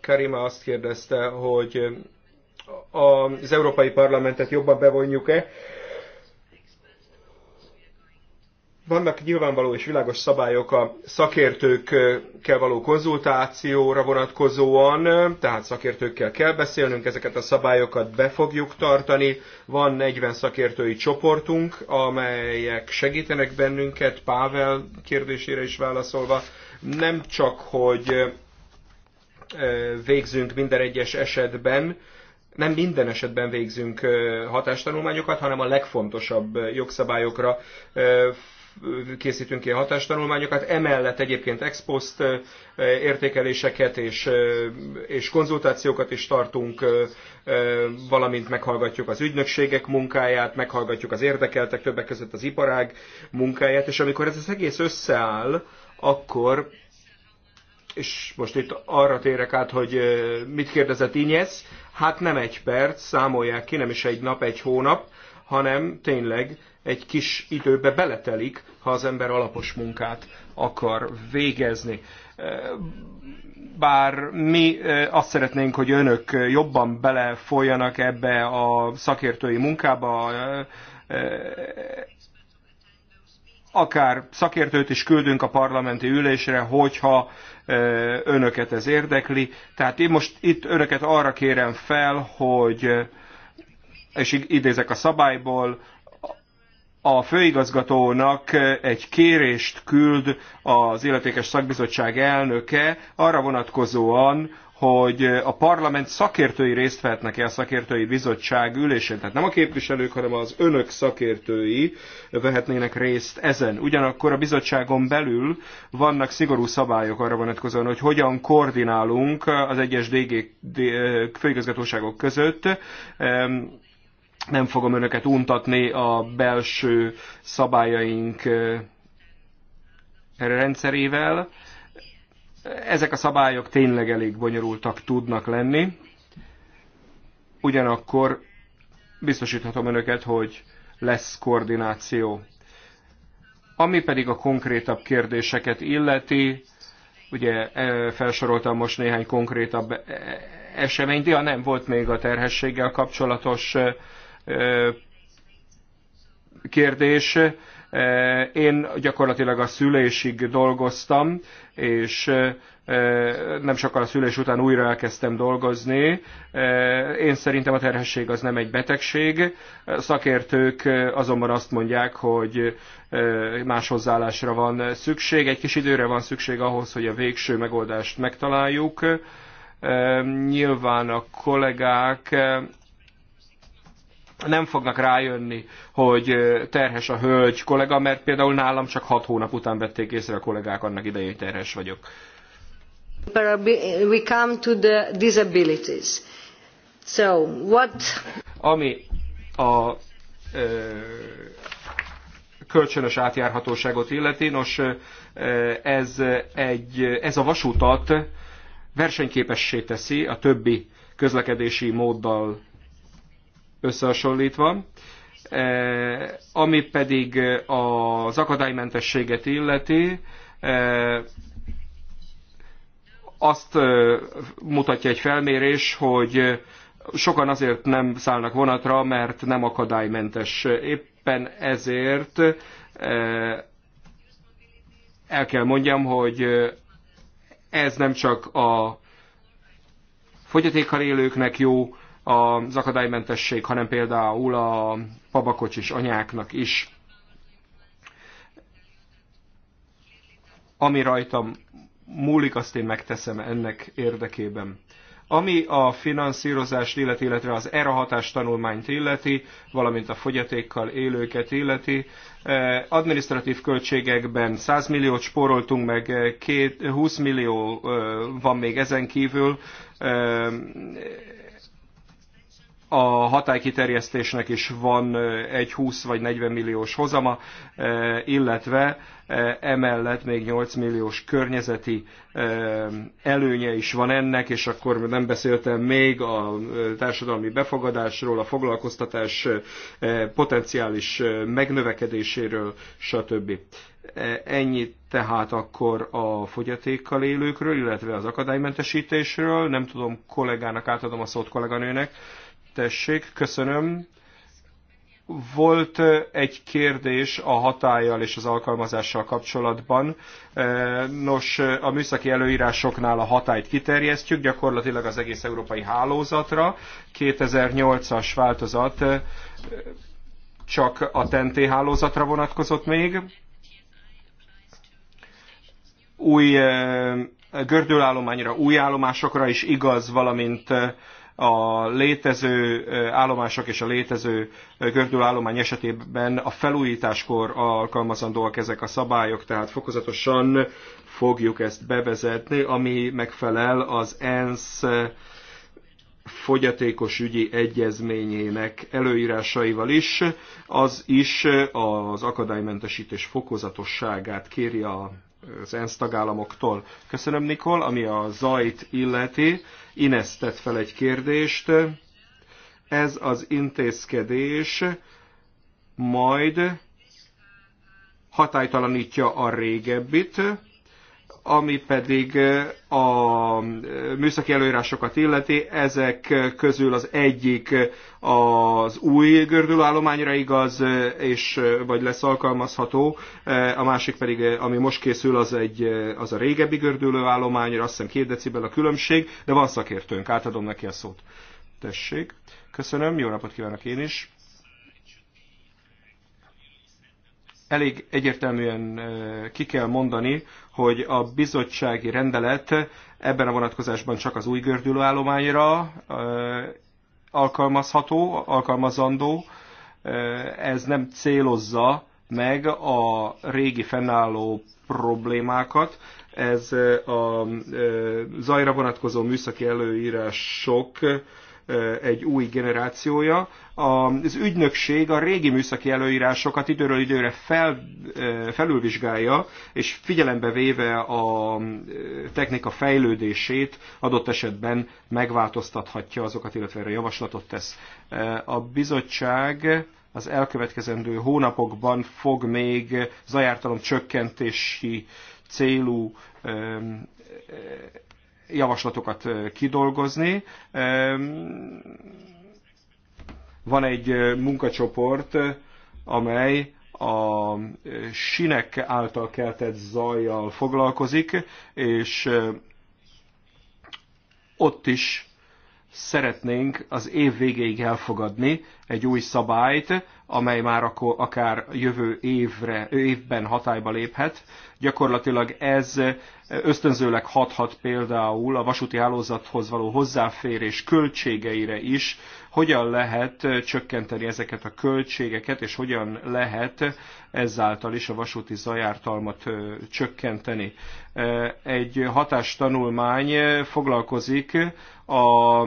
Karima azt kérdezte, hogy az Európai Parlamentet jobban bevonjuk-e. Vannak nyilvánvaló és világos szabályok a szakértőkkel való konzultációra vonatkozóan, tehát szakértőkkel kell beszélnünk, ezeket a szabályokat be fogjuk tartani. Van 40 szakértői csoportunk, amelyek segítenek bennünket, Pável kérdésére is válaszolva, nem csak, hogy eh, végzünk minden egyes esetben, nem minden esetben végzünk hatástanulmányokat, hanem a legfontosabb jogszabályokra készítünk ki a hatástanulmányokat. Emellett egyébként expost értékeléseket és, és konzultációkat is tartunk, valamint meghallgatjuk az ügynökségek munkáját, meghallgatjuk az érdekeltek, többek között az iparág munkáját, és amikor ez az egész összeáll, akkor és most itt arra térek át, hogy mit kérdezett Inyesz, hát nem egy perc, számolják ki, nem is egy nap, egy hónap, hanem tényleg egy kis időbe beletelik, ha az ember alapos munkát akar végezni. Bár mi azt szeretnénk, hogy önök jobban belefoljanak ebbe a szakértői munkába, akár szakértőt is küldünk a parlamenti ülésre, hogyha önöket ez érdekli. Tehát én most itt önöket arra kérem fel, hogy, és idézek a szabályból, a főigazgatónak egy kérést küld az illetékes szakbizottság elnöke arra vonatkozóan, hogy eh, a parlament szakértői részt vehetnek el a szakértői bizottság ülésén. Tehát nem a képviselők, hanem az önök szakértői vehetnének részt ezen. Ugyanakkor a bizottságon belül vannak szigorú szabályok arra vonatkozóan, hogy hogyan koordinálunk az egyes DG eh, főigazgatóságok között nem fogom önöket untatni a belső szabályaink eh, rendszerével ezek a szabályok tényleg elég bonyolultak tudnak lenni. Ugyanakkor biztosíthatom önöket, hogy lesz koordináció. Ami pedig a konkrétabb kérdéseket illeti, ugye e, felsoroltam most néhány konkrétabb e, eseményt, ja nem, volt még a terhességgel kapcsolatos e, kérdés. Eh, én gyakorlatilag a szülésig dolgoztam, és eh, nem sokkal a szülés után újra elkezdtem dolgozni. Eh, én szerintem a terhesség az nem egy betegség. Szakértők azonban azt mondják, hogy más hozzáállásra van szükség. Egy kis időre van szükség ahhoz, hogy a végső megoldást megtaláljuk. Nyilván a kollégák nem fognak rájönni, hogy terhes a hölgy kollega, mert például nálam csak hat hónap után vették észre a kollégák annak idején, hogy terhes vagyok. We come to the disabilities. So, what... Ami a ö, kölcsönös átjárhatóságot illeti, nos, ez, egy, ez a vasutat versenyképessé teszi a többi közlekedési móddal összehasonlítva. E, ami pedig e, az akadálymentességet illeti, e, azt mutatja egy felmérés, hogy sokan azért nem szállnak vonatra, mert nem akadálymentes. Éppen ezért el kell mondjam, hogy ez nem csak a fogyatékkal élőknek jó, az akadálymentesség, hanem például a babakocsis anyáknak is. Ami rajtam múlik, azt én megteszem ennek érdekében. Ami a finanszírozást illeti, illetve az ERA hatás tanulmányt illeti, valamint a fogyatékkal élőket illeti, eh, administratív költségekben 100 milliót spóroltunk meg, 20 millió eh, van még ezen kívül, eh, a hatálykiterjesztésnek is van egy 20 vagy 40 milliós hozama, illetve emellett még 8 milliós környezeti előnye is van ennek, és akkor nem beszéltem még a társadalmi befogadásról, a foglalkoztatás potenciális megnövekedéséről, stb. Ennyit tehát akkor a fogyatékkal élőkről, illetve az akadálymentesítésről. Nem tudom, kollégának átadom a szót kolléganőnek Tessék, köszönöm. Volt eh, egy kérdés a hatállyal és az alkalmazással kapcsolatban. Eh, nos, eh, a műszaki előírásoknál a hatályt kiterjesztjük, gyakorlatilag az egész európai hálózatra. 2008-as változat csak a TNT hálózatra vonatkozott még. Új gördülállományra, új állomásokra is igaz, valamint a létező állomások és a létező gördülállomány esetében a felújításkor alkalmazandóak ezek a szabályok, tehát fokozatosan fogjuk ezt bevezetni, ami megfelel az ENSZ fogyatékos ügyi egyezményének előírásaival is, az is az akadálymentesítés fokozatosságát kéri az ENSZ tagállamoktól. Köszönöm, Nikol, ami a zajt illeti. Ines tett fel egy kérdést. Ez az intézkedés majd hatálytalanítja a régebbit, ami pedig a műszaki előírásokat illeti, ezek közül az egyik az új gördülállományra igaz, és vagy lesz alkalmazható, a másik pedig, ami most készül, az, egy, az a régebbi gördülőállományra, azt hiszem két decibel a különbség, de van szakértőnk, átadom neki a szót. Tessék, köszönöm, jó napot kívánok én is. elég egyértelműen ki kell mondani, hogy a bizottsági rendelet ebben a vonatkozásban csak az új gördülőállományra alkalmazható, alkalmazandó. Ez nem célozza meg a régi fennálló problémákat. Ez a zajra vonatkozó műszaki előírások sok egy új generációja. Az ügynökség a régi műszaki előírásokat időről időre fel, felülvizsgálja, és figyelembe véve a technika fejlődését adott esetben megváltoztathatja azokat, illetve erre javaslatot tesz. A bizottság az elkövetkezendő hónapokban fog még zajártalom csökkentési célú javaslatokat kidolgozni. Van egy munkacsoport, amely a sinek által keltett zajjal foglalkozik, és ott is szeretnénk az év végéig elfogadni egy új szabályt, amely már akkor akár jövő évre, évben hatályba léphet. Gyakorlatilag ez ösztönzőleg hathat például a vasúti hálózathoz való hozzáférés költségeire is, hogyan lehet csökkenteni ezeket a költségeket, és hogyan lehet ezáltal is a vasúti zajártalmat csökkenteni. Egy hatástanulmány foglalkozik a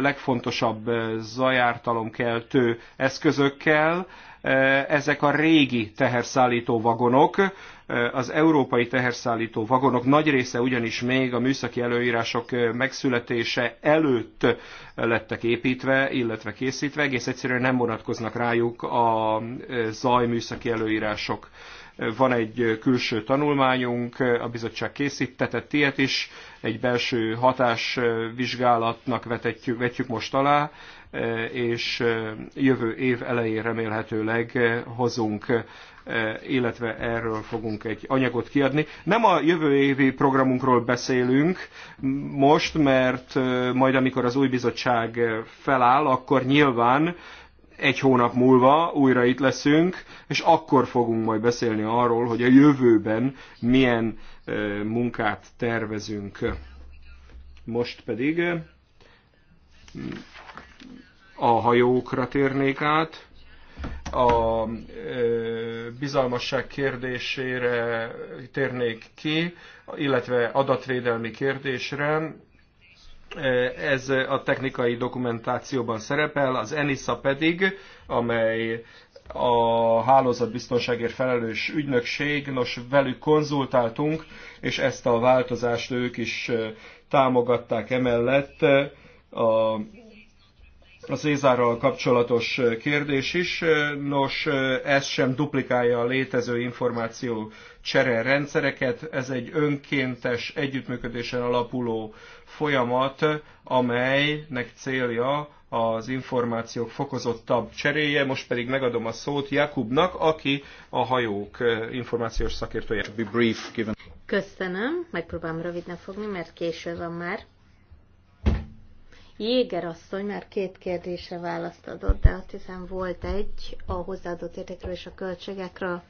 legfontosabb e, zajártalomkeltő eszközökkel. E, ezek a régi teherszállító vagonok, e, az európai teherszállító vagonok nagy része ugyanis még a műszaki előírások megszületése előtt lettek építve, illetve készítve, egész egyszerűen nem vonatkoznak rájuk a zajműszaki előírások van egy külső tanulmányunk, a bizottság készítetett ilyet is, egy belső hatásvizsgálatnak vetetjük, vetjük most alá, és jövő év elején remélhetőleg hozunk, illetve erről fogunk egy anyagot kiadni. Nem a jövő évi programunkról beszélünk most, mert majd amikor az új bizottság feláll, akkor nyilván egy hónap múlva újra itt leszünk, és akkor fogunk majd beszélni arról, hogy a jövőben milyen munkát tervezünk. Most pedig a hajókra térnék át. A bizalmasság kérdésére térnék ki, illetve adatvédelmi kérdésre Eh, ez a technikai dokumentációban szerepel, az ENISA pedig, amely a hálózatbiztonságért felelős ügynökség, nos velük konzultáltunk, és ezt a változást ők is eh, támogatták emellett eh, a, az Ézárral kapcsolatos kérdés is. Nos, ez sem duplikálja a létező információ cserérendszereket. Ez egy önkéntes együttműködésen alapuló folyamat, amelynek célja az információk fokozottabb cseréje. Most pedig megadom a szót Jakubnak, aki a hajók információs szakértője. Köszönöm, megpróbálom röviden fogni, mert késő van már. Jéger asszony már két kérdésre választ adott, de azt hiszem volt egy a hozzáadott értékről és a költségekről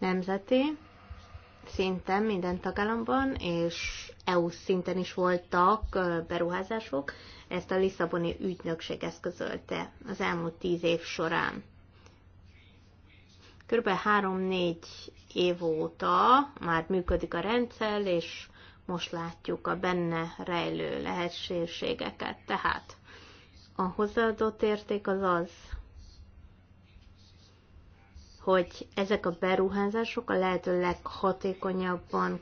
nemzeti szinten minden tagállamban, és EU szinten is voltak beruházások, ezt a Lisszaboni ügynökség eszközölte az elmúlt tíz év során. Körülbelül három-négy év óta már működik a rendszer, és most látjuk a benne rejlő lehetőségeket. Tehát a hozzáadott érték az az, hogy ezek a beruházások a lehető leghatékonyabban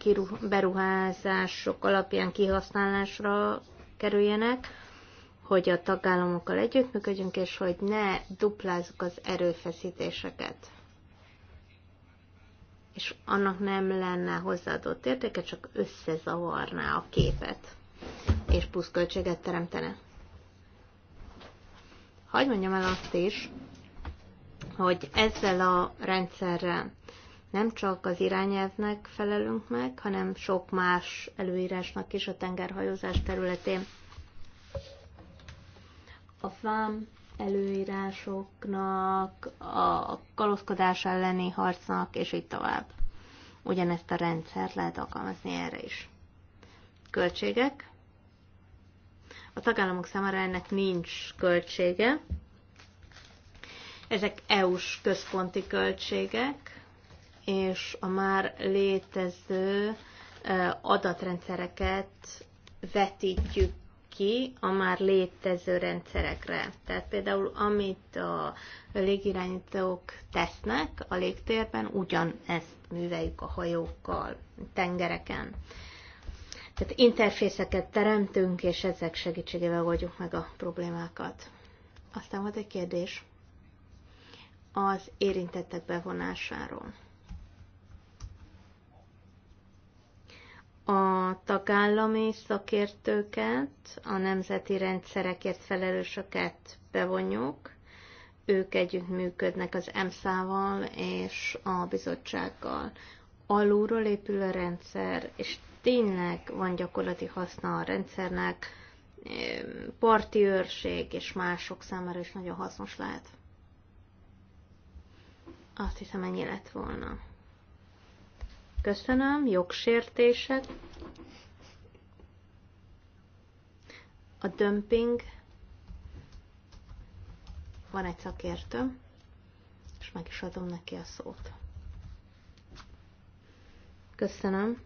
beruházások alapján kihasználásra kerüljenek, hogy a tagállamokkal együttműködjünk, és hogy ne duplázzuk az erőfeszítéseket. És annak nem lenne hozzáadott értéke, csak összezavarná a képet, és pluszköltséget teremtene. Hagy mondjam el azt is, hogy ezzel a rendszerrel nem csak az irányelvnek felelünk meg, hanem sok más előírásnak is a tengerhajózás területén. A vám előírásoknak, a kalózkodás elleni harcnak, és így tovább. Ugyanezt a rendszert lehet alkalmazni erre is. Költségek. A tagállamok számára ennek nincs költsége, ezek EU-s központi költségek, és a már létező adatrendszereket vetítjük ki a már létező rendszerekre. Tehát például amit a légirányítók tesznek a légtérben, ugyanezt műveljük a hajókkal, tengereken. Tehát interfészeket teremtünk, és ezek segítségével oldjuk meg a problémákat. Aztán volt egy kérdés az érintettek bevonásáról. A tagállami szakértőket, a nemzeti rendszerekért felelősöket bevonjuk, ők együttműködnek az EMSZ-val és a bizottsággal. Alulról épül a rendszer, és tényleg van gyakorlati haszna a rendszernek, parti őrség és mások számára is nagyon hasznos lehet. Azt hiszem, ennyi lett volna. Köszönöm, jogsértések. A dömping. Van egy szakértő, és meg is adom neki a szót. Köszönöm.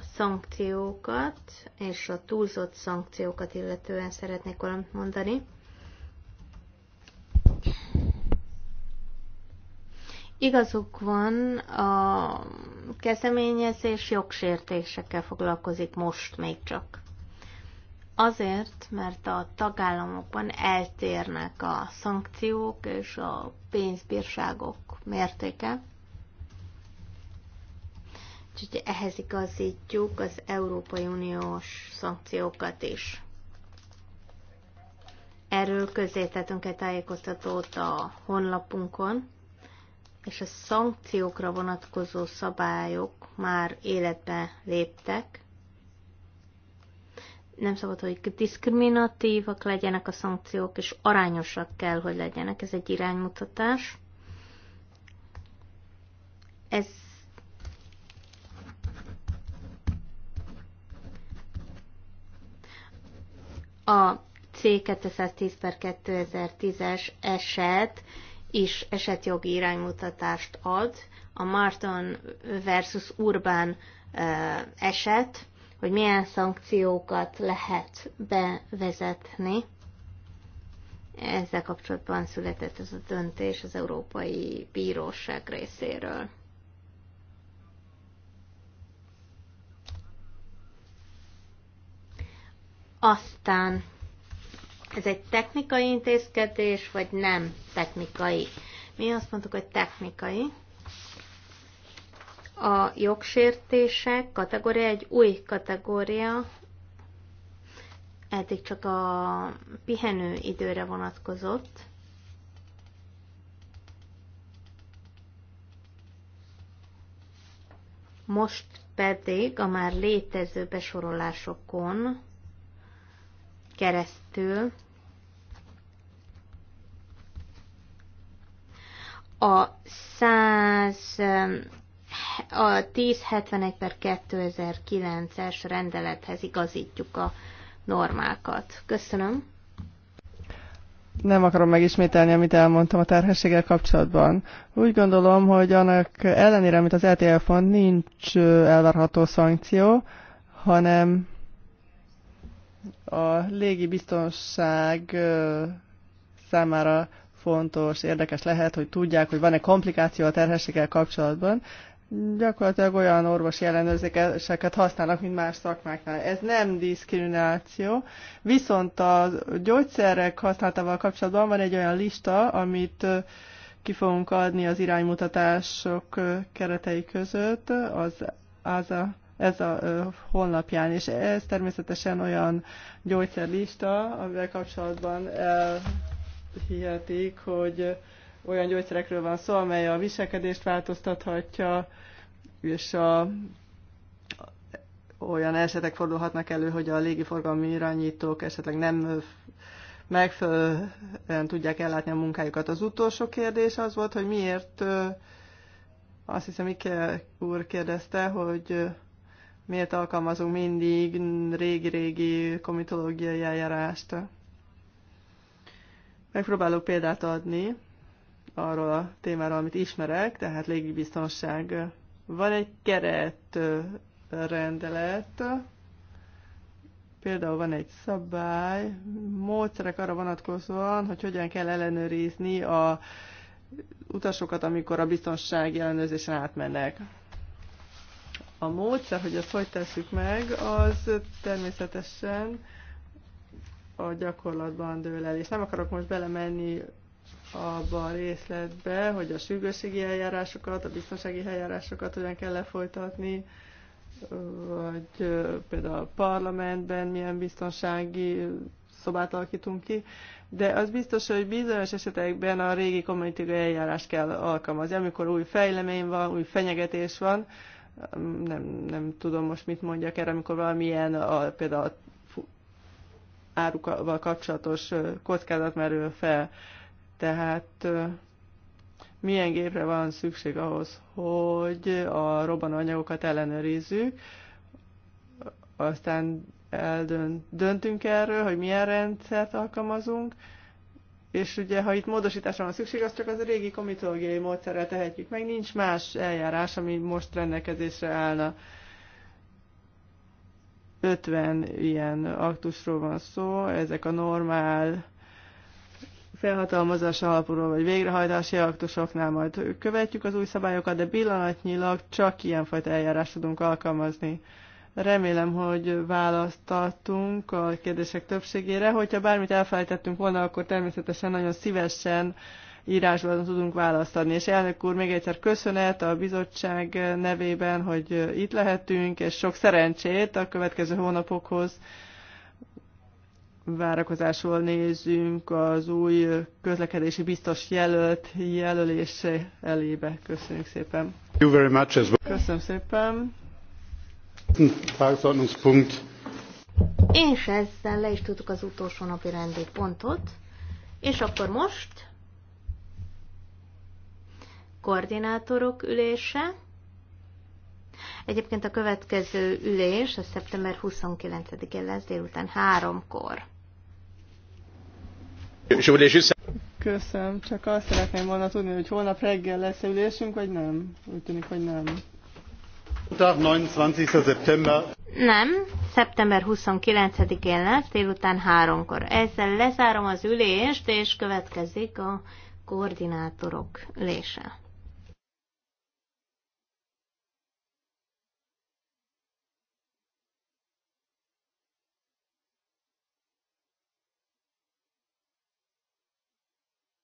A szankciókat és a túlzott szankciókat illetően szeretnék valamit mondani. Igazuk van, a kezdeményezés jogsértésekkel foglalkozik most még csak. Azért, mert a tagállamokban eltérnek a szankciók és a pénzbírságok mértéke. Úgyhogy ehhez igazítjuk az Európai Uniós szankciókat is. Erről tettünk egy tájékoztatót a honlapunkon és a szankciókra vonatkozó szabályok már életbe léptek. Nem szabad, hogy diszkriminatívak legyenek a szankciók, és arányosak kell, hogy legyenek. Ez egy iránymutatás. Ez a C210 per 2010-es eset is esetjogi iránymutatást ad, a Martin versus Urban eset, hogy milyen szankciókat lehet bevezetni. Ezzel kapcsolatban született ez a döntés az Európai Bíróság részéről. Aztán ez egy technikai intézkedés, vagy nem technikai? Mi azt mondtuk, hogy technikai. A jogsértések kategória egy új kategória, eddig csak a pihenő időre vonatkozott. Most pedig a már létező besorolásokon keresztül a 100 eh, a 1071 per 2009-es rendelethez igazítjuk a normákat. Köszönöm. Nem akarom megismételni, amit elmondtam a terhességgel kapcsolatban. Úgy gondolom, hogy annak ellenére, amit az ETF mond, nincs eh, elvárható szankció, hanem a légi biztonság számára fontos, érdekes lehet, hogy tudják, hogy van-e komplikáció a terhességgel kapcsolatban. Gyakorlatilag olyan orvosi ellenőrzéseket használnak, mint más szakmáknál. Ez nem diszkrimináció, viszont a gyógyszerek használatával kapcsolatban van egy olyan lista, amit ki fogunk adni az iránymutatások keretei között, az a ez a honlapján, és ez természetesen olyan gyógyszerlista, amivel kapcsolatban elhihetik, hogy olyan gyógyszerekről van szó, amely a viselkedést változtathatja, és a, olyan esetek fordulhatnak elő, hogy a légiforgalmi irányítók esetleg nem megfelelően tudják ellátni a munkájukat. Az utolsó kérdés az volt, hogy miért azt hiszem, Ike úr kérdezte, hogy miért alkalmazunk mindig régi-régi komitológiai eljárást. Megpróbálok példát adni arról a témáról, amit ismerek, tehát légibiztonság. Van egy keret rendelet, például van egy szabály, módszerek arra vonatkozóan, hogy hogyan kell ellenőrizni a utasokat, amikor a biztonsági ellenőrzésen átmennek. A módszer, hogy ezt hogy tesszük meg, az természetesen a gyakorlatban dől el. És nem akarok most belemenni abba a részletbe, hogy a sürgősségi eljárásokat, a biztonsági eljárásokat hogyan kell lefolytatni, vagy például a parlamentben milyen biztonsági szobát alakítunk ki, de az biztos, hogy bizonyos esetekben a régi kommunitív eljárás kell alkalmazni. Amikor új fejlemény van, új fenyegetés van, nem, nem tudom most mit mondjak erre, amikor valamilyen a, például árukkal kapcsolatos kockázat merül fel. Tehát milyen gépre van szükség ahhoz, hogy a robbanóanyagokat ellenőrizzük, aztán eldöntünk erről, hogy milyen rendszert alkalmazunk, és ugye, ha itt módosításra van szükség, az csak az a régi komitológiai módszerrel tehetjük meg, nincs más eljárás, ami most rendelkezésre állna. 50 ilyen aktusról van szó, ezek a normál felhatalmazás alapuló vagy végrehajtási aktusoknál majd követjük az új szabályokat, de pillanatnyilag csak ilyenfajta eljárást tudunk alkalmazni. Remélem, hogy választattunk a kérdések többségére. Hogyha bármit elfelejtettünk volna, akkor természetesen nagyon szívesen írásban tudunk választani. És elnök úr, még egyszer köszönet a bizottság nevében, hogy itt lehetünk, és sok szerencsét a következő hónapokhoz. Várakozásról nézünk az új közlekedési biztos jelölt jelölése elébe. Köszönjük szépen. Köszönöm szépen. Hm, Tagesordnungspunkt. És ezzel le is tudtuk az utolsó napi rendi pontot. És akkor most koordinátorok ülése. Egyébként a következő ülés a szeptember 29-én lesz délután háromkor. Köszönöm, csak azt szeretném volna tudni, hogy holnap reggel lesz ülésünk, vagy nem? Úgy tűnik, hogy nem. Nem, szeptember 29-én lesz, délután háromkor. Ezzel lezárom az ülést, és következik a koordinátorok ülése.